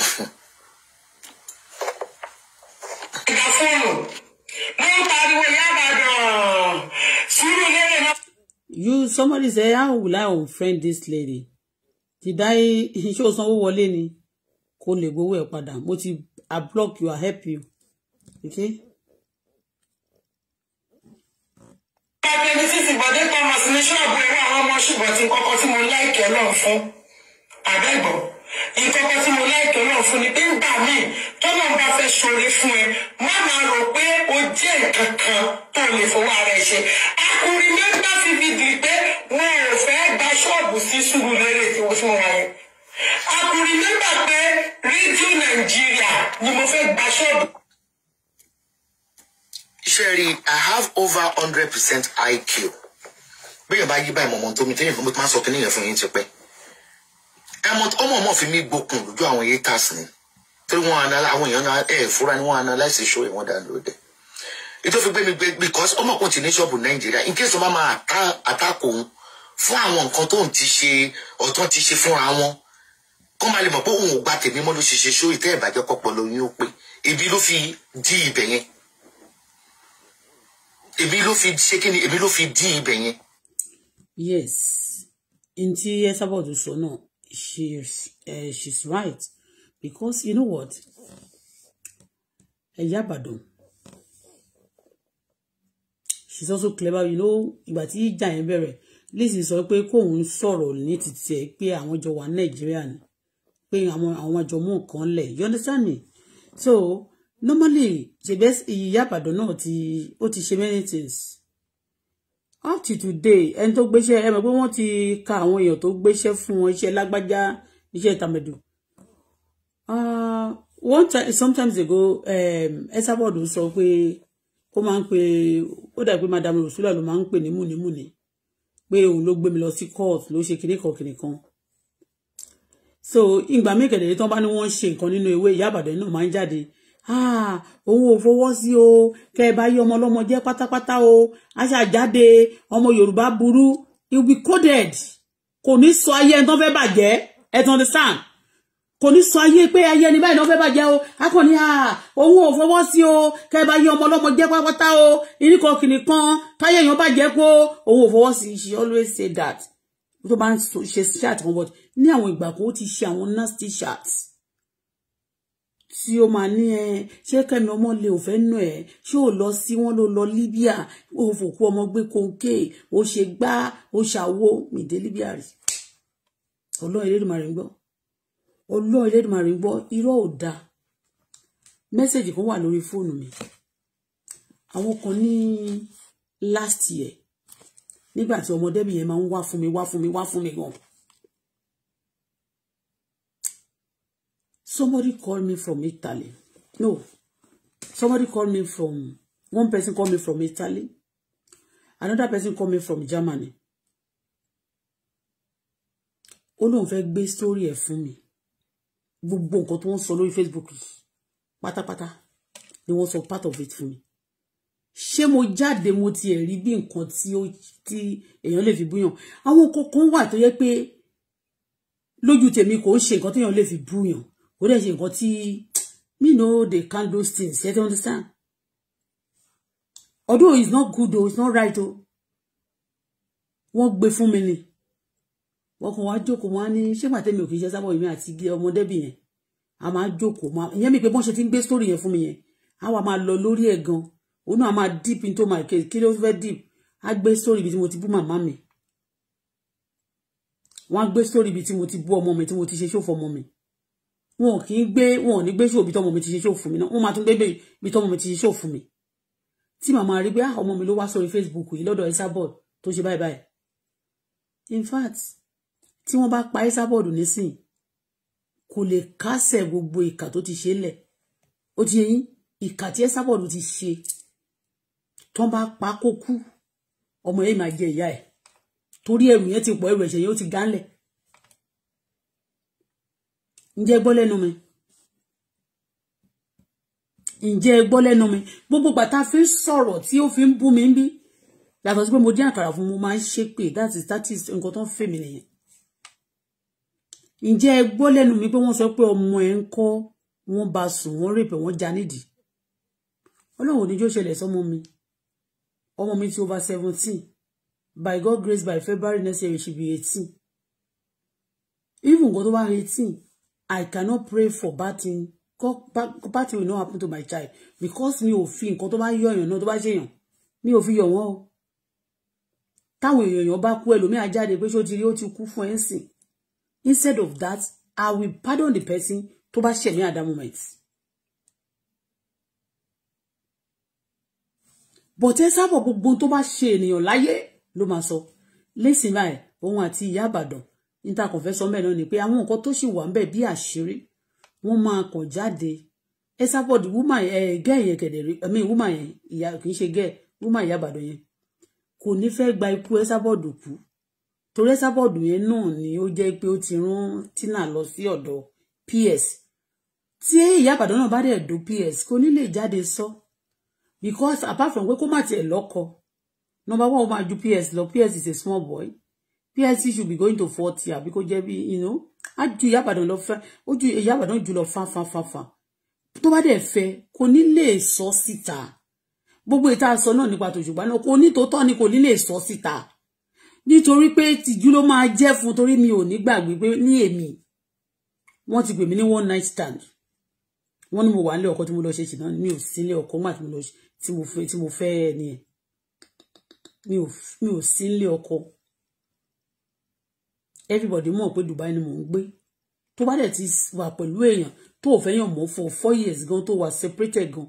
You somebody say how will I unfriend this lady? Did I show some wọlé ni? Kò lè gbowó ẹ̀ padà. Mo ti I block you, I help you. Okay? Ẹni tí ti ṣọ́ọ̀bù ẹ̀rọ àwọn ọmọ ṣùgbọ́n tí kọ́kọ́ tí mo láìkẹ́ lọ fún ìkẹ́kẹ́ tí mo láìpẹ́ náà fún ni pé ń gbà mí tọ́lọ́ bá fẹ́ ṣoore fún ẹ má máa rò pé o jẹ́ nǹkan kan tó lè fowó ara ẹ ṣe akùnrin mẹ́ta fi fi dì pé wọn ò fẹ́ gba ṣọ́ọ̀bù sí sùúrù lérè tí wọ́n fún yẹn akùnrin mẹ́ta pé rédíò nàìjíríà ni mo fẹ́ gba ṣọ́ọ̀bù. Sherry, I have over hundred percent IQ. Bí yẹn bá yí báyìí mọ̀mọ́ tó mi téèyàn fún mi tó máa sọ kí nìyẹn fún yín ti pẹ́ ọmọ ọmọ fi mí gbókun lójú àwọn haters ni torí wọn àná àwọn èèyàn náà ẹ fúra ni wọn àná láìsí ṣó ìwọn download ẹ ètò fi gbé mi gbé because ọmọ kan ti ní ṣọ́ọ̀bù nàìjíríà in case ọba máa àtakò òun fún àwọn nǹkan tó ń ti ṣe ọ̀tún ti ṣe fúnra wọn kó má lè mọ̀ pé òun ò gba tèmi mọ́ ló ṣe ṣe ṣó ìtẹ́ ìbàjẹ́ pọ̀pọ̀ lóyún ó pé ebi ló fi dí ibẹ̀ yẹn ebi ló fi ṣé kí ni ebi ló fi dí ibẹ̀ yẹn. yes n tí ẹ sábà tún sọ náà she's uh, she's right because you know what A yabado. she's also clever you know ìgbà tí ìjà yẹn bẹ̀rẹ̀ lẹ́sìn sọ pé kóun sọ̀rọ̀ ní títí ẹ̀ pé àwọn jọ wà nàìjíríà ni pé àwọn àwọn àjọ mú nǹkan lẹ̀ you understand me so normally ṣèbẹ́ ìyá yabado, no, ti ó ti she many things up to today ẹni tó gbéṣẹ́ ẹ mọ̀ pé wọ́n ti ka àwọn èèyàn tó gbéṣẹ́ fún wọn iṣẹ́ lágbájá iṣẹ́ tàmẹ̀dù ah, one time sometimes ago ẹsàbọọdù um, sọ pé ó máa ń pe ó dà pé madam rosula ló máa ń pè ní múnimúni pé òun ló gbé mi lọ sí court ló ṣe kinní kan kinní kan so ìgbà mí kẹ̀dẹ̀ tí wọ́n bá ní wọ́n ṣe nǹkan nínú ewé ìyá àbàdàn náà máa ń jáde Ah, owó fowó sí o kẹ ẹ bá yí ọmọ ọlọ́mọ jẹ́ pátápátá o aṣàjáde ọmọ Yorùbá burú will be coded kò ní sọ ayé ẹni tó fẹ́ bàjẹ́ ẹ tán ti sàn kò ní sọ ayé pé ayé ẹni báyìí náà fẹ́ bàjẹ́ o akọni à ah, òun ò fọwọ́ sí o kẹ́ ẹ bá yí ọmọ ọlọ́mọ jẹ́ pátápátá o iríkọ̀ kìnì kan káyé èèyàn bàjẹ́ kó òun ò fọwọ́ sí she always say that tó bá ń ṣe ṣáàtì kan bọ́ọ̀dì ní àwọn ìgbà kan ó ti ṣe àwọn nasty shirts tí ó máa ní ẹ eh, ṣé kẹ́mi ọmọ lè ò fẹ́ nù ẹ ṣé ò lọ sí wọn ló lọ Libya ó fòkú ọmọ gbé kóńké ó ṣe gbá ó ṣàwo mìdé Libya rí ọlọ́run Elédùmarè ń gbọ́ ọlọ́run Elédùmarè ń gbọ́ irọ́ ò da mẹ́sẹ̀gì kan wà lórí fóònù mi àwọn kan ní last year nígbà tí ọmọdébìyẹn máa ń wá fún mi wá fún mi wá fún mi gan-an somebody called me from Italy. No, somebody called me from, one person called me from Italy. Another person called me from Germany. Ó lóun fẹ́ gbé story for me. mi. Gbogbo nǹkan tó ń sọ lórí Facebook yìí pátápátá ni wọ́n sọ part of it for me. Ṣé mo jáde mo tiẹ̀ rí bí nǹkan tí èèyàn lè fi búyàn? Àwọn nǹkan kan wà tó yẹ pé lójú tèmi kò ń ṣe nǹkan téèyàn lè fi búyàn ó dẹ̀ ṣe nǹkan tí me know they can do things you understand although it's not good though it's not right though. wọ́n gbé fún mi ni wọ́n kàn wá jókòó wọn á ní ṣé màtẹ́mi ò kì í ṣe sábọ̀ èmi àti ọmọdébì yẹn a máa jókòó ìyẹn mi pé bọ́n ṣe ti ń gbé sórí yẹn fún mi yẹn a wà máa lọ lórí ẹ̀ gan òun náà máa deep into my case kí ló fẹ́ deep a gbé sórí ibi tí mo ti bú màmá mi wọ́n á gbé sórí ibi tí mo ti bú ọmọ mi tí mo ti ṣe ṣòfò ọmọ mi wọn kì í gbé wọn ò ní gbé ṣòbí tọmọ mi ti ṣe ṣòfò fún mi náà wọn máa tún gbé bí tọmọ mi ti ṣe ṣòfò mi tí màmá rí pé ah, ọmọ mi ló wá sórí Facebook yìí lọ́dọ̀ Esabod tó ṣe báyìí báyìí in fact tí wọ́n bá pa Esabod nísìn kò lè kásẹ̀ gbogbo ìkà tó ti ṣe lẹ̀ ó ti yẹn ìkà tí Esabod ti ṣe tó bá pa kó kú ọmọ yẹn máa jẹ ìyá ẹ̀ torí ẹrù yẹn ti pọ̀ ẹrù ẹ̀ṣẹ̀ yẹn ó ti gánlẹ̀ ǹjẹ́ gbọ́ lẹ́nu mi ǹjẹ́ gbọ́ lẹ́nu mi gbogbo gbàtà fi ń sọ̀rọ̀ tí ó fi ń bú mi ń bí yàtọ̀ sí pé mo dín àkàrà fún mo máa ń ṣépè that is that is nǹkan tó ń fèmí nìyẹn ǹjẹ́ ẹ gbọ́ lẹ́nu mi pé wọ́n sọ pé ọmọ ẹ̀ ń kọ́ wọ́n bá sùn wọ́n rèpẹ̀ wọ́n já nídìí ọlọ́run oníjó ṣẹlẹ̀ sọ́mọ mi ọmọ mi ti over seventeen by God grace by February next year she be eighteen even nǹkan tó bá eighteen I cannot pray for bad thing God bad thing will not happen to my child because mi ò fi nǹkan tó bá yọ èèyàn náà tó bá ṣèyàn mi ò fi yọ wọn o táwọn èèyàn èèyàn bá kú ẹlòmíà jáde pé ṣó ti rí ó ti kú fún ẹ instead of that I will pardon the person tó bá ṣẹ̀mí at that moment. But bọ̀tẹ́ sábọ̀ gbogbo tó bá ṣe ènìyàn láyé ló máa sọ lẹ́sìn báyìí òun àti ìyá àbàdàn níta kò fẹ́ sọ mẹ́ẹ̀ náà ni pé àwọn nǹkan tó sì wà ń bẹ̀ bí àṣírí wọ́n máa kàn jáde ẹ sábọ̀dì wúmà ẹ gẹ́ẹ̀ yẹn kẹ̀dẹ̀ rí ẹ̀mí wúmà yẹn ìyá kì í ṣe gẹ́ẹ̀ wúmà ìyá àbàdàn yẹn kò ní fẹ́ gba ikú ẹ sábọ̀dù kú torí ẹ sábọ̀dù yẹn náà ni ó jẹ́ pé ó ti rán Tina lọ sí ọ̀dọ̀ PS tí ìyá àbàdàn náà bá dẹ̀ do PS kò ní lè jáde sọ because apart from pé kó má tiẹ̀ lọ́kọ number one ó máa ju PS lọ PS is a small boy PSC should be going to fourth year because jẹ́ bí you know á ju Ìyá Ìbàdàn lọ fẹ́ ó ju Ìyá Ìbàdàn jù lọ fanfanfanfan tó bá dẹ̀ fẹ́ kò ní lè sọ síta gbogbo ìta sọ náà nípa tòṣùgbà náà kò ní tòótọ́ ni kò ní lè sọ síta nítorí pé tìjú ló máa jẹ́ fún torí mi ò ní gbàgbé pé ní èmi wọ́n ti pè mí ní one night stand wọ́n ní mo wà nílé ọkọ tí mo lọ ṣe ṣìnà mi ò sílé ọkọ mà tí mo fẹ́ ẹni ẹ̀ mi ò sílé ọkọ everybody mọ̀ pé Dubai ni mò ń gbé tó bá dẹ̀ ti wà pẹ̀lú èèyàn tó ò fẹ́ yàn mọ́ for four years gan tó wà separated gan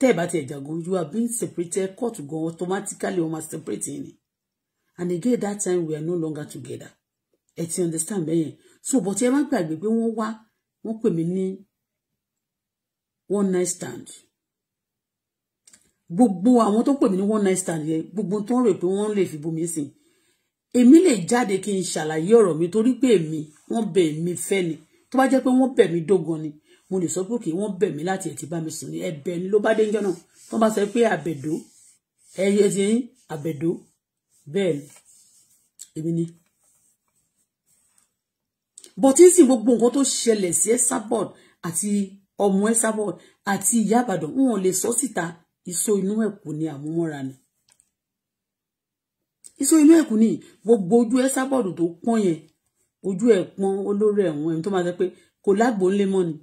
tẹ́ ẹ̀ bá ti ẹ̀jà gan you are being separated court gan automatically wọ́n máa separate ni and again that time we are no longer together ẹ ti understand bẹ́ẹ̀ so but ẹ má gbàgbé pé wọ́n wá wọ́n pè mí ní one night stand gbogbo àwọn tó pè mí ní one night stand yẹn gbogbo tó ń rè pé wọ́n lè fi bomi sìn èmi lè jáde kí n ṣàlàyé ọ̀rọ̀ mi torí pé èmi wọ́n bẹ̀ mí fẹ́ ni tó bá jẹ́ pé wọ́n bẹ̀ mí dógan ni mo lè sọ pé kí wọ́n bẹ̀ mí láti ẹ̀tì bá mi sùn ní ẹ̀bẹ̀ ni ló bá dé jọ́nà tó bá sọ pé àbẹ̀dó ẹyẹ ti ń àbẹ̀dó bẹ́ẹ̀ ni èmi ni. bọ̀tí sì gbogbo nǹkan tó ṣẹlẹ̀ sí Esabod àti ọmọ Esabod àti Ìyá Ìbàdàn wọn lè sọ síta ìsọ inú ẹ̀kú ni àmúmọ́ra ni iṣó inú ẹ̀kún ni gbogbo ojú ẹ sábọ̀dù tó pọ́n yẹn ojú ẹ̀ pọ́n olórí ẹ̀wọ̀n ẹni tó máa sọ pé kò lágbo ńlẹ̀ mọ́ ni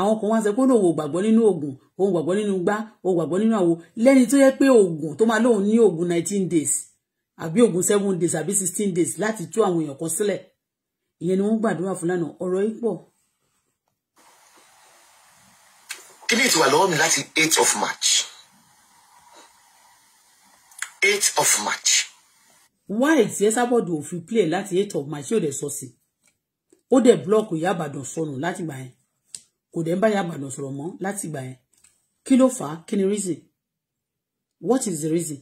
àwọn kan wá sọ pé òun ò gbàgbọ́ nínú oògùn òun gbàgbọ́ nínú gbá òun gbàgbọ́ nínú àwo lẹ́ni tó yẹ pé oògùn tó máa lóun ní oògùn nineteen days àbí oògùn seven days àbí sixteen days láti tú àwọn èèyàn kan sílẹ̀ ìyẹn ni wọ́n gbàdúrà fún lánàá ọ̀rọ̀ yìí pọ̀. kílíìtì wà lọ́wọ́ mi láti eight of March eight of March. why tí ẹ sábọ̀dù òfin play láti eight of March yóò dẹ̀ sọ sí ó dẹ̀ block Ìyá Ìbàdàn sọnù láti gbà yẹn kò dẹ̀ ń bá Ìyá Ìbàdàn sọ̀rọ̀ mọ́ láti gbà yẹn kí ló fà á kí ni reason what is the reason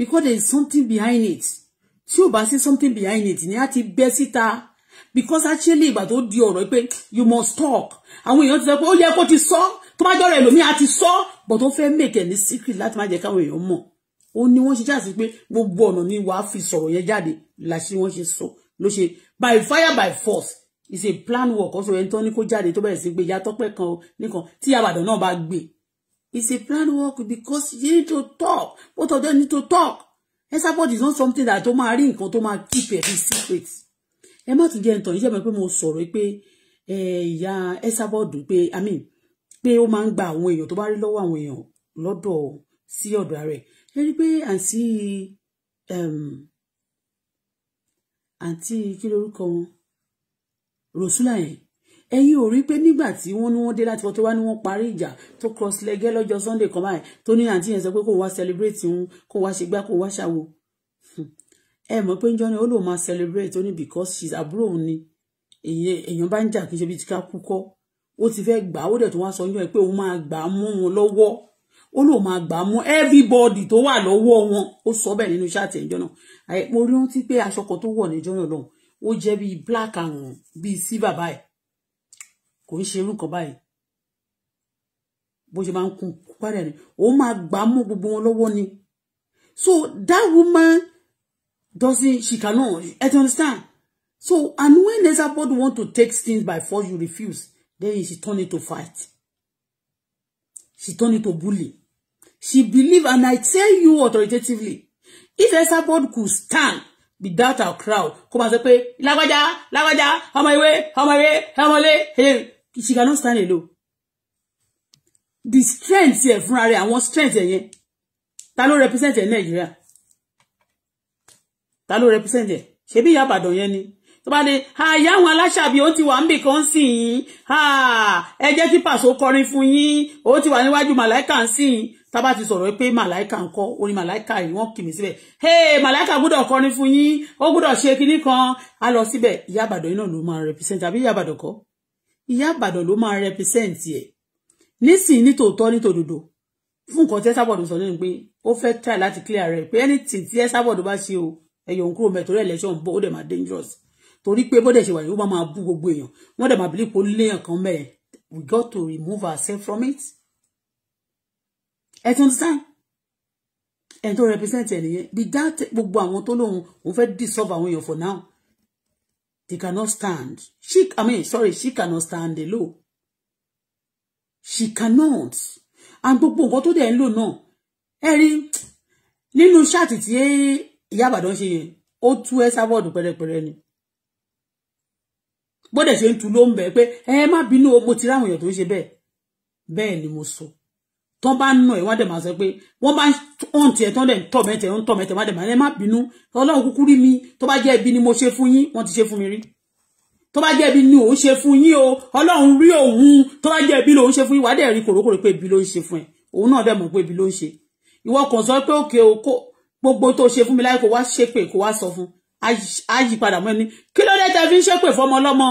because there is something behind it tí ò bá sí something behind it ni a ti bẹ́ síta because actually ìgbà tó di ọ̀rọ̀ pé you must talk àwọn èèyàn ti sọ pé ó yẹ kó ti sọ tó bá jọ̀rọ̀ ẹlòmíì á ti sọ but ó fẹ́ make any secret láti má jẹ́ káwọn èèyàn mọ̀ ó ní wọ́n ṣe ṣáàṣì pé gbogbo ọ̀nà ni wàá fi sọ̀rọ̀ yẹn jáde làṣí wọ́n ṣe sọ ló ṣe by fire by force is a plan work ọ̀ṣọ́ ẹni tó ní kó jáde tó bẹ̀rẹ̀ sí gbé ìyá tọ́pẹ́ kan nìkan tí àbàdàn náà bá gbé is a plan work because you need to talk both of them need to talk Esabod is not something that ó máa rí nǹkan tó máa keep ẹ̀ bí secret ẹ má tún jẹ́ ntàn yìí sẹ́mi pé mo sọ̀rọ̀ pé ìyá Esabod pé i mean pé ó máa ń gba àwọn èèyàn tó bá rí lọ́wọ́ àwọn èèyàn lọ́dọ̀ sí ọ̀dọ̀ rẹ̀ ẹ rí pé àǹtí àǹtí kí lorúkọ wọn rosula yẹn ẹ̀yin ò rí pé nígbà tí wọ́n ní wọ́n dé láti fọtọ wá ní wọ́n parí ìjà tó cross lẹgẹ lọ́jọ́ sunday kan báyìí tó ní àǹtí yẹn sọ pé kò wá celebrate ń kò wá ṣe gbá kò wá ṣàwo hmm. ẹ mọ̀ pé njọ ni ó lóun máa celebrate ó ní because she's àbúrò òun ni èèyàn bá ń jà kí n ṣe bí ti ká kú kọ́ ó ti fẹ́ gbà á ó dẹ̀ tó wá sọ yín pé òun máa gbà á mú wọn lọ́wọ́ ó lóun máa gbà mú everybody tó wà lọ́wọ́ wọn ó sọ bẹ́ẹ̀ nínú iṣẹ́ àtẹ̀jọ́ náà mo rántí pé aṣọ kan tó wọ̀ níjọ́ náà lọ́hùn ó jẹ́ bíi black àwọn bíi silver báyìí kò ń ṣe irú kan báyìí bó ṣe máa ń kún pàdé ni òun máa gbà mú gbogbo wọn lọ́wọ́ ni so that woman doesn't she cannot I understand so and when Esabod want to take things by force you refuse then she turn it to fight she turn it to bully. She believed, and I tell you authoritatively, if Esabod could stand without our crowd, come and say, "Lagaja, lagaja, pé, Lágbájá, way, ọmọ ìwé, way, ìwé, ọmọ ilé, she cannot stand alone. The strength here, fúnra rẹ̀, àwọn strength yẹn, That ló represent ẹ̀ Nigeria. That ló represent ẹ̀? Ṣebí ìyá Ìbàdàn yẹn ni? tó bá dé àyà àwọn aláṣàbí ó ti wà níbì kan sí yín ẹ jẹ́ kí pàṣọ kọrin fún yín ó ti wà níwájú màláìkà sí tábà ti sọ̀rọ̀ pé màláìka ń kọ́ orin màláìka yìí wọ́n kì mí síbẹ̀ hey màláìka gbọ́dọ̀ kọrin fún yín ó gbọ́dọ̀ ṣe kinní kan á lọ síbẹ̀ ìyá àbàdàn yìí náà ló máa represent àbí ìyá àbàdàn kọ́ ìyá àbàdàn ló máa represent ẹ̀ nísìnyí nítòótọ́ nítòdodo fún nǹkan tí Esabod sọ nínú pé ó fẹ́ try láti clear rẹ̀ pé anything tí Esabod bá ṣe o ẹ̀yọ̀ ń kúrò mẹ́tòrí election bọ́ ó dẹ̀ máa dangerous torí pé bó dẹ̀ ṣe wà yìí ó bá máa bú gbogbo èèyàn wọ́n dẹ̀ máa believe pé ó kan mẹ́ẹ̀ we got to remove ourselves from it ẹ ti understand ẹ tó represent ẹ nìyẹn bí that gbogbo àwọn tó lóun òun fẹ́ dissolve àwọn èèyàn for now they cannot stand she i mean sorry she cannot stand alone she cannot and gbogbo nǹkan tó dẹ̀ ń lò náà ẹ rí nínú ṣáàtì tí ìyá àbàdàn ṣe yẹn ó tú ẹ sábọọdù pẹrẹpẹrẹ ni bó dẹ̀ ṣe ń tu ló ń bẹ pé ẹ má bínú mo ti ráwọn èèyàn tó ń ṣe bẹ́ẹ̀ bẹ́ẹ̀ ni mo sọ. So tó bá ń nà ẹ wọ́n dẹ̀ máa sọ pé wọ́n bá ń hàn tiẹ̀ tó ń dẹ̀ ń tọ̀ mẹ́tẹ̀ ń tọ̀ mẹ́tẹ̀ wọ́n dẹ̀ máa ẹ má bínú ọlọ́run kúkú rí mi tó bá jẹ́ ibi ni mo ṣe fún yín wọ́n ti ṣe fún mi rí tó bá jẹ́ ibi ni òun ṣe fún yín o ọlọ́run rí òun tó bá jẹ́ ibi lòun ṣe fún yín wàá dẹ̀ rí kòrókòrò pé ibi ló ń ṣe fún ẹ òun náà dẹ̀ mọ̀ pé ibi ló ń ṣe ìwọ kàn sọ pé òkè òkò gbogbo tó ṣe fún mi láì kó wá ṣépè kó wá sọ fún á yí padà mọ́ ẹni kí ló dé tẹ fi ń ṣépè fún ọmọ ọlọ́mọ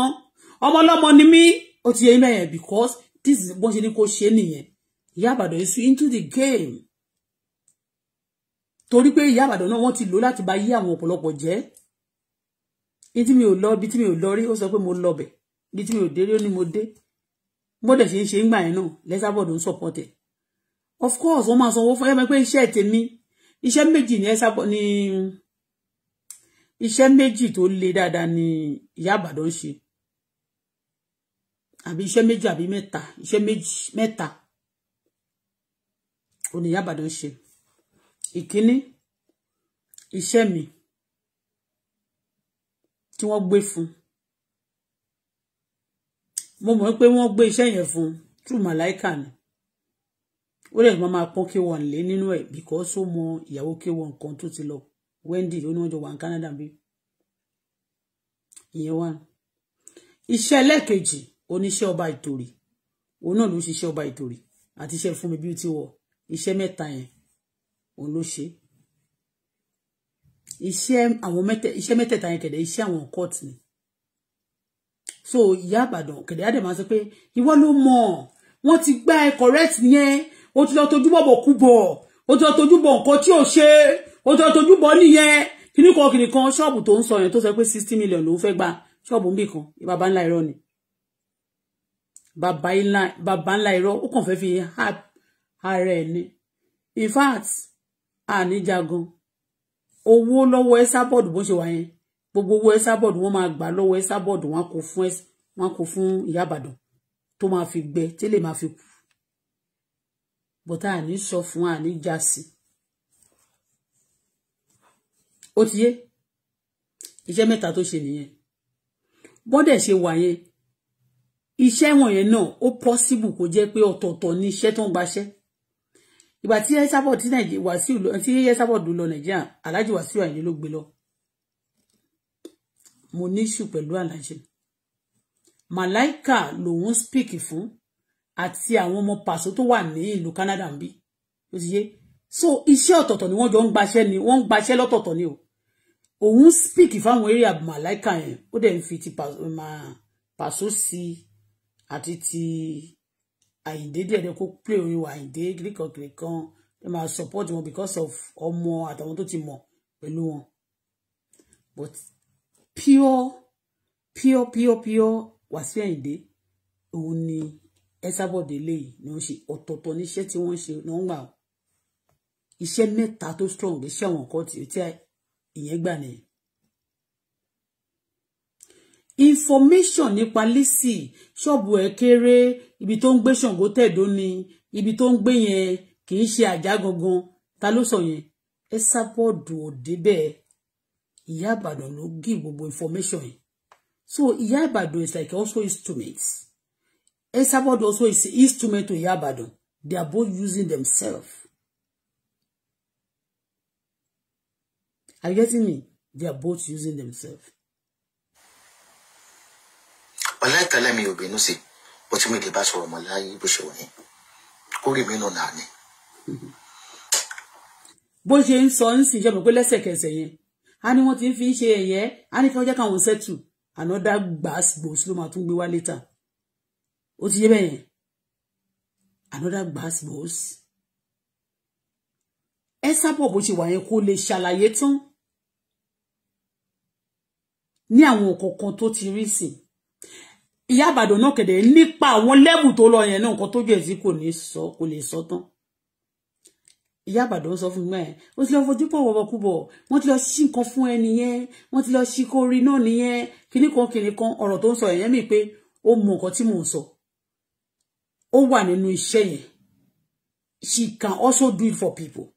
ọmọ ọlọ́mọ ni mí ó ti yẹ mẹ́yẹn because this is bó ṣe ní kó ṣe nìyẹn ìyá àbàdàn yìí sùn into the game torí pé ìyá àbàdàn náà wọ́n ti lò láti bá yí àwọn ọ̀pọ̀lọpọ̀ jẹ́ ní tí mi ò lọ ibi tí mi ò lọ rí ó sọ pé mo lọ bẹ̀ ibi tí mi ò dé rí ó ní mo dé gbọ́dọ̀ ṣe ń ṣe ń gbà yẹn náà lẹ́sàbọ̀dù ń sọ̀pọ̀tẹ̀ of course wọ́n máa sanwó fún ẹgbẹ́ pé iṣẹ́ tèmi iṣẹ́ méjì ní ẹsàbọ̀ ní iṣẹ́ méjì tó le dáadáa ni ìyá àbàdàn ṣe àbí iṣẹ́ méjì àbí mẹ́ta iṣẹ́ méjì mẹ́ta òní Ìyá Ìbàdàn ṣe ìkíní iṣẹ́ mi tí wọ́n gbé fún mo mọ̀ pé wọ́n gbé iṣẹ́ yẹn fún true malaika ni ó lè máa máa pọ́n kéwọn lé nínú ẹ̀ because ó mọ ìyàwó kéwọn nǹkan tó ti lọ Wendy ó ní wọ́n jọ wà ní Canada bí ìyẹn wà iṣẹ́ ẹlẹ́ẹ̀kejì oníṣẹ́ ọba ìtòrì òun náà ló ń ṣiṣẹ́ ọba ìtòrì àti iṣẹ́ fún mi bí ó ti wọ̀ iṣẹ́ mẹ́ta yẹn òun ló ṣe iṣẹ́ àwọn mẹ́tẹ̀ iṣẹ́ mẹ́tẹ̀ẹ̀ta yẹn kẹ̀dẹ̀ iṣẹ́ àwọn court ni so ìyá àbàdàn kẹ̀dẹ̀ á dẹ̀ máa sọ pé ìwọ ló mọ̀ wọ́n ti gbá ẹ correct yẹn ó ti lọ tojú bọ̀ bọ̀ kú bọ̀ ó ti lọ tojú bọ̀ nǹkan tí ò ṣe ó ti lọ tojú bọ̀ nìyẹn kíní kan kíní kan ṣọ́ọ̀bù tó ń sọ yẹn tó sọ pé sixty million ló fẹ́ gba ṣọ́ọ̀bù ń bì kan bàbá ńlá irọ́ ni bàbá ńlá irọ́ ó kàn fẹ́ fi ara ẹ̀ ni in fact àníjagun owó lọ́wọ́ Esabod bó ṣe wà yẹn gbogbo owó Esabod wọ́n máa gbà lọ́wọ́ Esabod wọ́n kò fún wọ́n kò fún ìyá Ìbàdàn tó máa fi gbẹ tí lè máa fi kú bọ́tà àní sọ fún àní já sí ó ti yé iṣẹ́ mẹ́ta tó ṣe nìyẹn bọ́dẹ̀ ṣe wà yẹn iṣẹ́ wọ̀nyẹn náà ó pọ́síbù kó jẹ́ pé ọ̀tọ̀ọ̀tọ̀ ní iṣẹ́ tó ń gbaṣẹ́ ìgbà tí Esabod tí nàìjíríà Wàsíù tí Esabod lọ nàìjíríà Alhaji Wàsíù Àyìndé ló gbé lọ mo níṣù pẹ̀lú Alhaji Màláìkà lòun speak fún àti àwọn ọmọ pàṣẹ tó wà ní ìlú Canada ń bí ó ti yé so iṣẹ́ ọ̀tọ̀ọ̀tọ̀ ni wọ́n jọ ń gbaṣẹ́ ni wọ́n ń gbaṣẹ́ lọ́tọ̀ọ̀tọ̀ ni o òun speak fáwọn eré Màláìkà yẹn ó dẹ̀ ń fi ti pàṣọ sí àti ti àyìndé díẹ̀ kó play orin wa àyìndé kíríkan kíríkan ẹ máa support wọn because of ọmọ àtàwọn tó ti mọ̀ pẹ̀lú wọn but pure pure pure pure wàsíù àyìndé òun ni ẹ sábọ̀dé léyìí ni wọ́n ṣe ọ̀tọ̀ọ̀tọ̀ níṣẹ́ tí wọ́n ṣe ni wọ́n gbà iṣẹ́ mẹ́ta tó strong iṣẹ́ àwọn nǹkan tí ìyẹn gbà nìyẹn information nípa Lizzy ṣọ́ọ̀bù ẹ̀ kéré ibi tó ń gbé Ṣàngó tẹ̀dó ni ibi tó ń gbé yẹn kì í ṣe àjá gangan ta ló sọ yẹn ẹ sábọ́ọ̀dù òde bẹ́ẹ̀ ìyá Ìbàdàn ló gí gbogbo information yìí so ìyá Ìbàdàn is like also instruments ẹ sábọ́ọ̀dù also is instrument to ìyá Ìbàdàn they are both using themselves are you getting me they are both using themselves wàláì tàlẹ́ mi ò bínú sí bó tí mi lè bá sọ̀rọ̀ mọ́ láyé bó ṣe wọ̀nyí kó rí mi nù náà ni. bó ṣe ń sọ ń sìn ṣe mọ̀ pé lẹ́sẹ̀kẹsẹ̀ yẹn a ní wọ́n ti fi ń ṣe ẹ̀yẹ́ a ní kí jẹ́ káwọn sẹ́tù ànádá gbàásìgbò sí ló máa tún gbé wá létà ó ti yé bẹ́ẹ̀ yẹn ànádá gbàásìgbò sí ẹ sábọ̀ bó ṣe wà yẹn kó lè ṣàlàyé tán ní àwọn kọ̀ọ̀kan tó ti rí sìn ìyá àbàdàn náà kẹ̀dẹ̀ nípa àwọn lẹ́bù tó lọ yẹn náà nǹkan tójú ẹ̀ sí kò ní sọ kò lè sọ tán ìyá àbàdàn sọ fún mi ẹ ó ti lọ fojú pọ̀ wọbọkúbọ wọ́n ti lọ ṣí nǹkan fún ẹni yẹn wọ́n ti lọ ṣí kórí náà nìyẹn kinní kan kinní kan ọ̀rọ̀ tó ń sọ yẹn pé ó mọ nǹkan tí mò ń sọ ó wà nínú iṣẹ́ yẹn she can also do it for people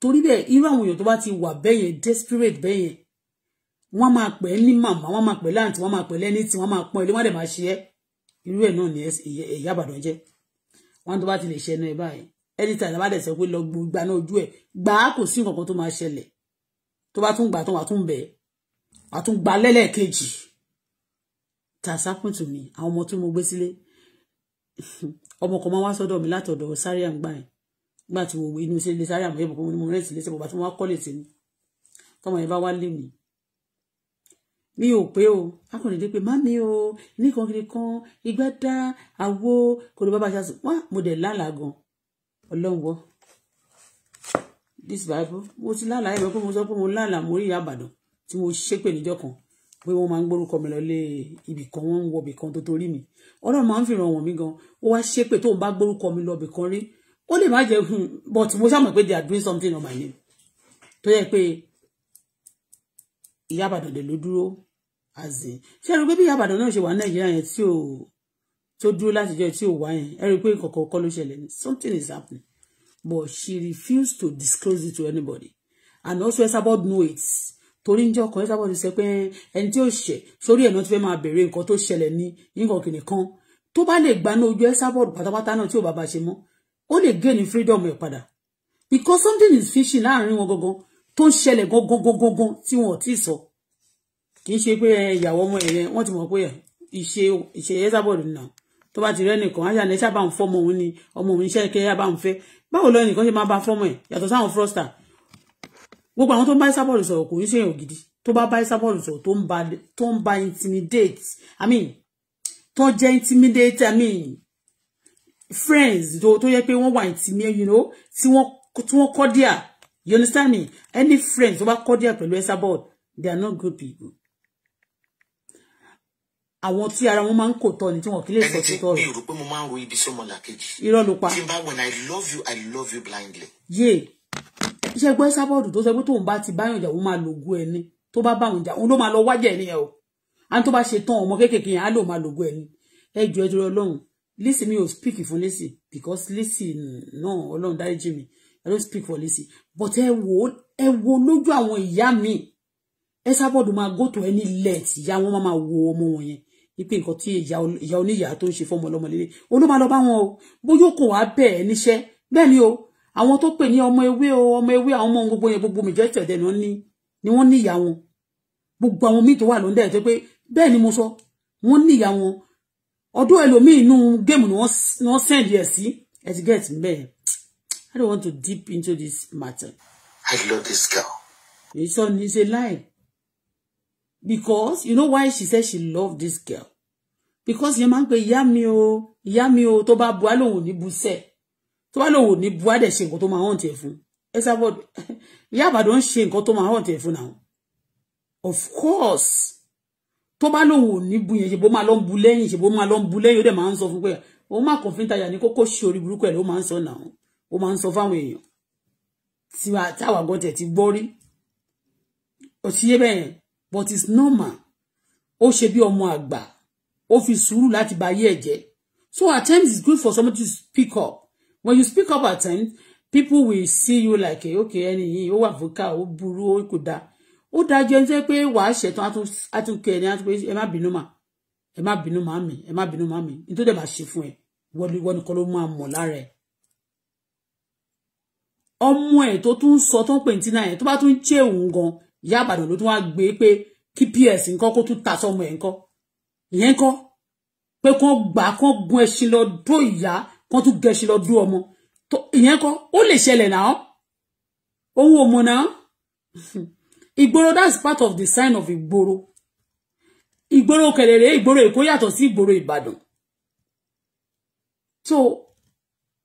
torí bẹ́ẹ̀ irú àwọn èèyàn tó bá ti wà bẹ́ẹ̀ desperate bẹ́ẹ̀ wọ́n máa pè é ní màmá wọ́n máa pè é láǹtí wọ́n máa pè é lẹ́ni tí wọ́n máa pọ́n ilé wọ́n dẹ̀ máa ṣe é irú ẹ̀ náà ni ẹ̀yà àbàdàn jẹ́ wọ́n tó bá ti lè ṣe ẹnu ẹ̀ báyìí ẹni tàbí àbá pé lọ gba náà ojú ẹ̀ gbà á kò sí nǹkan tó máa ṣẹlẹ̀ tó bá tún gbà tán wà tún bẹ̀ wà tún gba lẹ́lẹ́kejì tàṣápùn tù àwọn ọmọ tí mo gbé sílé ọmọ kan máa wá sọ́dọ̀ mi látọ̀dọ̀ sáríà ń gbà gbà tí mo inú sílé sáríà mo yẹ mo rẹ̀ sílé sẹ́pọ̀ bá tí mo wá kọ́lé sí mi tọmọ yẹn bá wá lé mi ò pé o akọ̀nìdé pé má mi o nìkan kiri kan igbá dá àwo kò ní bàbá ṣáṣù wá mo dẹ̀ lálàá gan ọlọ́wọ́ this bible mo ti lálàá ẹ̀rọ pé mo sọ pé mo lálàá mo rí ìyá àbàdàn tí mo ṣépè níjọ́ kan pé wọ́n máa ń gbórúkọ mi lọlé ibì kan wọ́n ń wọ ibì kan tó torí mi ọlọ́run máa ń fìràn wọ̀n mi gan ó wá ṣépè tóun bá gbórúkọ mi lọ kan rí ó lè má jẹ hmm, but mo ṣàmọ̀ pé they are doing something on my name tó yẹ pé ìyá àbàdàn dẹ̀ ló dúró àzì ṣé ẹ rí pé bí àbàdàn náà ṣe wà ní nàìjíríà yẹn tí ò tó dúró láti jẹ tí ò wá yẹn ẹ rí pé kọ̀ọ̀kan something is happening but she refused to disclose it to anybody and also Esabod know it torí ń jẹ́ ọkọ̀ Esabod ti sẹ pé ẹni tí ó ṣẹ̀ sórí ẹ̀ náà ti fẹ́ máa béèrè nǹkan tó ṣẹlẹ̀ ní nǹkan kìnìkan tó bá lè gbaná ojú Esabod pátápátá náà tí ò bá ṣe mọ́ ó lè gain ní freedom ẹ̀ padà because something is fishy láàrin wọn gangan tó ń ṣẹlẹ̀ gangan gangan tí wọn ò tí ì sọ. So kì í ṣe pé ìyàwó ọmọ yẹn wọ́n ti mọ̀ pé ìṣe ìṣe Esabod nà tó bá ti rẹ́ nìkan ájà ní sábà ń fọ́mọ òun ni ọmọ òun iṣẹ́ kẹ́ yá bá ń fẹ́ báwo lọ nìkan ṣe máa bá fọ́mọ ẹ̀ yàtọ̀ sáwọn frosta gbogbo àwọn tó ń bá Esabod sọ̀rọ̀ kò ń ṣe èèyàn gidi tó bá bá Esabod sọ̀rọ̀ tó ń ba intimidate i mean tó jẹ́ intimidate i mean friends tó yẹ pé wọ́n wà intimidate you know tí wọ́n cordial you understand me any friends tó bá cordial pẹ̀lú Esabod they are not good people àwọn tí ara wọn máa ń kò tọ ni tí wọn kì í lè sọ tó tọrọ. ẹni tí mi rò pé mo máa ń ro ibi sọmọ làkejì. irọ́ ló pa. tí when i love you i love you blindly. yé iṣẹ́ gbọ́ sábọ̀dù tó sọ pé tóun bá ti báyọ̀ jà òun máa lògùn ẹni tó bá báwọn jà òun ló máa lọ wájà ẹni yẹn o à ń tó bá ṣe tán ọmọ kéékèèké yẹn á lò máa lògùn ẹni ẹ jọ ẹ dúró ọlọ́run Lizzy mi ò speak fún Lizzy because Lizzy náà ọlọ́run dáríjì mi i don't speak for Lizzy but ẹ wo ẹ wo lójú àwọn ìyá mi ẹ sábọ̀dù máa go to any length ìyá wọn máa wo ọmọ wọn yẹn wípé nǹkan tí ìyá oníyà tó ń ṣe fọmọ ọlọmọ lélẹ olóma lọ bá wọn o bóyá kò wá bẹ́ẹ̀ níṣẹ́ bẹ́ẹ̀ ni o àwọn tó pè ní ọmọ ewé o ọmọ ewé àwọn ọmọ gbogbo yẹn gbogbo mìjọ ìtẹ̀dẹ̀ ni wọ́n ní ni wọ́n ní ìyá wọn gbogbo àwọn míì tó wà lóńdà ẹ̀ tó pé bẹ́ẹ̀ ni mo sọ wọ́n ní ìyá wọn ọdún ẹlòmíì inú géèmù ni wọ́n send ẹ̀ sí ẹ̀ ti get me I don't want to deep into this matter. I love this girl. èyí sọ ní ṣe láì because you know why she said she loved this girl because yẹn máa ń pe ìyá mi o ìyá mi o tó bá buá lòun ò ní bu sẹ tó bá lòun ò ní buá dẹ̀ ṣe nǹkan tó máa hàn tiẹ̀ fún ẹ sábọ ìyá àbàdàn ṣe nǹkan tó máa hàn tiẹ̀ fún náà of course tó bá lòun ò ní bu yẹn ṣe bó máa lọ ń bu lẹ́yìn ṣe bó máa lọ ń bu lẹ́yìn ó dẹ̀ máa ń sọ fún pé òun máa kàn fi ń tajà ní kókó ṣe burúkú ẹ̀ ló máa ń sọ náà ó máa ń sọ fáwọn èèyàn tí àwa gbọ́dọ̀ ti gbọ́ rí òtíyé bẹ́ẹ̀ but it's normal ó ṣe bí ọmọ àgbà ó fi sùúrù láti ba ayé ẹ̀ so at times it's good for somebody to speak up when you speak up at times people will see you like eh, okay ẹni yìí ó wà vocal ó burú ó kò dáa ó dájú ẹni tó pé wàá ṣẹ̀tàn àtúnkẹ́ ẹni àti pé ẹ má bínú mà ẹ má bínú mà mí ẹ má bínú mà mí nítorí ẹ má ṣe fún ẹ wọ́n nìkan ló máa mọ̀ lára ẹ̀ ọmọ ẹ̀ tó tún sọ tó ń pè ní tínà yẹn tó bá tún jẹ́ òun gan-an ìyá àbàdàn ló tún wá gbé pé kí ps nǹkan kó tún ta sọmọ ẹ̀ nǹkan ìyẹn nǹkan pé kán gbà kán gun ẹṣin lọ dó ìyá kán tún gẹṣin lọ dó ọmọ ìyẹn nǹkan ó lè ṣẹlẹ̀ náà owó ọmọ náà ìgboro that's part of the sign of ìgboro ìgboro kẹlẹrẹ ìgboro èkó yàtọ̀ sí ìgboro ìbàdàn so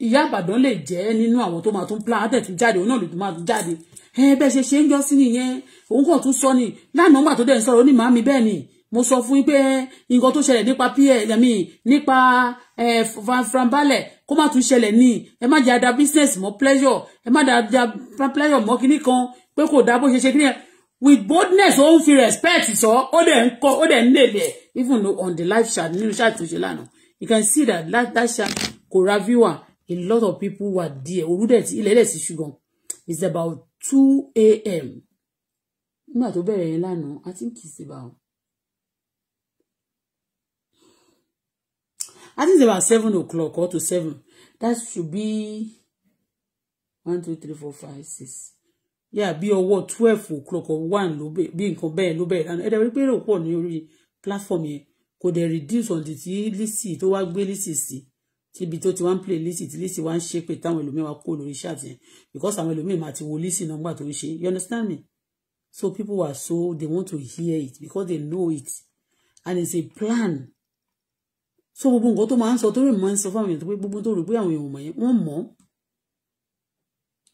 ìyá àbàdàn lè jẹ́ nínú àwọn tó máa tún plan àtẹ̀tún jáde òun náà lè tún máa tún jáde ẹ bẹ́ẹ̀ ṣe ṣe ń jọ́sí nìyẹn òun kàn tún sọ ni lánàá ńgbà tó dẹ̀ ń sọ̀rọ̀ ó ní màámi bẹ́ẹ̀ ni mo sọ fún yín pé nǹkan tó ṣẹlẹ̀ nípa pl ẹ̀mí nípa franbalẹ̀ kó má tún ṣẹlẹ̀ ní ẹ má jẹ́ ada business mọ́ pleasure ẹ má da pleasure mọ́ kinní kan pé kò dá bó ṣe ṣe kinní yẹn with boldness ó ń fi respect sọ ó dẹ̀ ń kọ́ ó dẹ̀ ń lèlè even on the live chat nínú chat tó ṣe lánàá you can see that that, that chat kò ra viewer a lot of people were there òru dẹ̀ ti ilẹ̀ dẹ̀ ti ṣùgbọ́n it's about two a.m. nígbà tó bẹ̀rẹ̀ yẹn lánàá i think it's about i think it's about seven o'clock or to seven that should be one two three four five six yeah bí ọwọ́ twelve o'clock or one ló bẹ̀ bí nǹkan bẹ́ẹ̀ ló bẹ̀rẹ̀ lánàá ẹ̀dẹ̀ wí pé èrò ní orí platform yẹn kò dẹ̀ reduce on the ti lisi tó wá gbé lisi sí i tíbi tó ti wá ń play lisi tí lisi wá ń ṣe pé táwọn ẹlòmíín wá kó lórí iṣẹ́ àtìyẹn because àwọn ẹlòmíín máa ti wo lisi nọ́mbà tó ń ṣe you understand me so people were so they want to hear it because they know it and it's a plan so gbogbo nǹkan tó máa ń sọ tó rè máa ń sọ fáwọn èèyàn tó pé gbogbo tó rè pé àwọn èèyàn mọ̀ yẹn wọ́n mọ̀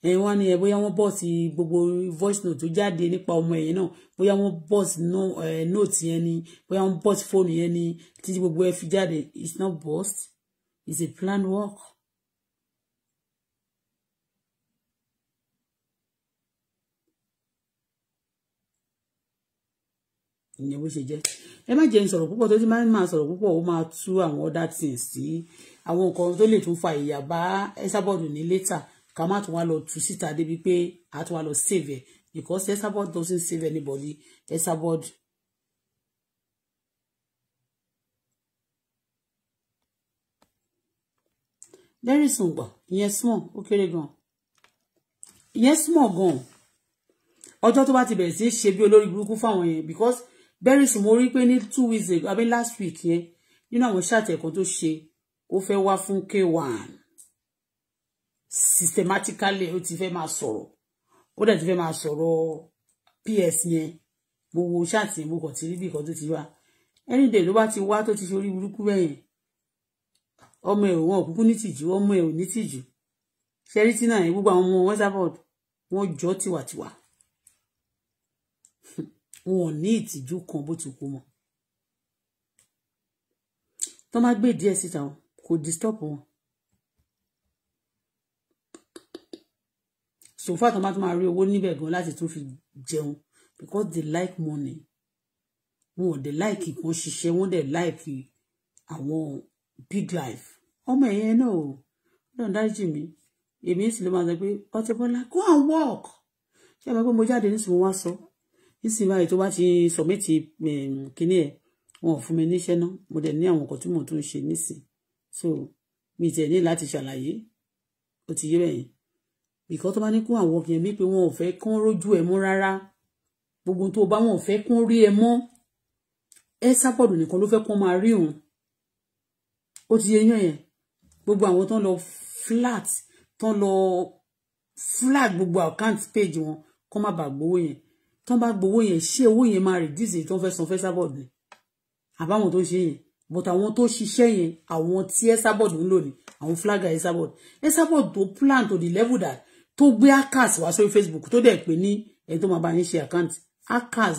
ẹ̀yin wá ní ẹ bóyá wọ́n bọ́ọ̀sì gbogbo voice note tó jáde nípa ọmọ ẹ̀yìn náà bóyá wọ́n bọ́ọ̀sì eh, note yẹn ni bóyá wọ́n bọ́ọ̀sì fóònù yẹn ni títí gbogbo ẹ fi jáde it's not burst Is a planned work. ìyẹn bó ṣe jẹ́ ẹ má jẹ́ ìsọ̀rọ̀ púpọ̀ tó ti máa ń máa sọ̀rọ̀ púpọ̀ ó máa tú àwọn other things sí àwọn nǹkan tó lè tún fa ìyà bá ẹ́sàbọ̀dù ní later ká má tún wá lọ tú síta débi pé a tún wá lọ save ẹ̀ because ẹ́sàbọ̀dù doesn't save anybody ẹ́sàbọ̀dù very soon gbà ìyẹn small ó kéré gan ìyẹn small gan ọjọ́ tó bá ti bẹ̀rẹ̀ sí ṣe bí olórí burúkú fáwọn yẹn because very soon mo rí pé ní two weeks ago àbí last week yẹn nínú àwọn ṣàtẹ̀kọ́ tó ṣe ó fẹ́ wá fún k1 systematically ó ti fẹ́ máa sọ̀rọ̀ ó dẹ̀ ti fẹ́ máa sọ̀rọ̀ ps yẹn mo wo ṣáàtì mo kàn ti rí bí nǹkan tó ti wá any day ló bá ti wá tó ti ṣe orí burúkú bẹ́yẹn ọmọ ẹ̀ wọn òkúkú ní tìjú ọmọ ẹ̀ ò ní tìjú ṣẹ́rítì náà gbogbo àwọn ọmọ wẹ́sàbọ̀d wọn jọ tiwàtiwà wọn ò ní ìtìjú kan bó ti kú mọ́ tó má gbé díẹ̀ síta kò disturb wọn sòfà tó má tó máa rí owó níbẹ̀ gan láti tún fi jẹun because they like money wọn ò dé like kan ṣiṣẹ́ wọn dẹ̀ like àwọn big life ọmọ ẹ̀yẹn náà o náà dájú mi èmi sì ló máa sọ pé Auto Bola go and work ṣé àbá pé mo jáde nísìnyí mo wá sọ nísìnyí báyìí tó bá ti sọmẹ́tì ehm, kínní ẹ̀ wọn ò fún mi níṣẹ́ náà mo dẹ̀ ní àwọn nǹkan tí mò tún ṣe nísìn so mi tẹ̀ ní láti ṣàlàyé ó ti yé bẹ́yìn bìkọ́ tó bá ní kún àwọn ọkùnrin mi pé wọn ò fẹ́ kán rójú ẹ̀ mọ́ rárá gbogbo tó bá wọn ò fẹ́ kán rí ẹ mọ́ ẹ sábọ̀dù nìkan ló fẹ́ kán máa rí òun ó ti yé yán yẹn gbogbo àwọn tó ń lọ flat tó ń lọ flag gbogbo account page wọn kó má bàa gbowó yẹn tó ń bá gbowó yẹn ṣé owó yẹn máa reduce tó ń fẹ́ san fẹ́ sábọ̀d ni àbáwọn tó ń ṣe yẹn but àwọn tó ṣiṣẹ́ yẹn àwọn tí ẹ sábọ̀d ń lò ní àwọn flag ẹ sábọ̀d ẹ sábọ̀d tó plan to the level that tó gbé akas wá sórí Facebook tó dẹ̀ pé ní ẹni tó máa bá yín ṣe account akas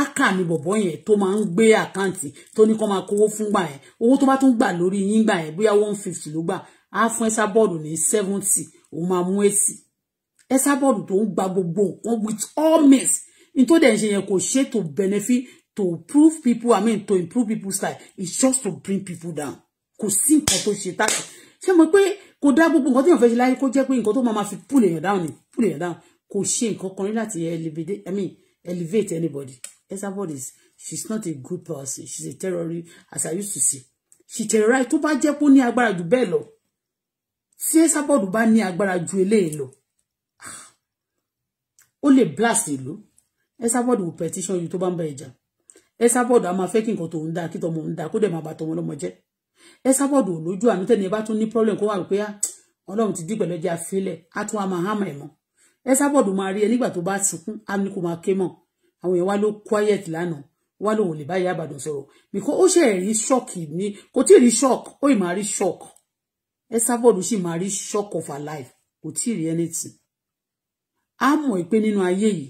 ákà ni bọ̀bọ̀ yẹn To máa ń gbé àkáǹtì tó ní kó máa kówó fún gbà yẹn owó tó bá tún gbà lórí yín gbà yẹn bóyá one fifty ló gbà á fún ẹsà bọ́ọ̀dù ní seventy òun máa mú èsì ẹsà to tó ń gba gbogbo nǹkan with all means ní tó dẹ̀ ń ṣe yẹn kò to benefit to prove people i mean to improve people's life it's just to bring people down kò simple to tó ṣe tá ṣe mọ̀ pé kò dá gbogbo nǹkan tí èèyàn fẹ́ ṣe láyé kó jẹ́ pé nǹkan tó máa ma fi pull èèyàn down ni pull èèyàn down kò ṣe nǹkan kan rí elevate i mean elevate anybody Esabod is she's not a good person she's a terrorist as I used to say she terrorize tó bá jẹ́ pé ó ní agbára jù bẹ́ẹ̀ lọ tí Esabod bá ní agbára ju eléyìí lọ ah, ó lè blast ìlú Esabod will petition you tó bá ń bá ìjà Esabod a máa fẹ́ kí nǹkan tó ń da kí tọmọ ń da kó dẹ̀ máa bá tọmọ lọ́mọ jẹ́ Esabod ò lójú àánú tẹ́ni ẹ bá tún ní problem kó wà pé ah, Ọlọ́run ti dí pẹ̀lú ẹja fílẹ̀ á tún wá máa hámà ẹ̀ mọ́ Esabod máa rí ẹ nígbà to bá sunkún á ní kó máa ké àwọn èèyàn wá ló quiet lánàá wá lòun lè bá ìyá àbàdàn sọ̀rọ̀ because ó ṣe rí shock ní kò tí ì rí shock ó ì máa rí shock Esther Board sì máa rí shock of her life kò tí ì rí anything á mọ̀ pé nínú ayé yìí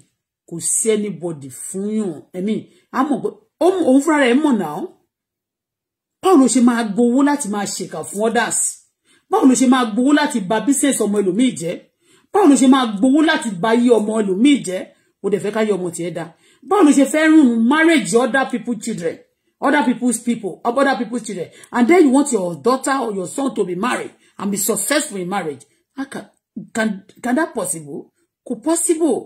kò sí anybody fún yàn ẹ̀mí á mọ̀ pé òun fúnra rẹ̀ mọ̀ náà báwo ló ṣe máa gbowó láti máa ṣèkà fún others báwo ló ṣe máa gbowó láti bà business ọmọ ẹlòmíì jẹ́ báwo ló ṣe máa gbowó láti bà yí ọmọ ẹlòmíì jẹ́ o dẹ̀ fẹ́ ká yí ọmọ tiẹ̀ dáa báwo ló ṣe fẹ́ rún marriage other people children other people's people or other people's children and then you want your daughter or your son to be married and be successful in marriage can can can that possible kò possible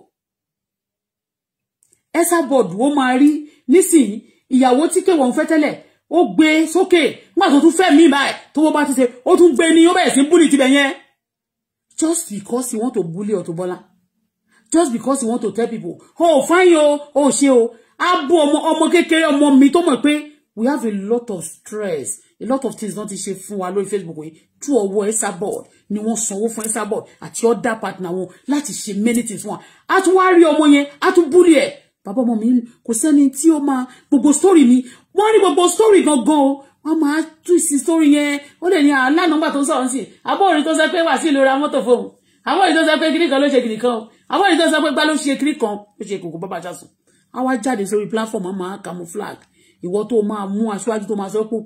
ẹsà board wo máa rí nísìnyí ìyàwó tí kéwọn fẹ́ tẹ́lẹ̀ ó gbé sókè nígbà tó tún fẹ́ mí báyìí tó wọ́n bá ti ṣe ó tún gbé ní ó bẹ̀rẹ̀ sí búlì tibẹ̀ yẹn just because you want to bully Auto Bola just because you want to tell people oh fine yo, oh she oh, abo ọmọ ọmọ kékeré ọmọ mi tó mọ̀ pé we have a lot of stress a lot of things Don't ti ṣe fún wa lórí Facebook yìí tú ọwọ́ Esabod ni wọ́n sanwó fún at your other partner wọn láti ṣe many things fún wa a tún wá rí ọmọ yẹn a tún búlì ẹ̀ bàbá ọmọ mi kò sẹ́ni tí story mi wọ́n rí gbogbo story gangan o wọ́n máa tú sí story yẹn ó lè ní àlá ah, nọ́mbà tó ń sọ̀rọ̀ sí i àbọ̀ òrin tó sọ pé wà sí ìlú ra mọ́tò fóun àwọn èyí tó sọ pé kiri kan ló ṣe kiri kan o àwọn èyí tó sọ pé gbá ló ṣe kiri kan ló ṣe kòkó bàbá ṣàṣùn àwa jáde sórí platform máa camouflage ìwọ tó máa mú aṣáájú tó máa sọ pé kú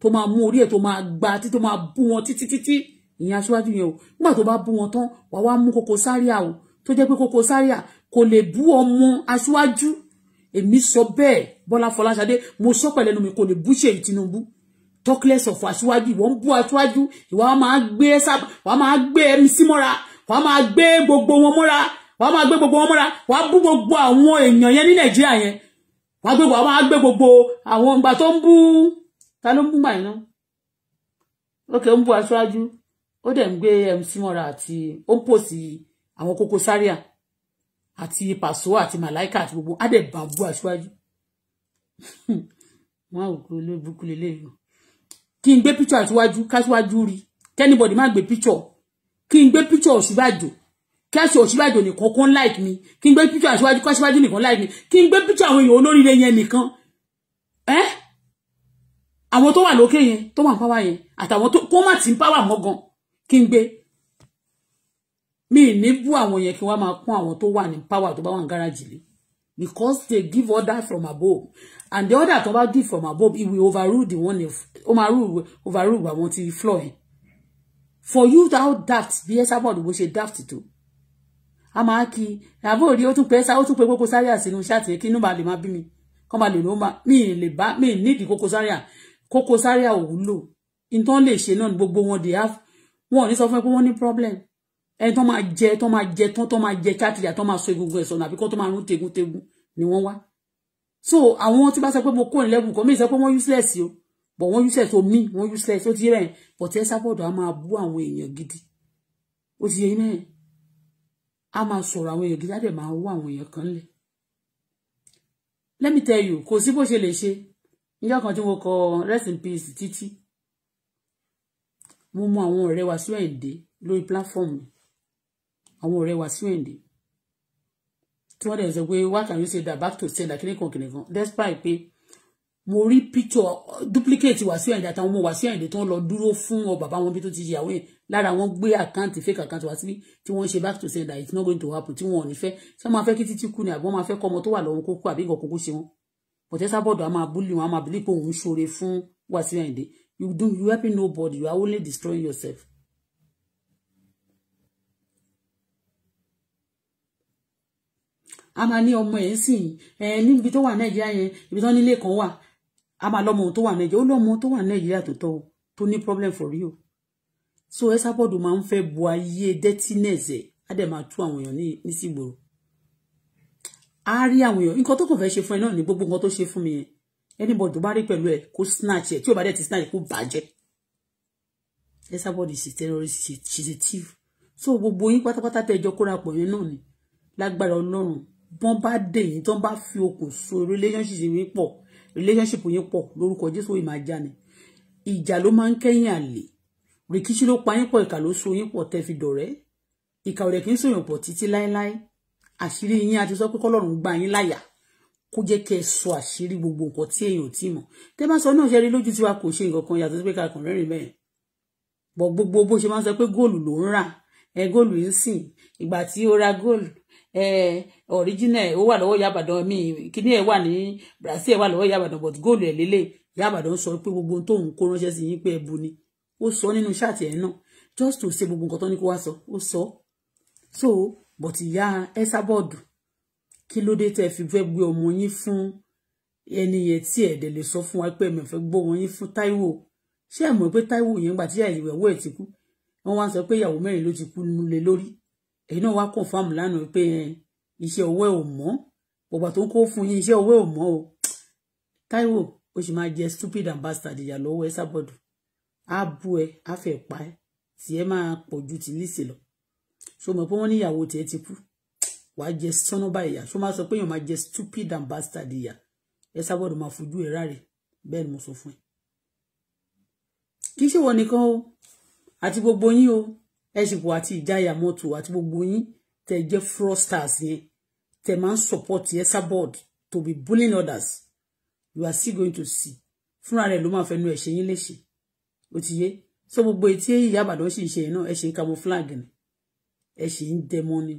tó máa mú orí ẹ̀ tó máa gba títí tó máa bú wọn títí títí ìyẹn aṣáájú yẹn o nígbà tó bá bú wọn tán wàá wá mú Koko Zaria o tó jẹ́ pé Koko Zaria kò lè bú ọmọ aṣáájú èmi sọ bẹ́ẹ̀ Bọ́lá Fọláṣadé mo sọ pẹ̀lẹ́nu mi kò lè bú ṣèyí Tinubu talk less of aṣáájú ìwọ ń bú aṣáájú ìwọ máa gbé ẹ sábà wàá wà á máa gbé gbogbo wọn mọ́ra wà á máa gbé gbogbo wọn mọ́ra wà á bú gbogbo àwọn èèyàn yẹn ní nàìjíríà yẹn wà á gbé wà á máa gbé gbogbo àwọn ìgbà tó ń bú ta ló ń bú màá iná lókè ń bú aṣáájú ó dẹ̀ ń gbé MC mọ́ra àti ó ń pòsì àwọn Koko Zaria àti Paso àti Malaika àti gbogbo á dẹ̀ bá bú aṣáájú wọn ò kú olóbùkú lélẹ́yìn kí n gbé píṣọ àtiwájú káṣíwájú rí kẹ́nìbọ̀dì má gbé píṣọ kí n gbé picture Ọ̀ṣínbàjò kí aṣọ Ọ̀ṣínbàjò nìkan kó ń like mi kí n gbé picture aṣíwájú káṣíwájú nìkan like mi kí n gbé picture àwọn èèyàn olóríire yẹn nìkan ẹ àwọn tó wà lókè yẹn tó wà ń power yẹn àtàwọn tó kó má ti ń power mọ́ gan kí n gbé mi ní bú àwọn yẹn kí wọ́n máa pọ́n àwọn tó wà ní power tó bá wà ní gáràjì lé because they give order from above and the order tó bá give from above it will overrule the one if ó máa rule overrule àwọn ti floor yẹn for you how daft bí ẹ sábà òdìbò ṣe daft tó a máa kí ìyàbọ̀ òrí ó tún pẹ́ sá ó tún pẹ́ Koko Zaria sínú ṣáàtì kí inú ba lè máa bí mi kọ́ ba lè ló ma mi ì lè bá mi ì nídìí Koko Zaria Koko Zaria ò wúlò nǹkan lè ṣe náà gbogbo wọn dè áf wọn ò ní sọ fún ẹ pé wọn ní problem ẹni tó máa jẹ tó máa jẹ tán tó máa jẹ káàkiri tó máa so egungun ẹ̀sọ́ nàbí kó tó máa rún tegun tegun ni wọ́n wá so àwọn tí bá sọ pé mo kó ìlẹ́bùn kan mi ì sọ pé wọ́n useless o but wọ́n useless o mí wọ́n useless ó ti yé bẹ́ẹ̀ but ẹ sábọ̀dọ̀ á máa bú àwọn èèyàn gidi ó ti yé yín mẹ́rin á máa sọ̀rọ̀ àwọn èèyàn gidi á dẹ̀ máa wú àwọn èèyàn kan lẹ̀ let me tell you kò sí bó ṣe lè ṣe níjọ́ kan tí mo kọ rest in peace títí mo mọ àwọn ọ̀rẹ́ wa sí ẹ̀ǹdẹ́ lórí platform àwọn ọ̀rẹ́ wa sí ẹ̀ǹdẹ́ tí wọ́n dẹ̀ sọ pé why can you say that back to sender kíníkan kíníkan despite pé mo rí picture duplicate Wasiu Ayinde àtàwọn ọmọ Wasiu Ayinde tó ń lọ dúró fún ọ bàbá wọn bí tó ti yàwó yẹn lára wọn gbé àkáǹtì fake àkáǹtì wá síbí tí wọ́n ṣe back to sender it's not going to happen tí wọn ò ní fẹ́ ṣé wọ́n máa fẹ́ kí títí kú ni àbí wọ́n máa fẹ́ kọ́ ọmọ tó wà lọ́wọ́ kókó àbí nǹkan kókó ṣe wọn bọ̀tẹ́ sábọ̀dọ̀ a máa búlì wọn a máa bìlí pé òun ṣoore fún Wasiu Ayinde you do you helping nobody you are only destroying yourself. a máa ní ọmọ ẹ̀ ń sìn ẹ níbi tó wà Nàìjíríà yẹn ibi tó nílé kan wà a máa lọ́mọ ohun tó wà nàìjíríà ó lọ́mọ ohun tó wà nàìjíríà tó tọ́ tó ní problem for real so Esabod máa ń fẹ́ bu ayé dirtiness ẹ̀ á dẹ̀ máa tú àwọn èèyàn ní sígboro á rí àwọn èèyàn nǹkan tó kàn fẹ́ ṣe fún ẹ náà ní gbogbo nǹkan tó ṣe fún mi yẹn anybody tó bá rí pẹ̀lú ẹ kó snatch ẹ tí ò bá dẹ̀ ti snatch kó bàjẹ́ Esabod is a terrorist she is a thief so gbogbo yín pátápátá tẹ́ ẹjọ́ kóra pọ̀ yẹn náà ni lágbára ọlọ́run bọ́n bá dè tán bá fi okùn so relationship yín pọ̀ relationship yín po, lórúkọ Jésù yìí máa já ni ìjà ló máa ń kẹ́yìn àlè rìkíṣí ló pa yín pọ̀ ìkà ló so yín pọ̀ tẹ́ fi dọ̀rẹ́ ìkà ọ̀rẹ́ kì í sòyàn pọ̀ títí láéláé àṣírí yín a ti sọ pé kọ́lọ́run gbá yín láyà kó jẹ́ kẹ́ ẹ sọ àṣírí gbogbo nǹkan tí èèyàn ò tí mọ̀ tẹ́ bá sọ náà ṣe rí lójú tiwa kò ṣe nǹkan kan yàtọ̀ sí pé ká kàn rẹ́rìn bẹ́ẹ̀ bọ̀ gbogbo bó ṣe máa ń sọ pé góòlù ló ń rà ẹ góòlù ń sìn ìgbà ra góòlù original o wà lọ́wọ́ yàbàdàn mi kíní ẹ̀ wà ní Brazil ẹ̀ wà lọ́wọ́ yàbàdàn but góòlù ẹ̀ lélẹ̀ yàbàdàn sọ pé gbogbo ohun tóun kó ránṣẹ́ sí yín pé ẹ bu ni o sọ nínú ṣáàtì ẹ̀ náà just to ṣe gbogbo nǹkan tó ní kó wá sọ ó sọ so but ìyá ẹsàbọọdù kí ló dé tẹ́ fi fẹ́ gbé ọmọ yín fún ẹni yẹn tí ẹ̀ dẹ̀ lè sọ fún wa pé ẹ̀mẹ̀ fẹ́ gbọ́ ọmọ yín fún Táíwò ṣé ẹ̀ mọ̀ pé Táíwò yẹn gbà tí ìyàwó ẹ̀ ti kú wọ́n wá sọ pé ìyàwó mẹ́rin ló ti kú nílé lórí èyí náà wá confam lánàá pé iṣẹ́ ọwọ́ ẹ̀ ò mọ́ gbogbo tó ń kó fún yín iṣẹ́ ọwọ́ ẹ̀ ò mọ́ o Táíwò ó sì máa jẹ stupid ambassador, bastard ìyà lọ́wọ́ ẹ sábọ̀dù á bú ẹ á fẹ́ pa ẹ tí ẹ máa pọ̀ ju ti lísì lọ ṣó mọ̀ pé wọ́n níyàwó tiẹ̀ ti kú wàá jẹ sọ́nọ́bà ìyà ṣó máa sọ pé èèyàn máa jẹ stupid ambassador bastard ìyà ẹ sábọ̀dù máa fojú ẹ ráre bẹ́ẹ̀ ni mo sọ fún ẹ kì ṣe wọ nìkan o àti gbogbo yín o ẹṣìpò àti ìjáyà mọ́tò àti gbogbo yín tẹ jẹ́ fraudsters yẹn tẹ máa ń support Esabod to be bullying others you are still going to see fúnra rẹ̀ ló máa fẹnu ẹ̀ ṣe yín léṣe ó ti yé so gbogbo etí ìyá àbàdàn sì ń ṣe yẹn náà ẹ ṣe ń camouflage ni ẹ ṣe ń dẹmọ ni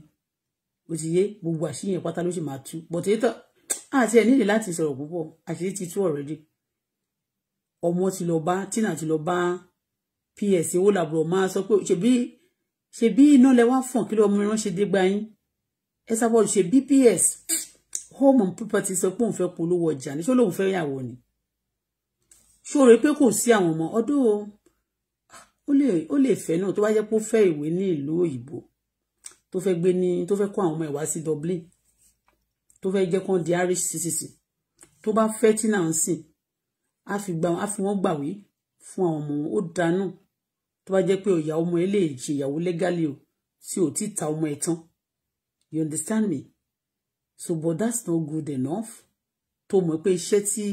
ó ti yé gbogbo àṣírí yẹn pátá ló sì máa tú but èyí tó àti ẹ nílè láti sọ̀rọ̀ púpọ̀ àṣírí ti tú already ọmọ ti lọ bá tínà ti lọ bá ps ó làbúrò máa sọ pé ṣèbí ṣebí iná lẹ wá fọ̀n kí ló ọmọ ìran ṣe dé gba yín ẹ sábọ ṣe bps home and property sọ pé òun fẹ́ polówó ọjà ní ṣó lóun fẹ́ yàwó ni ṣó rẹ pé kò sí àwọn ọmọ ọdún ó lè fẹ́ náà tó bá jẹ́ pé ó fẹ́ ìwé ní ìlú òyìnbó tó fẹ́ gbé ní tó fẹ́ kó àwọn ọmọ ìwá sí Dublin tó fẹ́ jẹ́ kán di Irish citizen tó bá fẹ́ tí náà ń sìn á fi wọn gbàwé fún àwọn ọmọ ó dáná tó bá jẹ́ pé ìyá ọmọ ẹ lè ṣèyàwó legally o tí ò tí ta ọmọ ẹ tán you understand me so but that's not good enough tó mọ̀ pé iṣẹ́ tí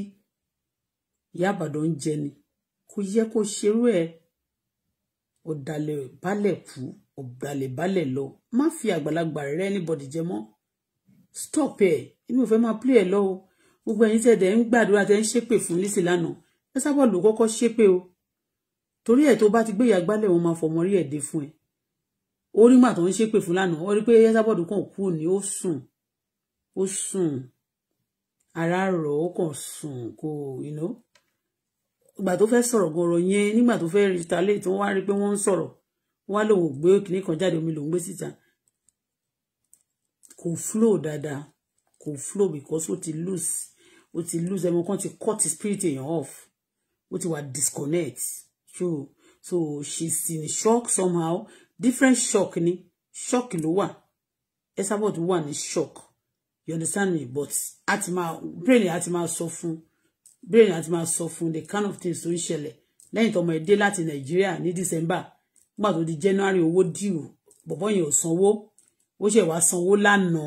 ìyá àbàdàn ń jẹ ni kò yẹ kó ṣerú ẹ̀ ọ̀dàlẹ̀ balẹ̀ kú ọ̀dàlẹ̀ balẹ̀ lọ má fi àgbàlagbà rẹ anybody jẹ mọ́ stop ẹ̀ èmi ò fẹ́ máa play ẹ̀ lọ o gbogbo ẹ̀yin tẹ̀dẹ̀ ń gbàdúrà tẹ̀ ń ṣépè fún Lizzy ẹ sábà lò kọ́kọ́ ṣépè o torí ẹ̀ tó bá ti gbéyà gbálẹ̀ wọn máa fọmọ rí ẹ̀dẹ́ fún ẹ orí mà tó ń ṣépè fún lánàá ó rí pé yẹsàbọ̀dù kàn kú ni ó sùn ó sùn ara rọ̀ ó kàn sùn kò you know ìgbà tó fẹ́ sọ̀rọ̀ gan ọ̀rọ̀ yẹn nígbà tó fẹ́ retaliate tí wọ́n wá rí pé wọ́n ń sọ̀rọ̀ wọ́n á lòun ò gbé òkìní kan jáde omi lòun gbé síta kò flow dáadáa kò flow because ó ti lose ó ti lose ẹmọ kan ti cut spirit in off ó ti wà disconnect so so she's in shock somehow different shock ni shock ló wà Esabod wà ní shock you understand me but àti máa brain àti máa sọ fún brain àti máa sọ fún the kind of things tó ń ṣẹlẹ̀ lẹ́yìn tó ọmọ ẹ̀ dé láti Nàìjíríà ní December nígbà tó di January owó dìrò bọ̀bọ̀ yẹn ò sanwó ó ṣe wá sanwó lánàá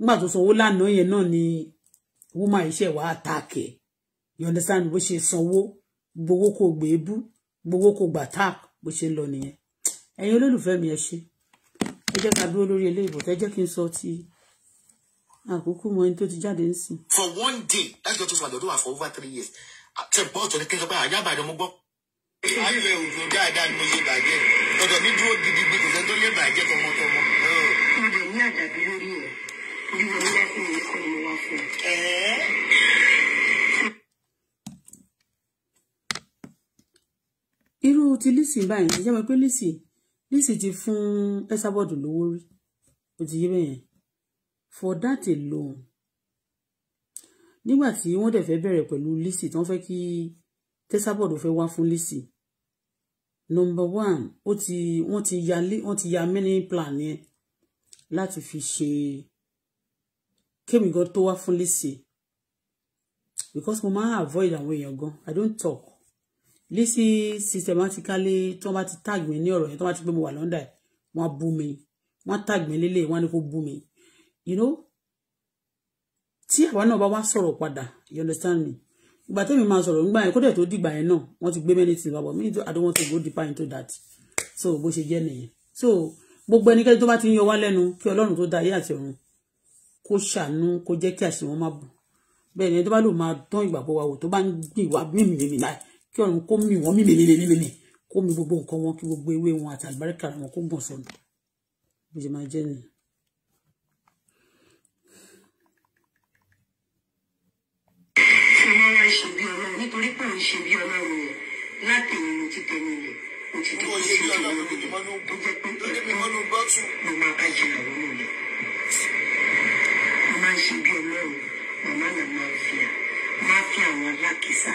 nígbà tó sanwó lánàá yẹn náà ni woman yìí ṣe wá attack ẹ̀ you understand bó ṣe sanwó gbowó kò gbé e bú gbowó kò gbà tak bó ṣe lọ nìyẹn ẹ̀yin olólùfẹ́ mi ẹ ṣe ẹ jẹ́ ká dúró lórí eléyìí bọtẹ jẹ́ kí n sọ ti àkókò mọ ẹni tó ti jáde ń for one day that's just one ọdún wa for over three years tẹ bọ́ọ̀tù ní kẹ́kẹ́ báyà yábàá ìdánwò gbọ́. ayé òjò dáadáa ni mo ṣe bàjẹ́ ọ̀dọ̀ mi dúró gidigidi kò sẹ́ni tó lè bàjẹ́ tọmọtọmọ. mo lè ní àdàbí lórí rẹ̀ bí mo ní wá fún mi kọ́ ni mo wá fún un. irú ti Lizzy báyìí ṣe jẹ́ pé Lizzy Lizzy ti fún Esabod lówó rí ó ti yé bẹ́yẹn for that alone nígbà tí wọ́n dẹ̀ fẹ́ bẹ̀rẹ̀ pẹ̀lú Lizzy tí wọ́n fẹ́ kí Esabod fẹ́ wá fún Lizzy number one ó ti wọ́n ti ya wọ́n ti ya many plan yẹn láti fi ṣe kémi gan tó wá fún Lizzy because mo máa avoid àwọn èèyàn gan I don't talk Lizzy systematically tí wọ́n bá ti tag mi ní ọ̀rọ̀ yẹn tí wọ́n bá ti gbé mi wà London ẹ̀ wọ́n bú mi wọ́n tag mi lélẹ̀ wọ́n á ní kó bú mi you know tí àwa náà bá wá sọ̀rọ̀ padà you understand me ìgbà tẹ́mi máa sọ̀rọ̀ nígbà yẹn kó dẹ̀ tó dìgbà yẹn náà wọ́n ti gbé many things wàbọ̀ me I don't want to go deeper into that so bó ṣe jẹ́ nìyẹn so gbogbo ẹnikẹ́ni tó bá ti ń yọ wá lẹ́nu kí Ọlọ́run tó dá ayé àti ọ̀run kó ṣàánú kó jẹ́ kí àṣìwọ́n má bù bẹ́ẹ̀ ni ẹni tó bá lò máa tán ìgbàgbọ́ wa wò tó bá ń gbìn wá mímìlímì láì kí ọ̀run kó mì wọ́n mímì mímì mímì kó mi gbogbo nǹkan wọn kí gbogbo ewé wọn àti àlùbáríkà wọn kó gbọ̀n sọnù bó ṣe máa jẹ́ nìyẹn. máa ṣe bí ọlọ́run nítorí pé òun ṣe bí ọlọ́run o láti ìrìn ti tẹ̀lé rẹ̀ o ti di oṣù tó wọlé tó jẹ́ pé ẹ̀kọ́ mo máa bá jìnnà lónìí rẹ̀. mo máa ń ṣe bí ọlọ́run màmá náà máa ń fi à máa fi àwọn alákìsà.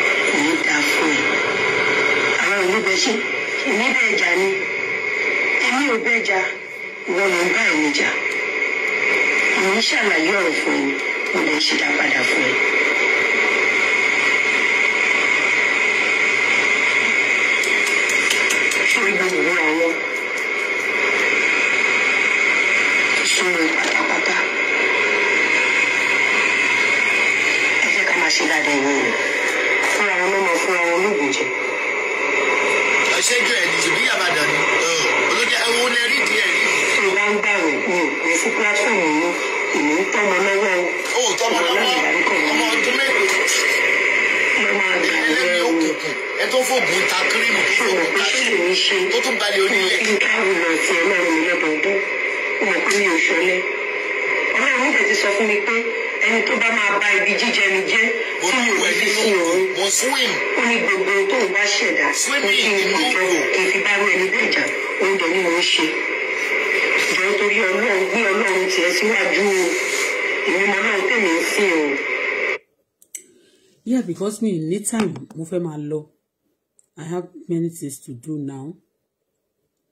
ìmúbẹ̀ ìjà ni èmi ò bẹ́ jà ìwọ ló bá èmi jà mo ń ṣàlàyé ọ̀rọ̀ fún ẹ mo lè ṣe dá padà fún ẹ. time mo fẹ́ máa lọ i have many things to do now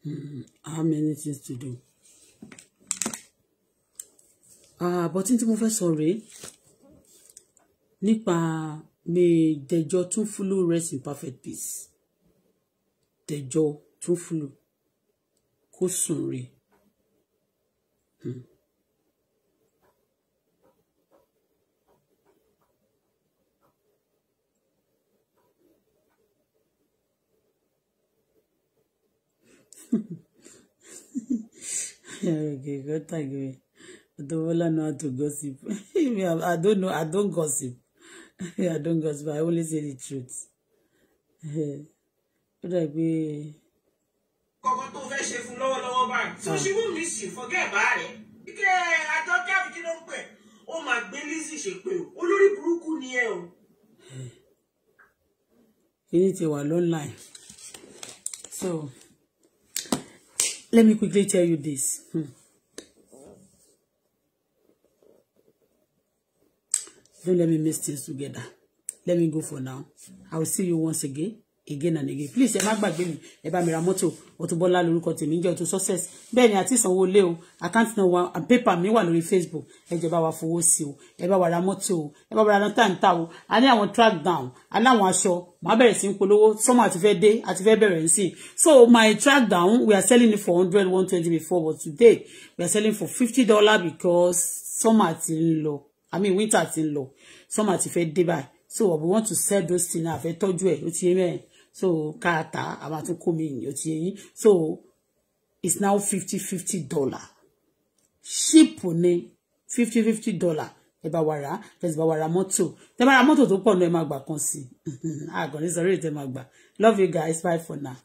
mm, i have many things to do àbọ̀tí ah, tí mo fẹ́ sọ rèé nípa may dẹjọ́ tún fúlù rest in perfect peace dẹjọ́ tún fúlù kó sùn rèé. Hmm. okay, God thank you. Adebola know how to gossip. I don't know. I don't gossip. I don't gossip. I only say the truth. Ó dàgbé. Kọ̀kọ́ So ah. she won't miss you. Forget about it. Ike àtọ́jú àbíkí ló ń pẹ̀. Ó máa gbé Lizzy ṣépè o. Olórí burúkú ni ẹ o. You need ti wà lọ́nà? So. Let me quickly tell you this. Hmm. Don't let me mix things together. Let me go for now. I will see you once again again and again please ẹ má gbàgbé mi ẹ bá mi ra mọ́tò Ọ̀túnbọ́lá lórúkọ tèmi ń jẹ́ Ọ̀tún success bẹ́ẹ̀ ni àti ìsanwó lé o àkáǹtì náà wa pépà mi wà lórí facebook ẹ jẹ́ bá wa fowó sí o ẹ bá wa ra mọ́tò o ẹ bá wa ra táǹtà o a ní àwọn track down a ní àwọn aṣọ màá bẹ̀rẹ̀ sí ń polówó sọ́mọ àti fẹ́ dé àti fẹ́ bẹ̀rẹ̀ sí so my track down we are selling it for hundred one twenty before but today we are selling for fifty dollar because sọ́mọ àti ń lọ i mean winter ti ń lọ sọ́mọ àti fẹ́ dé báyìí so we want to sell those things àfẹ́ tọ́jú ẹ̀ ó ti yé mẹ́rin so ká ta àwa tún kó mi ìyàn ti yín so it's now fifty fifty dollar ṣíìpù ni fifty fifty dollar ẹ bá wa rà tẹsí bá wa ra mọ́tò tẹ bá ra mọ́tò tó pọ̀ náà ẹ máa gbà kan sí i àgọ́ ní sọ eré tẹ máa gbà love you guys bye for now.